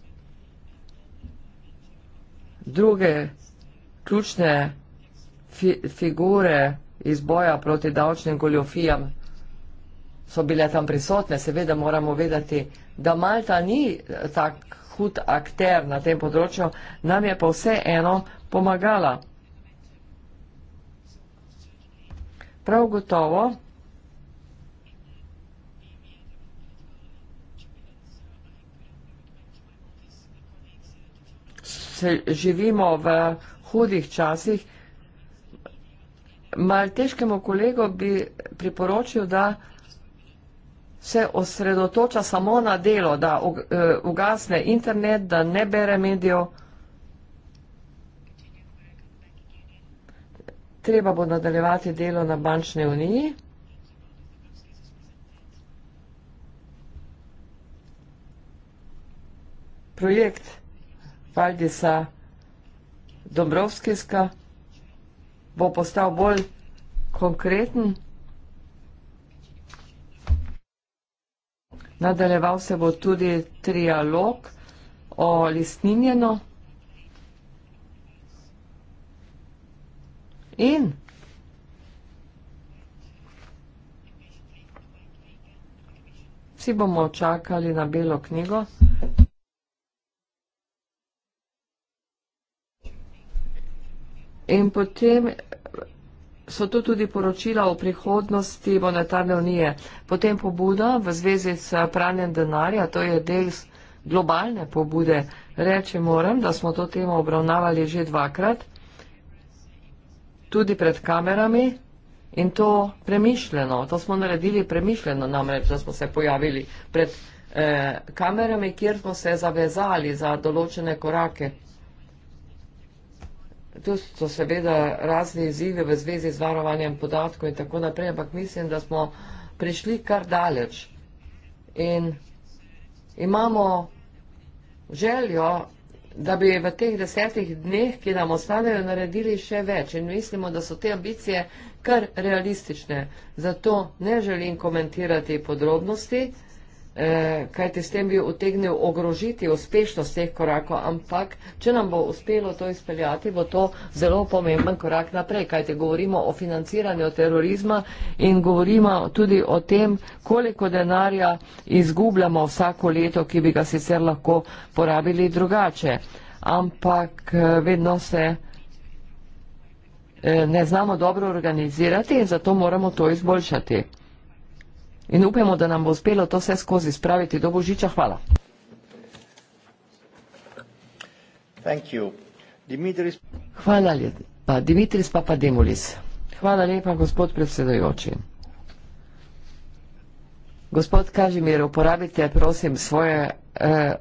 druge ključne fi figure iz boja proti davčnim goljofijam so bile tam prisotne. Seveda moramo vedeti, da Malta ni eh, tak hud akter na tem področju, nam je pa vse eno pomagala. prav gotovo se živimo v hudih časih. Mal težkemu kolegu bi priporočil, da se osredotoča samo na delo, da eh, ugasne internet, da ne bere medijev, treba bo nadaljevati delo na bančni uniji. Projekt Valdisa Dombrovskiska bo postal bolj konkreten. Nadaljeval se bo tudi trialog o listninjeno. In? Vsi bomo čakali na belo knjigo. In potem so tu tudi poročila o prihodnosti monetarne unije. Potem pobuda v zvezi s pranjem denarja, to je del globalne pobude. Reči moram, da smo to temo obravnavali že dvakrat tudi pred kamerami in to premišljeno. To smo naredili premišljeno, namreč, da smo se pojavili pred eh, kamerami, kjer smo se zavezali za določene korake. Tu so seveda razni izzivi v zvezi z varovanjem podatkov in tako naprej, ampak mislim, da smo prišli kar daleč. In imamo željo, da bi v teh desetih dneh, ki nam ostanejo, naredili še več. In mislimo, da so te ambicije kar realistične. Zato ne želim komentirati podrobnosti eh, kaj te s tem bi otegnil ogrožiti uspešnost teh korakov, ampak če nam bo uspelo to izpeljati, bo to zelo pomemben korak naprej, kaj te govorimo o financiranju terorizma in govorimo tudi o tem, koliko denarja izgubljamo vsako leto, ki bi ga sicer lahko porabili drugače. Ampak eh, vedno se eh, ne znamo dobro organizirati in zato moramo to izboljšati in upamo, da nam bo uspelo to vse skozi spraviti do božiča. Hvala. Hvala lepa. Dimitris Papademulis. Hvala lepa, gospod predsedojoči. Gospod Kažimir, uporabite prosim svoje eh,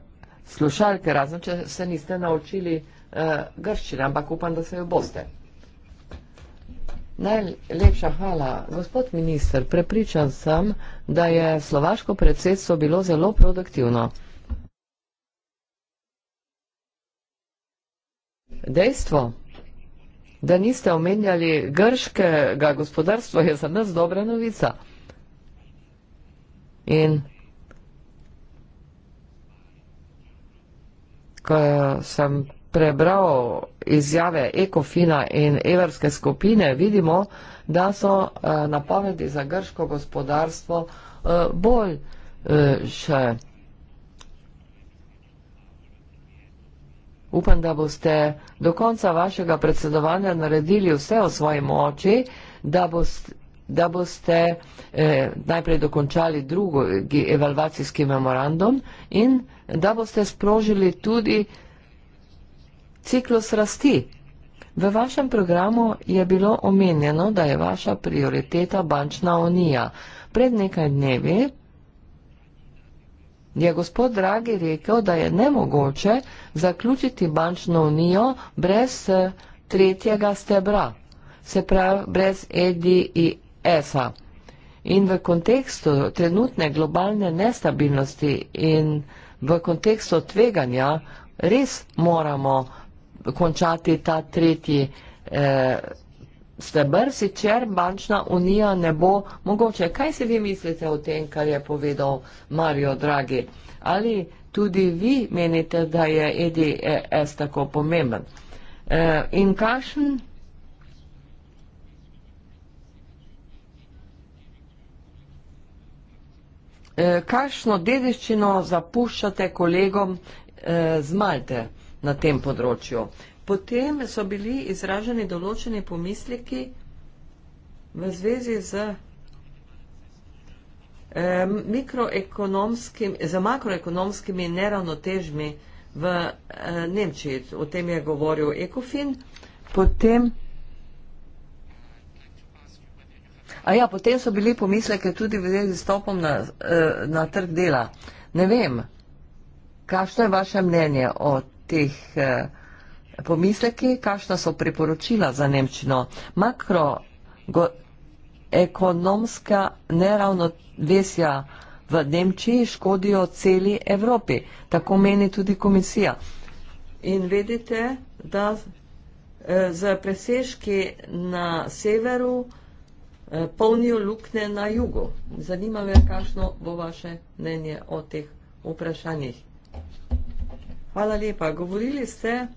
slušalke, razen če se niste naučili eh, grščine, ampak upam, da se jo boste. Najlepša hvala. Gospod minister, prepričan sem, da je slovaško predsedstvo bilo zelo produktivno. Dejstvo, da niste omenjali grškega gospodarstva, je za nas dobra novica. In ko sem prebral izjave Ekofina in evrske skupine, vidimo, da so eh, napovedi za grško gospodarstvo eh, bolj eh, še. Upam, da boste do konca vašega predsedovanja naredili vse v svoji moči, da boste da boste eh, najprej dokončali drugi evalvacijski memorandum in da boste sprožili tudi ciklus rasti. V vašem programu je bilo omenjeno, da je vaša prioriteta bančna unija. Pred nekaj dnevi je gospod Dragi rekel, da je nemogoče zaključiti bančno unijo brez eh, tretjega stebra, se pravi brez EDIS-a. In v kontekstu trenutne globalne nestabilnosti in v kontekstu tveganja res moramo končati ta tretji eh, stebr, sicer bančna unija ne bo mogoče. Kaj si vi mislite o tem, kar je povedal Mario Draghi? Ali tudi vi menite, da je EDS e tako pomemben? Eh, in kakšen? Eh, kakšno dediščino zapuščate kolegom eh, z Malte? na tem področju. Potem so bili izraženi določeni pomisleki v zvezi z mikroekonomskimi, z makroekonomskimi neravnotežmi v eh, Nemčiji. O tem je govoril Ekofin. Potem, a ja, potem so bili pomisleke tudi v zvezi s topom na, eh, na trg dela. Ne vem, kakšno je vaše mnenje o teh eh, pomisleki, kakšna so priporočila za Nemčino. Makroekonomska neravnovesja v Nemčiji škodijo celi Evropi, tako meni tudi komisija. In vedite, da eh, z presežki na severu eh, polnijo lukne na jugu. Zanima me, kakšno bo vaše mnenje o teh vprašanjih. Hvala lepa. Govorili ste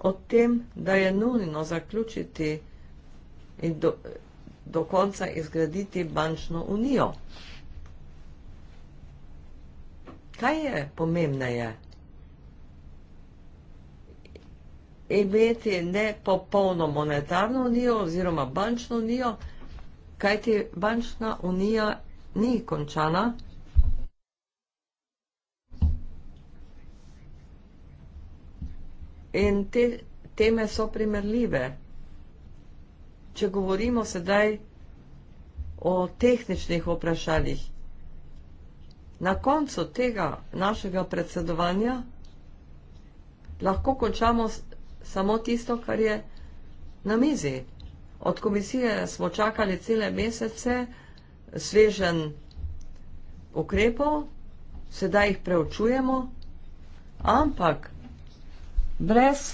o tem, da je nujno zaključiti in do, do konca izgraditi bančno unijo. Kaj je pomembneje? Imeti ne popolno monetarno unijo oziroma bančno unijo, kajti bančna unija ni končana. In te teme so primerljive. Če govorimo sedaj o tehničnih vprašanjih, na koncu tega našega predsedovanja lahko končamo samo tisto, kar je na mizi. Od komisije smo čakali cele mesece svežen ukrepov, sedaj jih preučujemo, ampak brez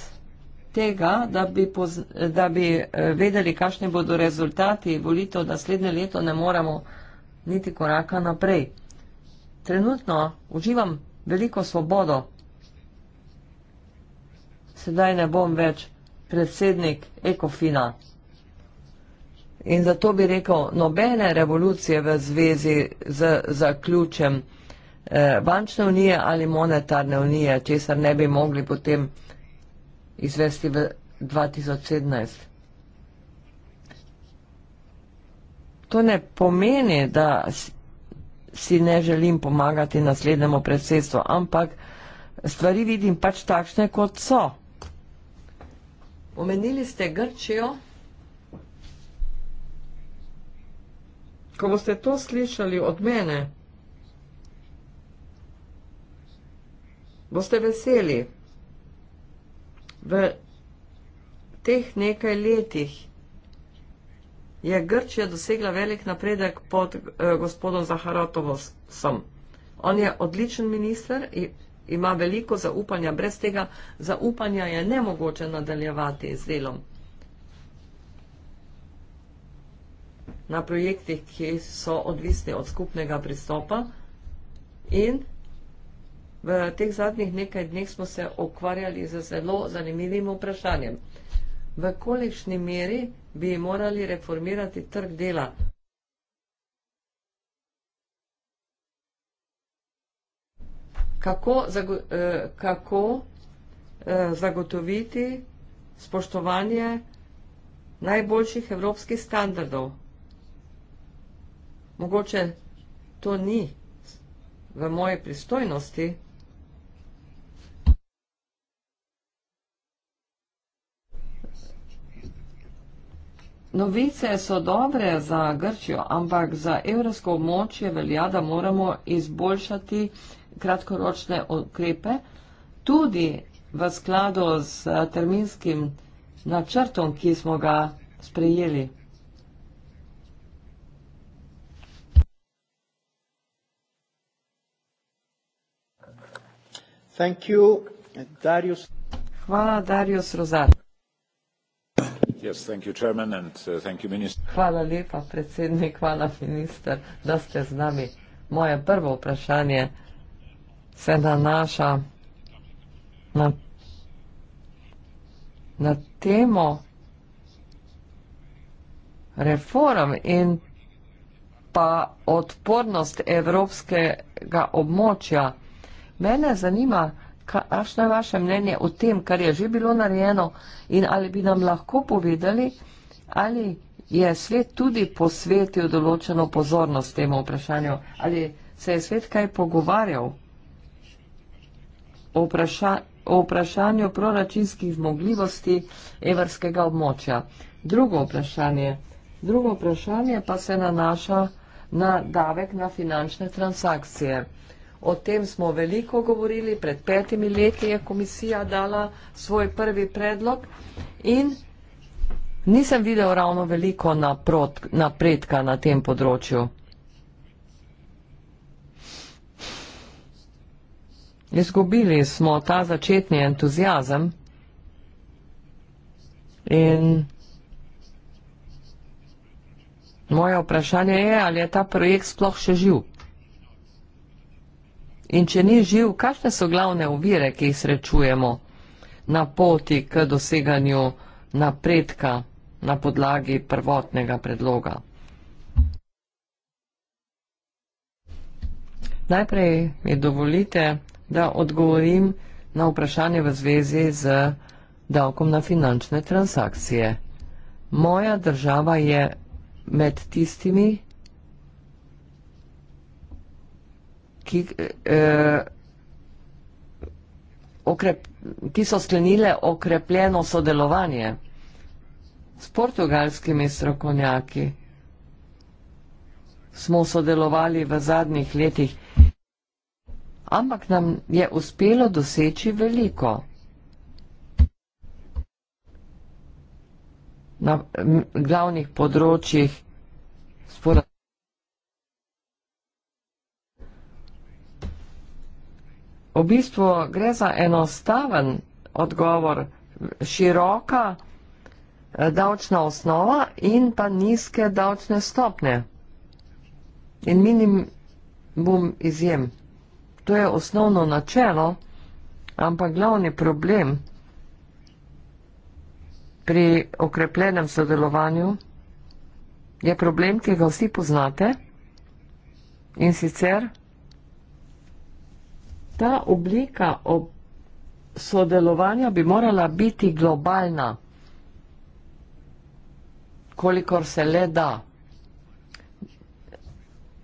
tega, da bi, pozna, da bi eh, vedeli, kakšni bodo rezultati volitev naslednje leto, ne moremo niti koraka naprej. Trenutno uživam veliko svobodo. Sedaj ne bom več predsednik Ekofina. In zato bi rekel, nobene revolucije v zvezi z zaključem eh, bančne unije ali monetarne unije, česar ne bi mogli potem izvesti v 2017. To ne pomeni, da si ne želim pomagati naslednjemu predsedstvu, ampak stvari vidim pač takšne, kot so. Omenili ste Grčijo. Ko boste to slišali od mene, boste veseli. V teh nekaj letih je Grčija dosegla velik napredek pod eh, gospodom Zaharatovom. On je odličen minister in ima veliko zaupanja. Brez tega zaupanja je nemogoče nadaljevati z delom na projektih, ki so odvisni od skupnega pristopa in V teh zadnjih nekaj dneh smo se okvarjali z zelo zanimivim vprašanjem. V kolikšni meri bi morali reformirati trg dela? Kako, zago, eh, kako eh, zagotoviti spoštovanje najboljših evropskih standardov? Mogoče to ni v moje pristojnosti. Novice so dobre za Grčijo, ampak za evrsko območje velja, da moramo izboljšati kratkoročne ukrepe, tudi v skladu s terminskim načrtom, ki smo ga sprejeli. Hvala, Darius Rozar. Uh, hvala lepa, predsednik, hvala, minister, da ste z nami. Moje prvo vprašanje se nanaša na, na temo reform in pa odpornost evropskega območja. Mene zanima, kakšno je vaše mnenje o tem, kar je že bilo narejeno in ali bi nam lahko povedali, ali je svet tudi posvetil določeno pozornost temu vprašanju, ali se je svet kaj pogovarjal o, vpraša, o vprašanju proračunskih zmogljivosti evrskega območja. Drugo vprašanje. Drugo vprašanje pa se nanaša na davek na finančne transakcije. O tem smo veliko govorili, pred petimi leti je komisija dala svoj prvi predlog in nisem videl ravno veliko naprot, napredka na tem področju. Izgubili smo ta začetni entuzijazem in moje vprašanje je, ali je ta projekt sploh še živ. In če ni živ, kakšne so glavne ovire, ki jih srečujemo na poti k doseganju napredka na podlagi prvotnega predloga? Najprej mi dovolite, da odgovorim na vprašanje v zvezi z davkom na finančne transakcije. Moja država je med tistimi, ki, eh, okrep, ki so sklenile okrepljeno sodelovanje s portugalskimi strokovnjaki. Smo sodelovali v zadnjih letih, ampak nam je uspelo doseči veliko. Na glavnih področjih sporazumov. v bistvu gre za enostaven odgovor, široka eh, davčna osnova in pa nizke davčne stopne in minimum izjem. To je osnovno načelo, ampak glavni problem pri okrepljenem sodelovanju je problem, ki ga vsi poznate in sicer ta oblika sodelovanja bi morala biti globalna, kolikor se le da.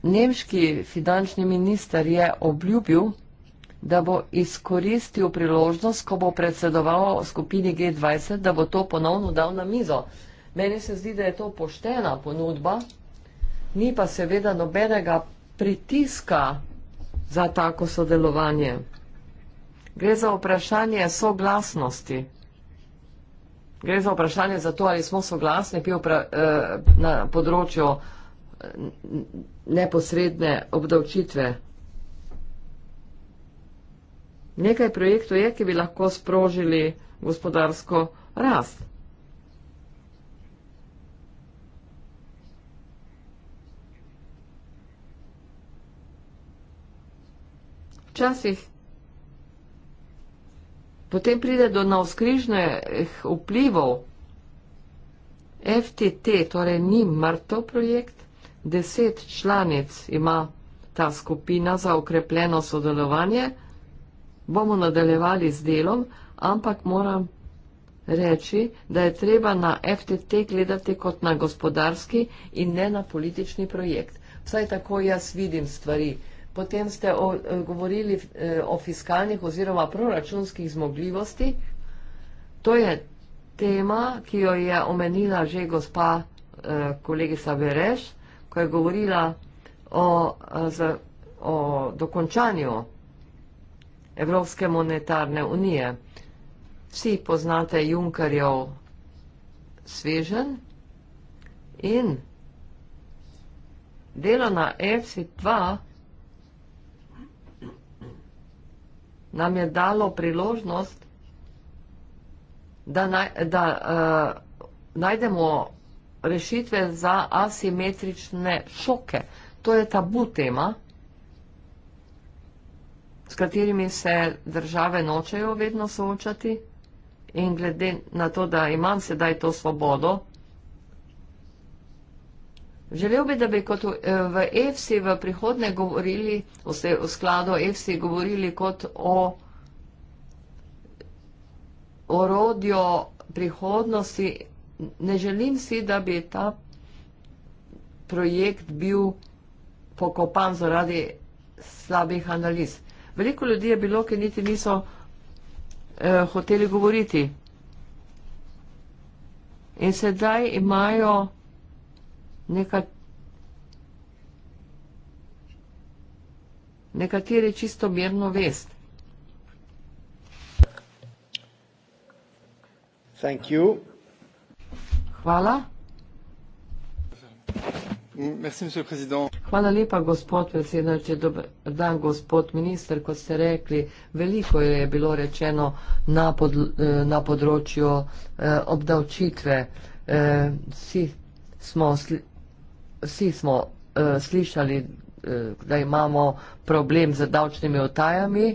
Nemški finančni minister je obljubil, da bo izkoristil priložnost, ko bo predsedoval skupini G20, da bo to ponovno dal na mizo. Meni se zdi, da je to poštena ponudba, ni pa seveda nobenega pritiska za tako sodelovanje. Gre za vprašanje soglasnosti. Gre za vprašanje za to, ali smo soglasni pri upra, eh, na področju eh, neposredne obdavčitve. Nekaj projektov je, ki bi lahko sprožili gospodarsko rast. včasih. Potem pride do navskrižnih vplivov. FTT, torej ni mrtev projekt, deset članic ima ta skupina za okrepljeno sodelovanje. Bomo nadaljevali z delom, ampak moram reči, da je treba na FTT gledati kot na gospodarski in ne na politični projekt. Vsaj tako jaz vidim stvari. Potem ste o, eh, govorili eh, o fiskalnih oziroma proračunskih zmogljivosti. To je tema, ki jo je omenila že gospa eh, kolegica Bereš, ko je govorila o, o dokončanju Evropske monetarne unije. Vsi poznate Junkerjev svežen in delo na EFSI 2 nam je dalo priložnost, da, naj, da uh, najdemo rešitve za asimetrične šoke. To je tabu tema, s katerimi se države nočejo vedno soočati in glede na to, da imam sedaj to svobodo, Želel bi, da bi kot v EFSI eh, v prihodne govorili, vse v skladu EFSI govorili kot o orodju prihodnosti. Ne želim si, da bi ta projekt bil pokopan zaradi slabih analiz. Veliko ljudi je bilo, ki niti niso eh, hoteli govoriti. In sedaj imajo. Mm -hmm neka, nekatere čisto mirno vest. Thank you. Hvala. Merci, Hvala lepa, gospod predsednik. Dobar dan, gospod minister. Kot ste rekli, veliko je bilo rečeno na, pod, eh, na področju eh, obdavčitve. Eh, vsi smo sli, vsi smo uh, slišali, uh, da imamo problem z davčnimi otajami.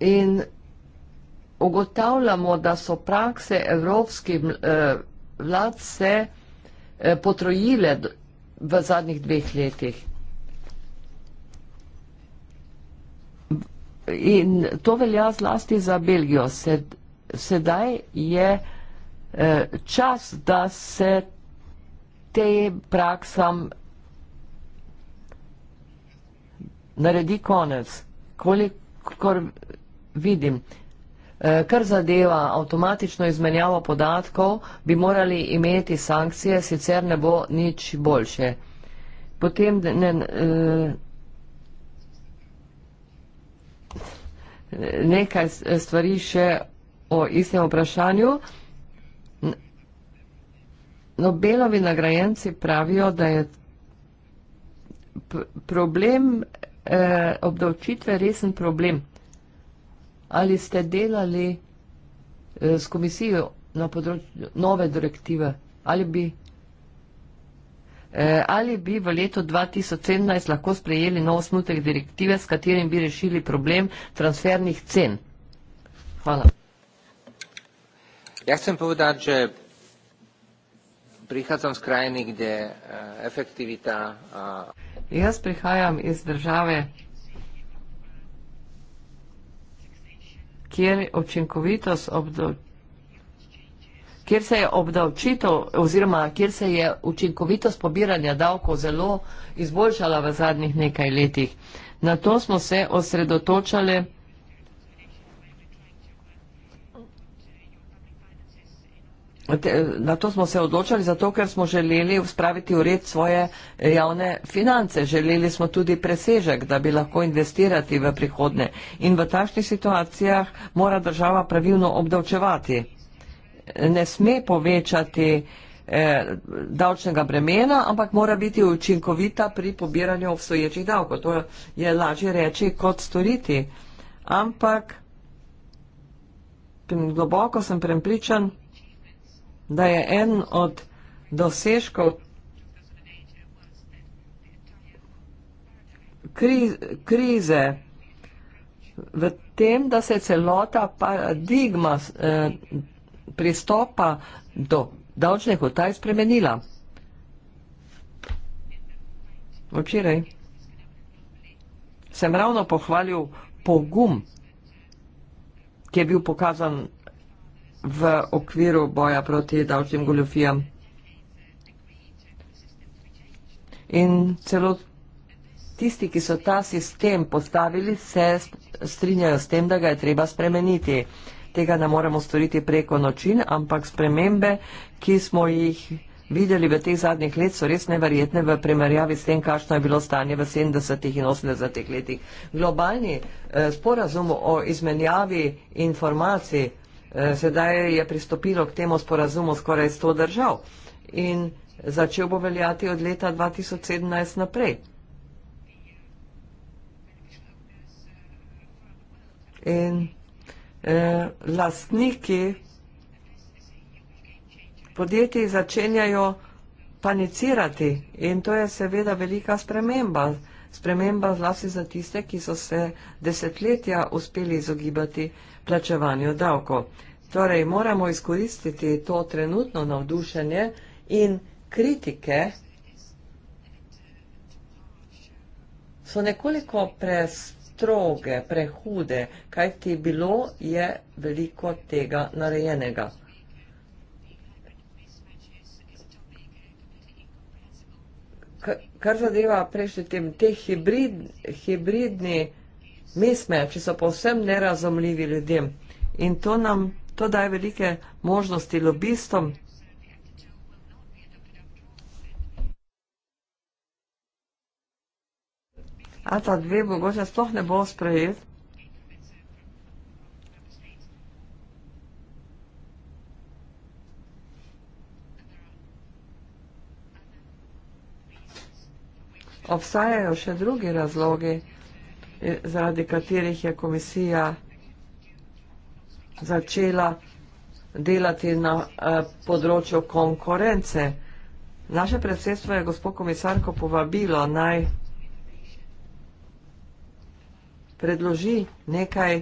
In ugotavljamo, da so prakse evropskih eh, vlad se eh, potrojile v zadnjih dveh letih. In to velja zlasti za Belgijo. Sed, sedaj je. Eh, čas, da se te praksam naredi konec, kolikor vidim. Eh, kar zadeva avtomatično izmenjavo podatkov, bi morali imeti sankcije, sicer ne bo nič boljše. Potem ne, eh, nekaj stvari še o istem vprašanju. Nobelovi nagrajenci pravijo, da je problem eh, obdavčitve resen problem. Ali ste delali eh, s komisijo na področju nove direktive, ali bi, eh, ali bi v letu 2017 lahko sprejeli nov osnutek direktive, s katerim bi rešili problem transfernih cen? Hvala. Ja sem povedal, da prihajam iz krajine, kjer uh, efektivita. Uh, Jaz prihajam iz države, kjer učinkovitost obdobja. Kjer se je obdavčitev oziroma kjer se je učinkovitost pobiranja davkov zelo izboljšala v zadnjih nekaj letih. Na to smo se osredotočali. Te, na to smo se odločali, zato ker smo želeli spraviti ured svoje eh, javne finance. Želeli smo tudi presežek, da bi lahko investirati v prihodne. In v takšnih situacijah mora država pravilno obdavčevati. Ne sme povečati eh, davčnega bremena, ampak mora biti učinkovita pri pobiranju obstoječih davkov. To je lažje reči kot storiti. Ampak globoko sem prepričan, da je eden od dosežkov krize v tem, da se celota paradigma eh, pristopa do davčnih otaj spremenila. Včeraj sem ravno pohvalil pogum, ki je bil pokazan v okviru boja proti davčnim goljofijam. In celo tisti, ki so ta sistem postavili, se strinjajo s tem, da ga je treba spremeniti. Tega ne moremo storiti preko noči, ampak spremembe, ki smo jih videli v teh zadnjih letih, so res neverjetne v primerjavi s tem, kakšno je bilo stanje v 70-ih in 80-ih letih. Globalni eh, sporazum o izmenjavi informacij Eh, sedaj je pristopilo k temu sporazumu skoraj 100 držav in začel bo veljati od leta 2017 naprej. In eh, lastniki podjetij začenjajo panicirati in to je seveda velika sprememba. Sprememba zlasti za tiste, ki so se desetletja uspeli izogibati eh, plačevanju davko. Torej, moramo izkoristiti to trenutno navdušenje in kritike so nekoliko prestroge, prehude, kaj ti bilo je veliko tega narejenega. Kar zadeva prejšnji tem, te hibrid, hibridni Mi smo, če so povsem nerazumljivi ljudem in to nam, to daje velike možnosti lobistom. A ta dve mogoče sploh ne bo sprejet. Obstajajo še drugi razlogi, zaradi katerih je komisija začela delati na eh, področju konkurence. Naše predsedstvo je gospod komisarko povabilo naj predloži nekaj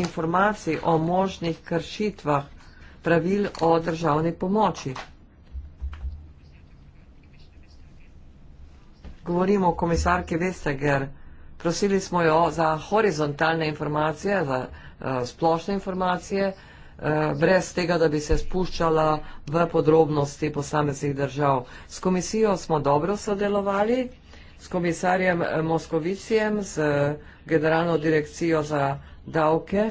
informacij o možnih kršitvah pravil o državni pomoči. Govorimo o komisarki Vesteger, ki je Prosili smo jo za horizontalne informacije, za uh, splošne informacije, uh, brez tega, da bi se spuščala v podrobnosti posameznih držav. S komisijo smo dobro sodelovali, s komisarjem eh, Moskovicijem, z generalno direkcijo za davke.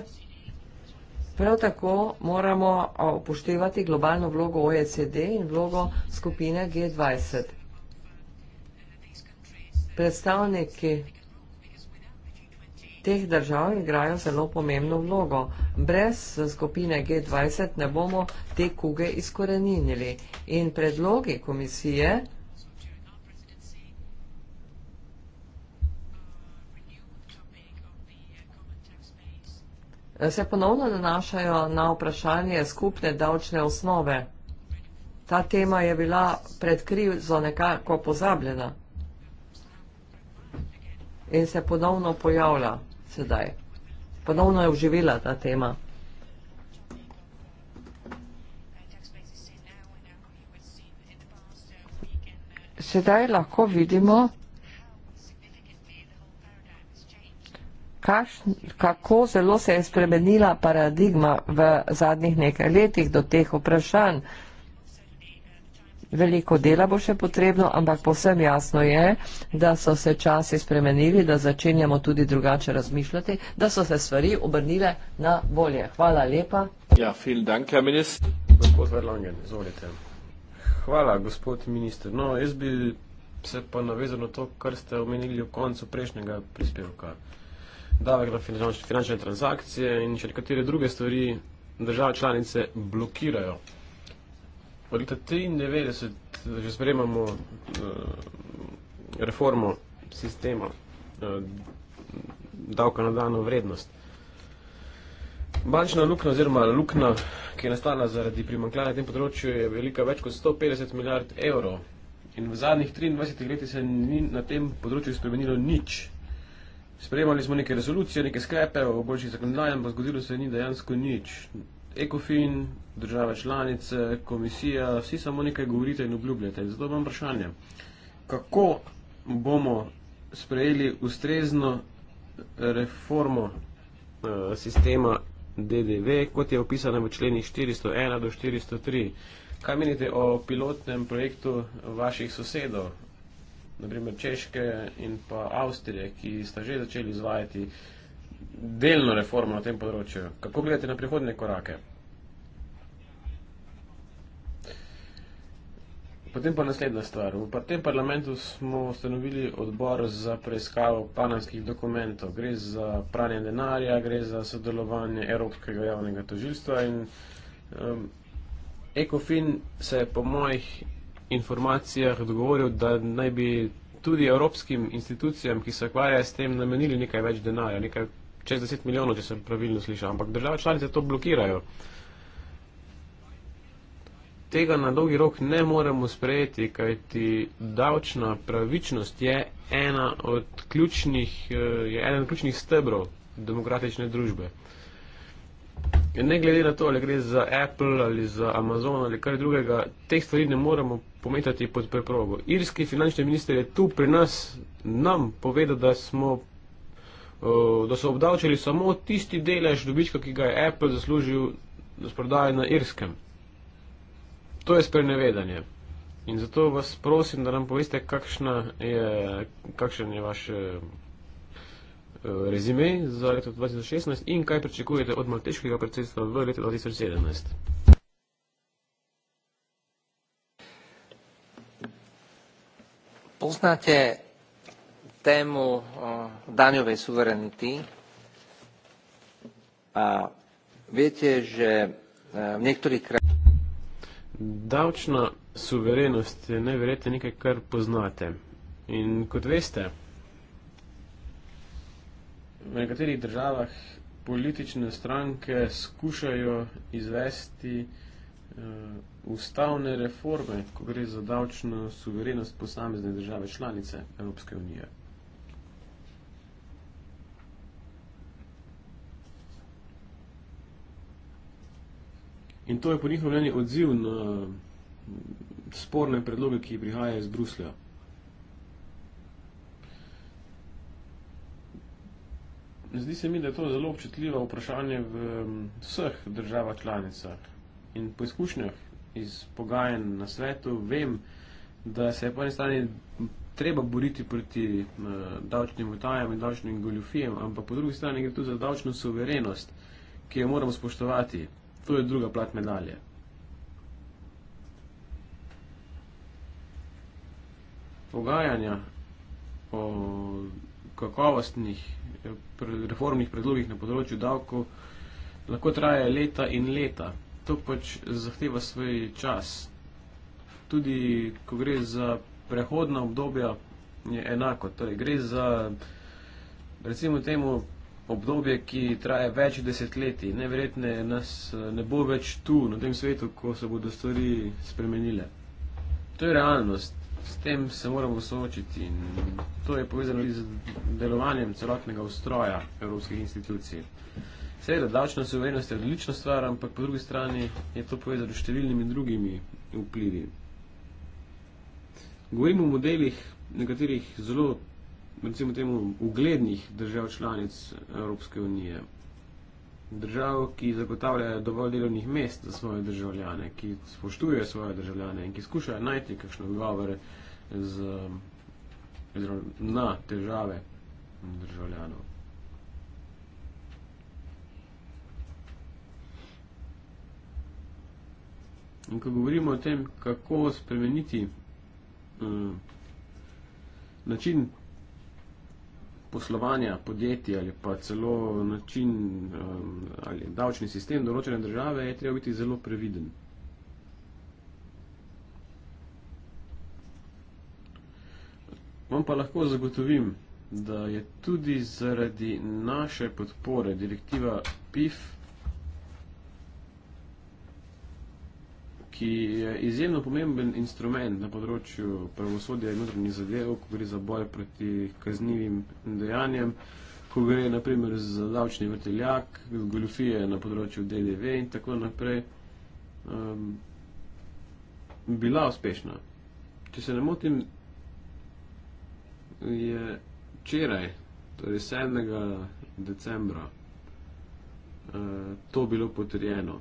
Prav tako moramo upoštevati globalno vlogo OECD in vlogo skupine G20. Predstavniki teh držav igrajo zelo pomembno vlogo. Brez skupine G20 ne bomo te kuge izkoreninili. In predlogi komisije se ponovno nanašajo na vprašanje skupne davčne osnove. Ta tema je bila pred krizo nekako pozabljena in se ponovno pojavlja sedaj. Ponovno je oživela ta tema. Sedaj lahko vidimo, kaš, kako zelo se je spremenila paradigma v zadnjih nekaj letih do teh vprašanj. Veliko dela bo še potrebno, ampak posem jasno je, da so se časi spremenili, da začenjamo tudi drugače razmišljati, da so se stvari obrnile na bolje. Hvala lepa. Ja, dank, ja, gospod Verlangen, Hvala, gospod minister. No, jaz bi se pa navezal na to, kar ste omenili v koncu prejšnjega prispevka. Davek na finančne, finančne transakcije in še nekatere druge stvari države članice blokirajo od leta 1993, že sprejemamo uh, reformo sistema uh, davka na dano vrednost. Bančna lukna oziroma lukna, ki je nastala zaradi primankljaja na tem področju, je velika več kot 150 milijard evrov. In v zadnjih 23 letih se ni na tem področju spremenilo nič. Sprejemali smo neke rezolucije, neke sklepe o boljših zakonodajah, ampak zgodilo se ni dejansko nič. ECOFIN, države članice, komisija, vsi samo nekaj govorite in obljubljate. Zato imam vprašanje, kako bomo sprejeli ustrezno reformo uh, sistema DDV, kot je opisano v členih 401 do 403. Kaj menite o pilotnem projektu vaših sosedov, naprimer Češke in pa Avstrije, ki sta že začeli izvajati uh, delno reformo na tem področju. Kako gledate na prihodne korake? Potem pa naslednja stvar. V tem parlamentu smo ustanovili odbor za preiskavo panamskih dokumentov. Gre za pranje denarja, gre za sodelovanje Evropskega javnega tožilstva in um, ECOFIN se je po mojih informacijah dogovoril, da naj bi tudi evropskim institucijam, ki se ukvarjajo s tem, namenili nekaj več denarja, nekaj čez 10 milijonov, če sem pravilno slišal, ampak države članice to blokirajo. Tega na dolgi rok ne moremo sprejeti, kajti davčna pravičnost je, ena od ključnih, eh, je eden od ključnih stebrov demokratične družbe. Ne glede na to, ali gre za Apple ali za Amazon ali kar drugega, teh stvari ne moremo pometati pod preprogo. Irski finančni minister je tu pri nas nam povedal, da smo Eh, da so obdavčili samo tisti delež dobička, ki ga je Apple zaslužil s prodajo na Irskem. To je sprenevedanje. In zato vas prosim, da nam poveste, je, kakšen je vaš eh, eh, rezime za leto 2016 in kaj pričakujete od malteškega predsedstva v letu 2017. Poznate tému daňovej suverenity. A viete, že e, v niektorých krajinách... Davčna suverenost je neverjetno nekaj, kar poznate. In kot veste, v nekaterih državah politične stranke skušajo izvesti e, ustavne reforme, ko gre za davčno suverenost posamezne države članice Evropske unije. In to je po njihovem mnenju odziv na sporne predloge, ki prihajajo iz Bruslja. Zdi se mi, da je to zelo občutljivo vprašanje v vseh državah članicah. In po izkušnjah iz pogajanj na svetu vem, da se je po eni strani treba boriti proti uh, davčnim utajam in davčnim goljufijem, ampak po drugi strani gre tu za davčno suverenost, ki jo moramo spoštovati. To je druga plat medalje. Pogajanja o kakovostnih reformnih predlogih na področju davkov lahko traja leta in leta. To pač zahteva svoj čas. Tudi, ko gre za prehodna obdobja, je enako. Torej, gre za, recimo temu, obdobje, ki traje več desetletij. Neverjetne nas eh, ne bo več tu, na tem svetu, ko se bodo stvari spremenile. To je realnost. S tem se moramo soočiti in to je povezano z delovanjem celotnega ustroja evropskih institucij. Seveda, davčna suverenost je odlična stvar, ampak po drugi strani je to povezano s številnimi drugimi vplivi. Govorimo o modelih, nekaterih zelo recimo temu, uglednih držav članic Evropske unije. Držav, ki zagotavljajo dovolj delovnih mest za svoje državljane, ki spoštujejo svoje državljane in ki skušajo najti kakšne odgovore z, z, na težave državljanov. In ko govorimo o tem, kako spremeniti um, način poslovanja podjetij ali pa celo način um, ali davčni sistem določene države, je treba biti zelo previden. Vam pa lahko zagotovim, da je tudi zaradi naše podpore direktiva PIF ki je izjemno pomemben instrument na področju pravosodja in notranjih zadev, ko gre za boj proti kaznivim dejanjem, ko gre naprimer za davčni vrteljak, goljofije na področju DDV in tako naprej, um, bila uspešna. Če se ne motim, je včeraj, torej 7. decembra, uh, to bilo potrjeno.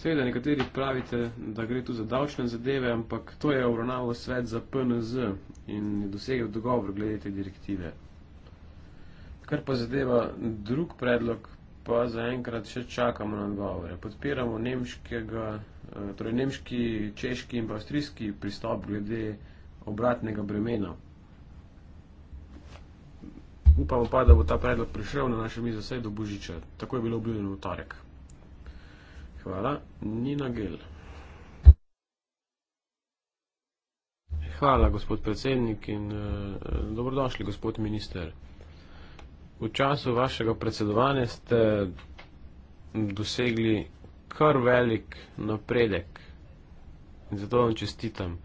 Seveda, nekateri pravite, da gre tu za davčne zadeve, ampak to je obravnaval svet za PNZ in je dosegel dogovor glede te direktive. Kar pa zadeva drug predlog, pa zaenkrat še čakamo na odgovore. Podpiramo nemškega, eh, torej nemški, češki in avstrijski pristop glede obratnega bremena. Upamo pa, da bo ta predlog prišel na naše mizo vse do božiča. Tako je bilo obljubljeno v torek. Hvala. Nina Gel. Hvala, gospod predsednik in eh, dobrodošli, gospod minister. V času vašega predsedovanja ste dosegli kar velik napredek in zato vam čestitam.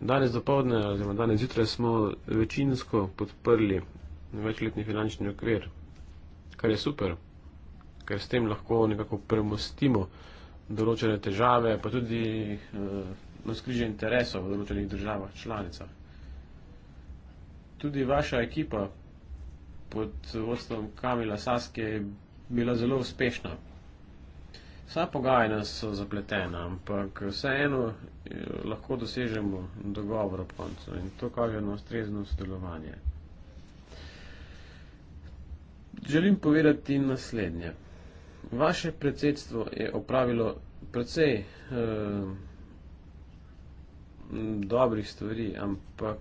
Danes dopoldne, oziroma danes zjutraj smo večinsko podprli večletni finančni okvir, kar je super ker s tem lahko nekako premostimo določene težave, pa tudi uh, eh, naskrižje interesov v določenih državah, članicah. Tudi vaša ekipa pod vodstvom Kamila Saske je bila zelo uspešna. Vsa pogajanja so zapletena, ampak vseeno eh, lahko dosežemo dogovor ob koncu in to kaže na ustrezno sodelovanje. Želim povedati naslednje. Vaše predsedstvo je opravilo precej eh, dobrih stvari, ampak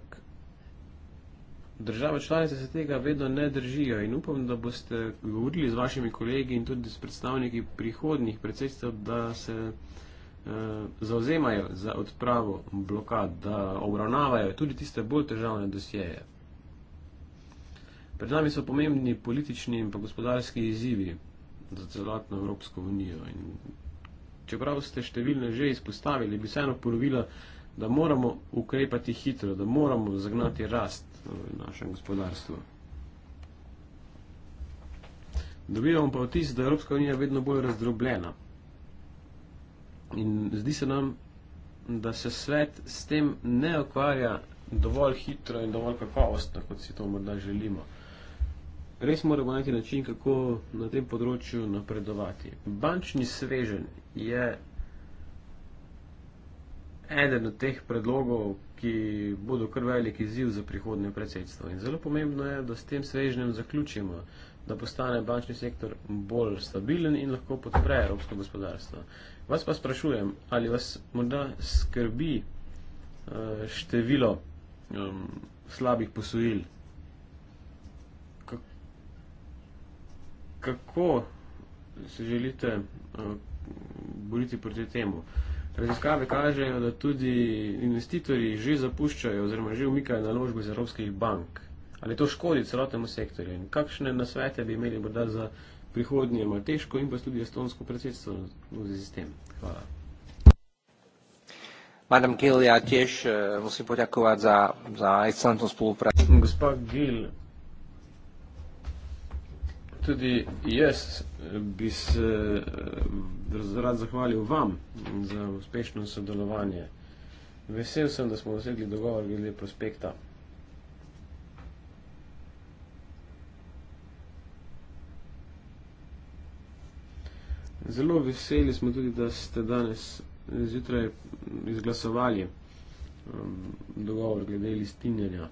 države članice se tega vedno ne držijo in upam, da boste govorili z vašimi kolegi in tudi s predstavniki prihodnih predsedstv, da se eh, zauzemajo za odpravo blokad, da obravnavajo tudi tiste bolj težavne dosjeje. Pred nami so pomembni politični in pa gospodarski izzivi za celotno Evropsko unijo. In čeprav ste številne že izpostavili, bi vseeno ponovila, da moramo ukrepati hitro, da moramo zagnati rast v našem gospodarstvu. Dobivamo pa vtis, da je Evropska unija vedno bolj razdrobljena. In zdi se nam, da se svet s tem ne okvarja dovolj hitro in dovolj kakovostno, kot si to morda želimo res moramo najti način, kako na tem področju napredovati. Bančni svežen je eden od teh predlogov, ki bodo kar velik izziv za prihodnje predsedstvo. In zelo pomembno je, da s tem svežnjem zaključimo, da postane bančni sektor bolj stabilen in lahko podpre evropsko gospodarstvo. Vas pa sprašujem, ali vas morda skrbi eh, število um, slabih posojil kako se želite uh, boriti proti temu? Raziskave kažejo, da tudi investitorji že zapuščajo oziroma že umikajo naložbe iz evropskih bank. Ali to škodi celotnemu sektorju? In kakšne nasvete bi imeli morda za prihodnje Malteško in pa tudi estonsko predsedstvo v zvezi s tem? Hvala. Madam Gill, ja tiež uh, musím poďakovať za, za excelentnú spoluprácu. Gospa Gill, tudi jaz eh, bi se eh, rad zahvalil vam za uspešno sodelovanje. Vesel sem, da smo dosegli dogovor glede prospekta. Zelo veseli smo tudi, da ste danes zjutraj izglasovali um, dogovor glede listinjenja.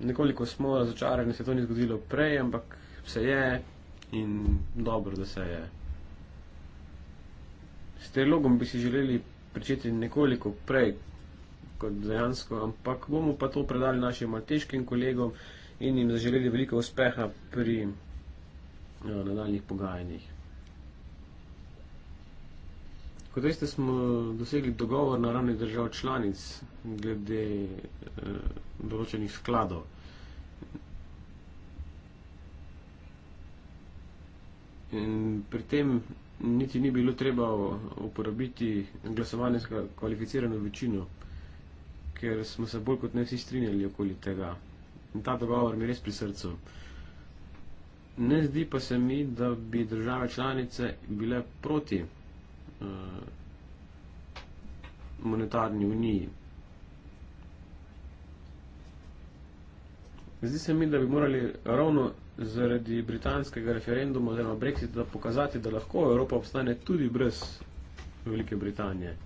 Nekoliko smo začarani, se to ni zgodilo prej, ampak vse je in dobro, da se je. S trilogom bi si želeli pričeti nekoliko prej kot dejansko, ampak bomo pa to predali našim malteškim kolegom in jim zaželeli veliko uspeha pri no, eh, nadaljnih pogajanjih. Kot veste, smo dosegli dogovor na ravni držav članic glede eh, določenih skladov. In pri tem niti ni bilo treba uporabiti glasovanje s kvalificirano večino, ker smo se bolj kot ne vsi strinjali okoli tega. In ta dogovor mi je res pri srcu. Ne zdi pa se mi, da bi države članice bile proti uh, monetarni uniji. Zdi se mi, da bi morali ravno zaradi britanskega referenduma oziroma Brexita pokazati, da lahko Evropa obstane tudi brez Velike Britanije.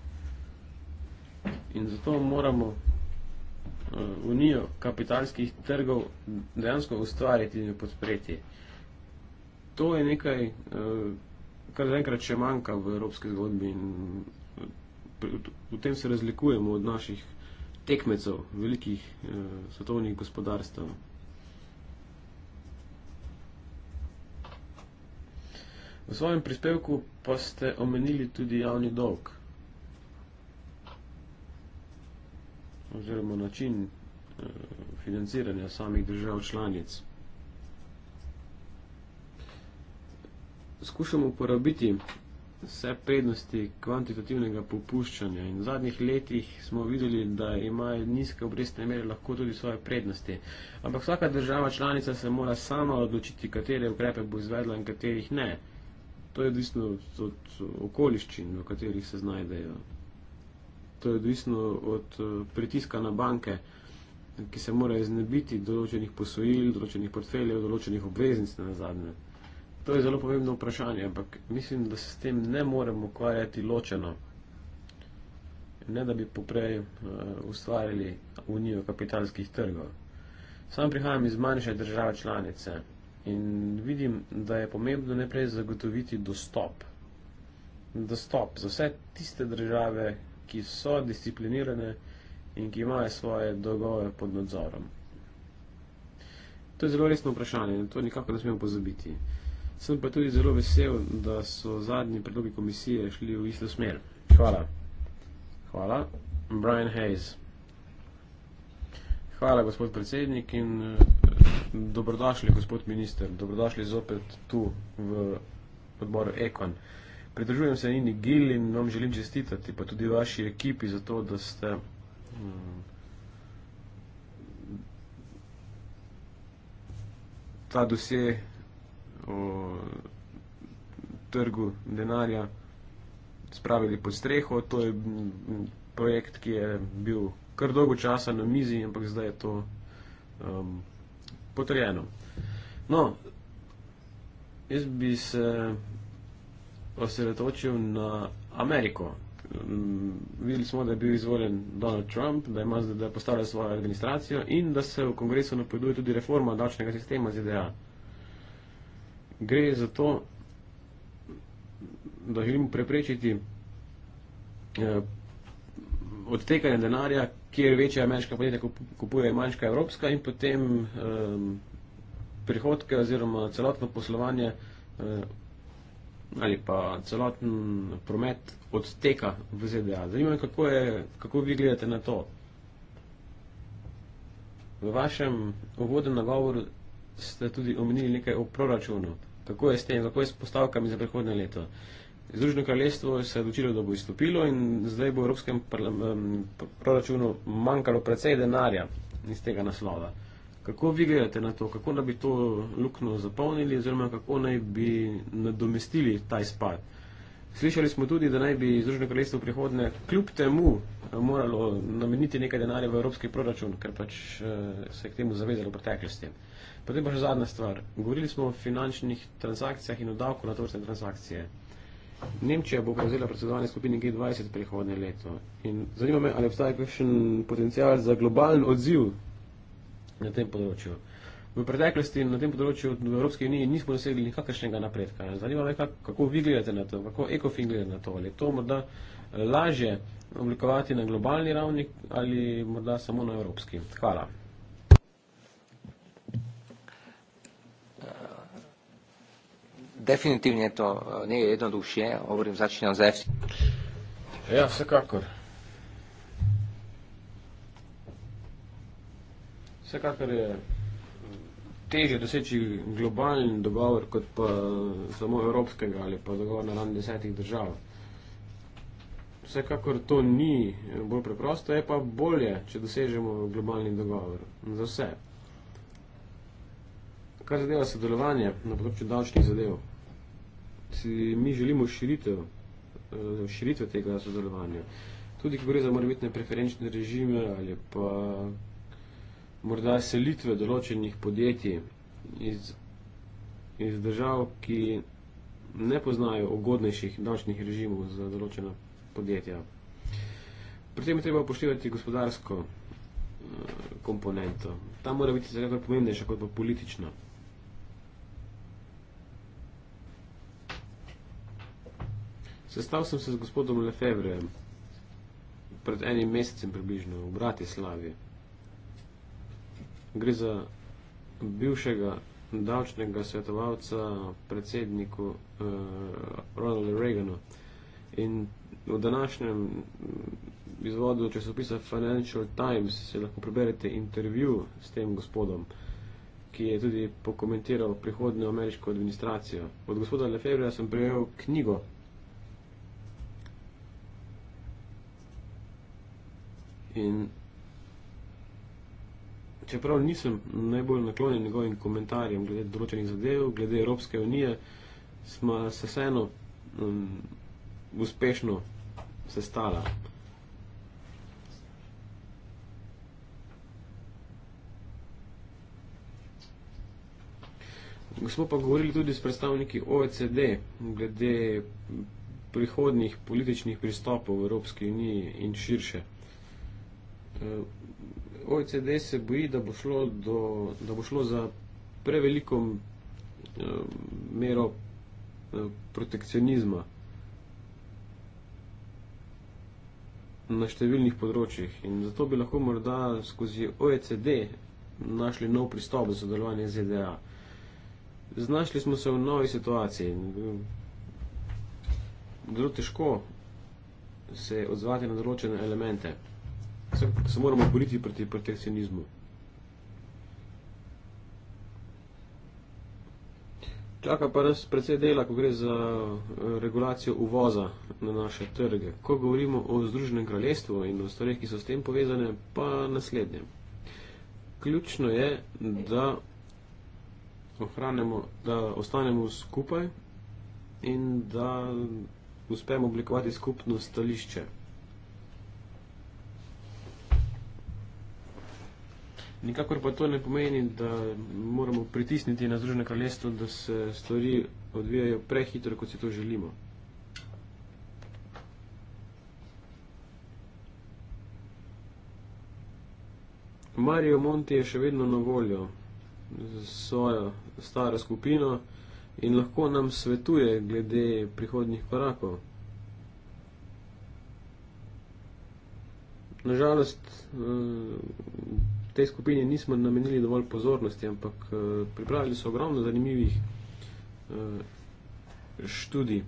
In zato moramo uh, unijo kapitalskih trgov dejansko ustvariti in jo podpreti. To je nekaj, uh, kar zaenkrat še manjka v evropski zgodbi in eh, v tem se razlikujemo od naših tekmecev velikih uh, svetovnih gospodarstv. V svojem prispevku pa ste omenili tudi javni dolg oziroma način eh, financiranja samih držav članic. Skušamo uporabiti vse prednosti kvantitativnega popuščanja in v zadnjih letih smo videli, da imajo nizke obrestne mere lahko tudi svoje prednosti. Ampak vsaka država članica se mora sama odločiti, katere ukrepe bo izvedla in katerih ne. To je odvisno od okoliščin, v katerih se znajdejo. To je odvisno od eh, pritiska na banke, ki se morajo znebiti določenih posojil, določenih portfeljev, določenih obveznic na zadnje. To je zelo pomembno vprašanje, ampak mislim, da se s tem ne moremo ukvarjati ločeno. Ne da bi poprej eh, ustvarili unijo kapitalskih trgov. Sam prihajam iz manjše države članice. In vidim, da je pomembno najprej zagotoviti dostop. Dostop za vse tiste države, ki so disciplinirane in ki imajo svoje dolgove pod nadzorom. To je zelo resno vprašanje in to nikako ne smemo pozabiti. Sem pa tudi zelo vesel, da so zadnji predlogi komisije šli v isto smer. Hvala. Hvala. Brian Hayes. Hvala, gospod predsednik. In, uh, Dobrodošli, gospod minister, dobrodošli zopet tu v odboru Ekon. Pridružujem se Nini Gil in vam želim čestitati, pa tudi vaši ekipi, za to, da ste mm, ta dosje o trgu denarja spravili pod streho. To je mm, projekt, ki je bil kar dolgo časa na mizi, ampak zdaj je to. Um, potrjeno. No, jaz bi se osredotočil na Ameriko. Mm, videli smo, da je bil izvoljen Donald Trump, da ima zdaj, da je postavlja svojo administracijo in da se v kongresu napoveduje tudi reforma davčnega sistema ZDA. Gre za to, da želimo preprečiti eh, odtekanje denarja, kjer večja ameriška podjetja kupuje manjša evropska in potem um, prihodke oziroma celotno poslovanje um, ali pa celoten promet odteka v ZDA. Zanima me, kako, kako vi gledate na to. V vašem uvodnem nagovoru ste tudi omenili nekaj o proračunu. Kako je s tem, kako je s postavkami za prihodne leto? Uh, Združeno kraljestvo se je odločilo, da bo izstopilo in zdaj bo v Evropskem proračunu manjkalo precej denarja iz tega naslova. Kako vi gledate na to, kako da bi to lukno zapolnili oziroma kako naj bi nadomestili ta izpad? Slišali smo tudi, da naj bi Združeno kraljestvo prihodne kljub temu eh, moralo nameniti nekaj denarja v Evropski proračun, ker pač eh, se je k temu zavezalo v preteklosti. Potem pa še zadnja stvar. Govorili smo o finančnih transakcijah in o davku na to vrste transakcije. Nemčija bo prevzela predsedovanje skupine G20 prihodnje leto. In zanima me, ali obstaja kakšen potencial za globalen odziv na tem področju. V preteklosti na tem področju v Evropski uniji nismo dosegli nikakršnega napredka. Zanima me, kako vi gledate na to, kako ECOFIN gleda na to, ali je to morda eh, lažje oblikovati na globalni ravni ali morda samo na evropski. Hvala. definitivne to eh, nie je jednoduchšie, hovorím, začínam z EFSI. Ja, vsekakor. Vsekakor je teže doseči globalni dogovor, kot pa eh, samo evropskega ali pa dogovor na ran desetih držav. Vsekakor to ni eh, bolj preprosto, je pa bolje, če dosežemo globalni dogovor za vse. Kar zadeva sodelovanje na področju davčnih zadev, si mi želimo širitev, eh, širitev tega sodelovanja. Tudi, ki gre za morbitne preferenčne režime ali pa morda selitve določenih podjetij iz, iz držav, ki ne poznajo ugodnejših davčnih režimov za določena podjetja. Pri tem je treba upoštevati gospodarsko eh, komponento. Ta mora biti zagotovo pomembnejša kot pa politična. Sestal sem se z gospodom Lefebrejem pred enim mesecem približno v Bratislavi. Gre za bivšega davčnega svetovalca predsedniku uh, eh, Ronald Reaganu. In v današnjem mm, izvodu časopisa Financial Times se lahko preberete intervju s tem gospodom, ki je tudi pokomentiral prihodnjo ameriško administracijo. Od gospoda Lefebreja sem prejel knjigo In čeprav nisem najbolj naklonjen njegovim komentarjem glede določenih zadev, glede Evropske unije, smo se vseeno um, uspešno sestala. Smo pa govorili tudi s predstavniki OECD glede prihodnih političnih pristopov v Evropski uniji in širše. Eh, OECD se boji, da bo šlo, do, da bo šlo za preveliko eh, mero eh, protekcionizma na številnih področjih. In zato bi lahko morda skozi OECD našli nov pristop za sodelovanje z ZDA. Znašli smo se v novi situaciji. Zelo težko se odzvati na določene elemente se moramo boriti proti protekcionizmu. Čaka pa nas predvsej dela, ko gre za eh, regulacijo uvoza na naše trge. Ko govorimo o Združenem kraljestvu in o stvarih, ki so s tem povezane, pa naslednje. Ključno je, da ohranemo, da ostanemo skupaj in da uspemo oblikovati skupno stališče. Nikakor pa to ne pomeni, da moramo pritisniti na Združeno kraljestvo, da se stvari odvijajo prehitro, kot si to želimo. Mario Monti je še vedno na voljo z svojo staro skupino in lahko nam svetuje glede prihodnjih korakov. Nažalost, eh, tej skupini nismo namenili dovolj pozornosti, ampak eh, pripravili so ogromno zanimivih eh, študij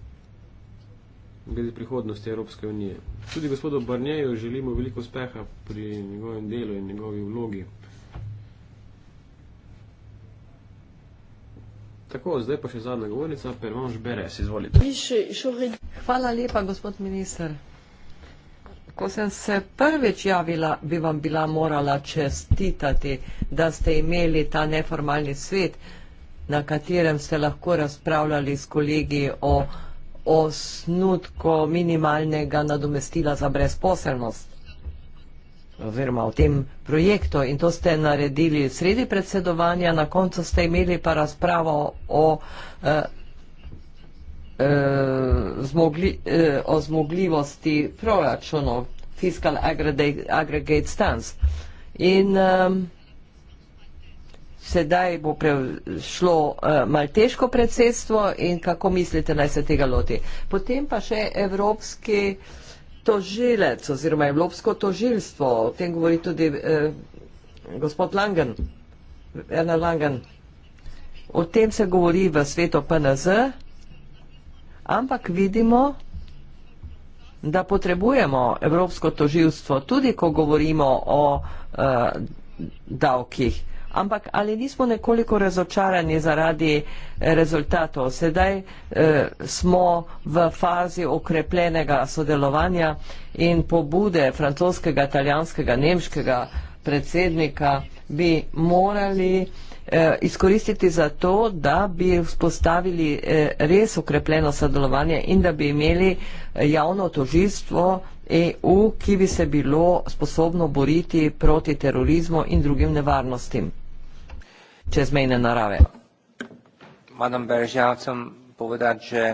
glede prihodnosti Evropske unije. Tudi gospodu Barnjeju želimo veliko uspeha pri njegovem delu in njegovi vlogi. Tako, zdaj pa še zadnja govornica, Pervanš Beres, izvolite. Hvala lepa, gospod minister ko sem se prvič javila, bi vam bila morala čestitati, da ste imeli ta neformalni svet, na katerem ste lahko razpravljali s kolegi o osnutku minimalnega nadomestila za brezposelnost oziroma o tem projektu in to ste naredili sredi predsedovanja, na koncu ste imeli pa razpravo o eh, Eh, zmogli, eh, o zmogljivosti proračunov, fiscal aggregate stance. In um, sedaj bo prešlo uh, eh, mal težko predsedstvo in kako mislite naj se tega loti. Potem pa še evropski tožilec oziroma evropsko tožilstvo, o tem govori tudi uh, gospod Langen, Erna Langen. O tem se govori v svetu PNZ ampak vidimo, da potrebujemo evropsko toživstvo, tudi ko govorimo o uh, davkih. Ampak ali nismo nekoliko razočarani zaradi eh, rezultatov? Sedaj eh, smo v fazi okrepljenega sodelovanja in pobude francoskega, italijanskega, nemškega predsednika bi morali eh, Eh, izkoristiti za to, da bi vzpostavili eh, res ukrepljeno sodelovanje in da bi imeli eh, javno tožistvo EU, ki bi se bilo sposobno boriti proti terorizmu in drugim nevarnostim čezmejne narave. Madam Beržjav, sem ja povedati, že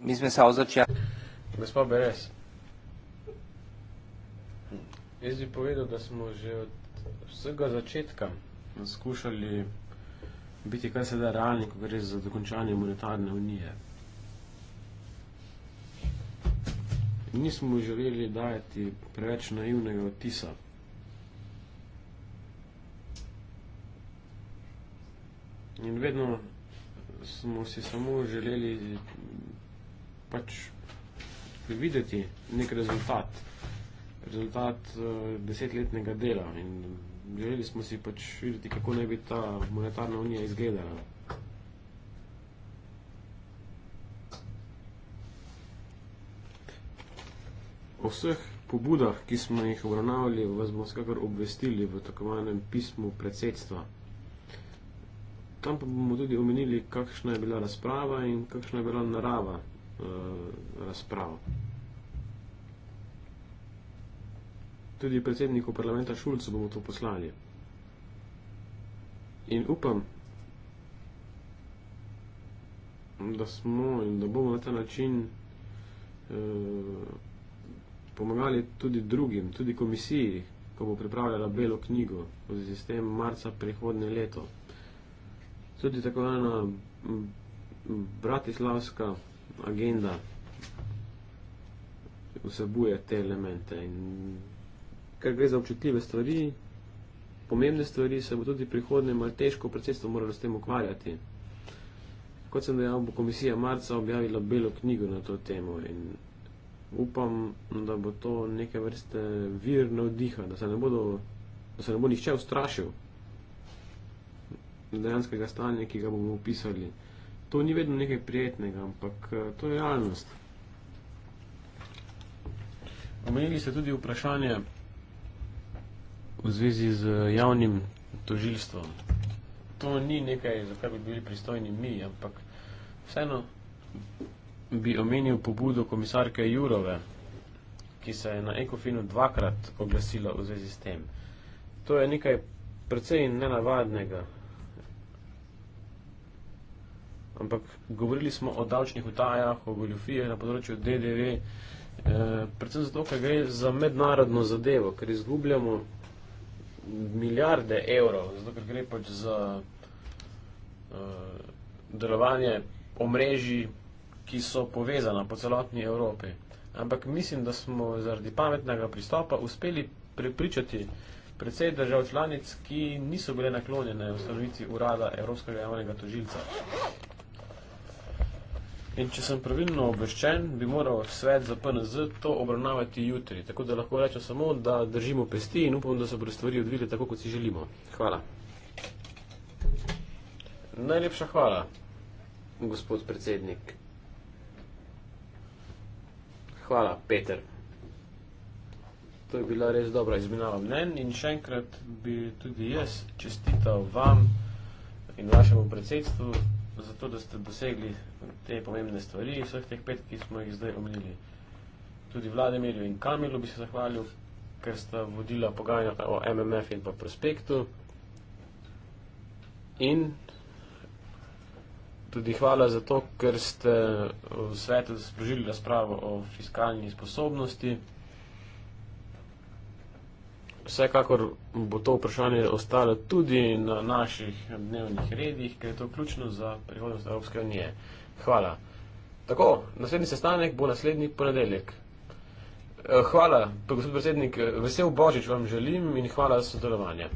mi smo se ozačali. Gospod Berez, jaz bi povedal, da smo že od vsega začetka skušali biti kar se da realni, ko gre za dokončanje monetarne unije. Nismo želeli dajati preveč naivnega otisa. In vedno smo si samo želeli pač videti nek rezultat. Rezultat eh, desetletnega dela in želeli smo si pač videti, kako naj bi ta monetarna unija izgledala. O vseh pobudah, ki smo jih obravnavali, vas bomo skakor obvestili v tako imenem pismu predsedstva. Tam pa bomo tudi omenili, kakšna je bila razprava in kakšna je bila narava uh, razprava. tudi predsedniku parlamenta Šulcu bomo to poslali. In upam, da smo in da bomo na ta način eh, pomagali tudi drugim, tudi komisiji, ko bo pripravljala belo knjigo o sistem marca prihodnje leto. Tudi tako ena bratislavska agenda vsebuje te elemente in ker gre za občutljive stvari, pomembne stvari, se bo tudi prihodnje malo težko predsedstvo moralo s tem ukvarjati. Kot sem dejal, bo komisija marca objavila belo knjigo na to temo in upam, da bo to neke vrste vir navdiha, da se ne, bodo, da se ne bo nihče ustrašil dejanskega stanja, ki ga bomo opisali. To ni vedno nekaj prijetnega, ampak eh, to je realnost. Omenili ste tudi vprašanje v zvezi z javnim tožilstvom. To ni nekaj, za kar bi bili pristojni mi, ampak vseeno bi omenil pobudo komisarke Jurove, ki se je na Ekofinu dvakrat oglasila v zvezi s tem. To je nekaj precej nenavadnega. Ampak govorili smo o davčnih utajah, o goljofijah na področju DDV, eh, predvsem zato, ker gre za mednarodno zadevo, ker izgubljamo milijarde evrov, zato ker gre pač za uh, delovanje omrežij, ki so povezana po celotni Evropi. Ampak mislim, da smo zaradi pametnega pristopa uspeli prepričati predvsej držav članic, ki niso bile naklonjene ustanoviti urada Evropskega javnega tožilca. In če sem pravilno obveščen, bi moral svet za PNZ to obravnavati jutri. Tako da lahko rečem samo, da držimo pesti in upam, da se bodo stvari odvile tako, kot si želimo. Hvala. Najlepša hvala, gospod predsednik. Hvala, Peter. To je bila res dobra izmenjava mnen in še enkrat bi tudi jaz čestital vam in vašemu predsedstvu za to, da ste dosegli te pomembne stvari, vseh teh pet, ki smo jih zdaj omenili. Tudi Vladimirju in Kamilu bi se zahvalil, ker sta vodila pogajanja o MMF in pa prospektu. In tudi hvala za to, ker ste v svetu sprožili razpravo o fiskalni sposobnosti. Vsekakor bo to vprašanje ostalo tudi na naših dnevnih redih, ker je to ključno za prihodnost Evropske unije. Hvala. Tako, naslednji sestanek bo naslednji ponedeljek. Eh, hvala, gospod predsednik, vesel božič vam želim in hvala za sodelovanje.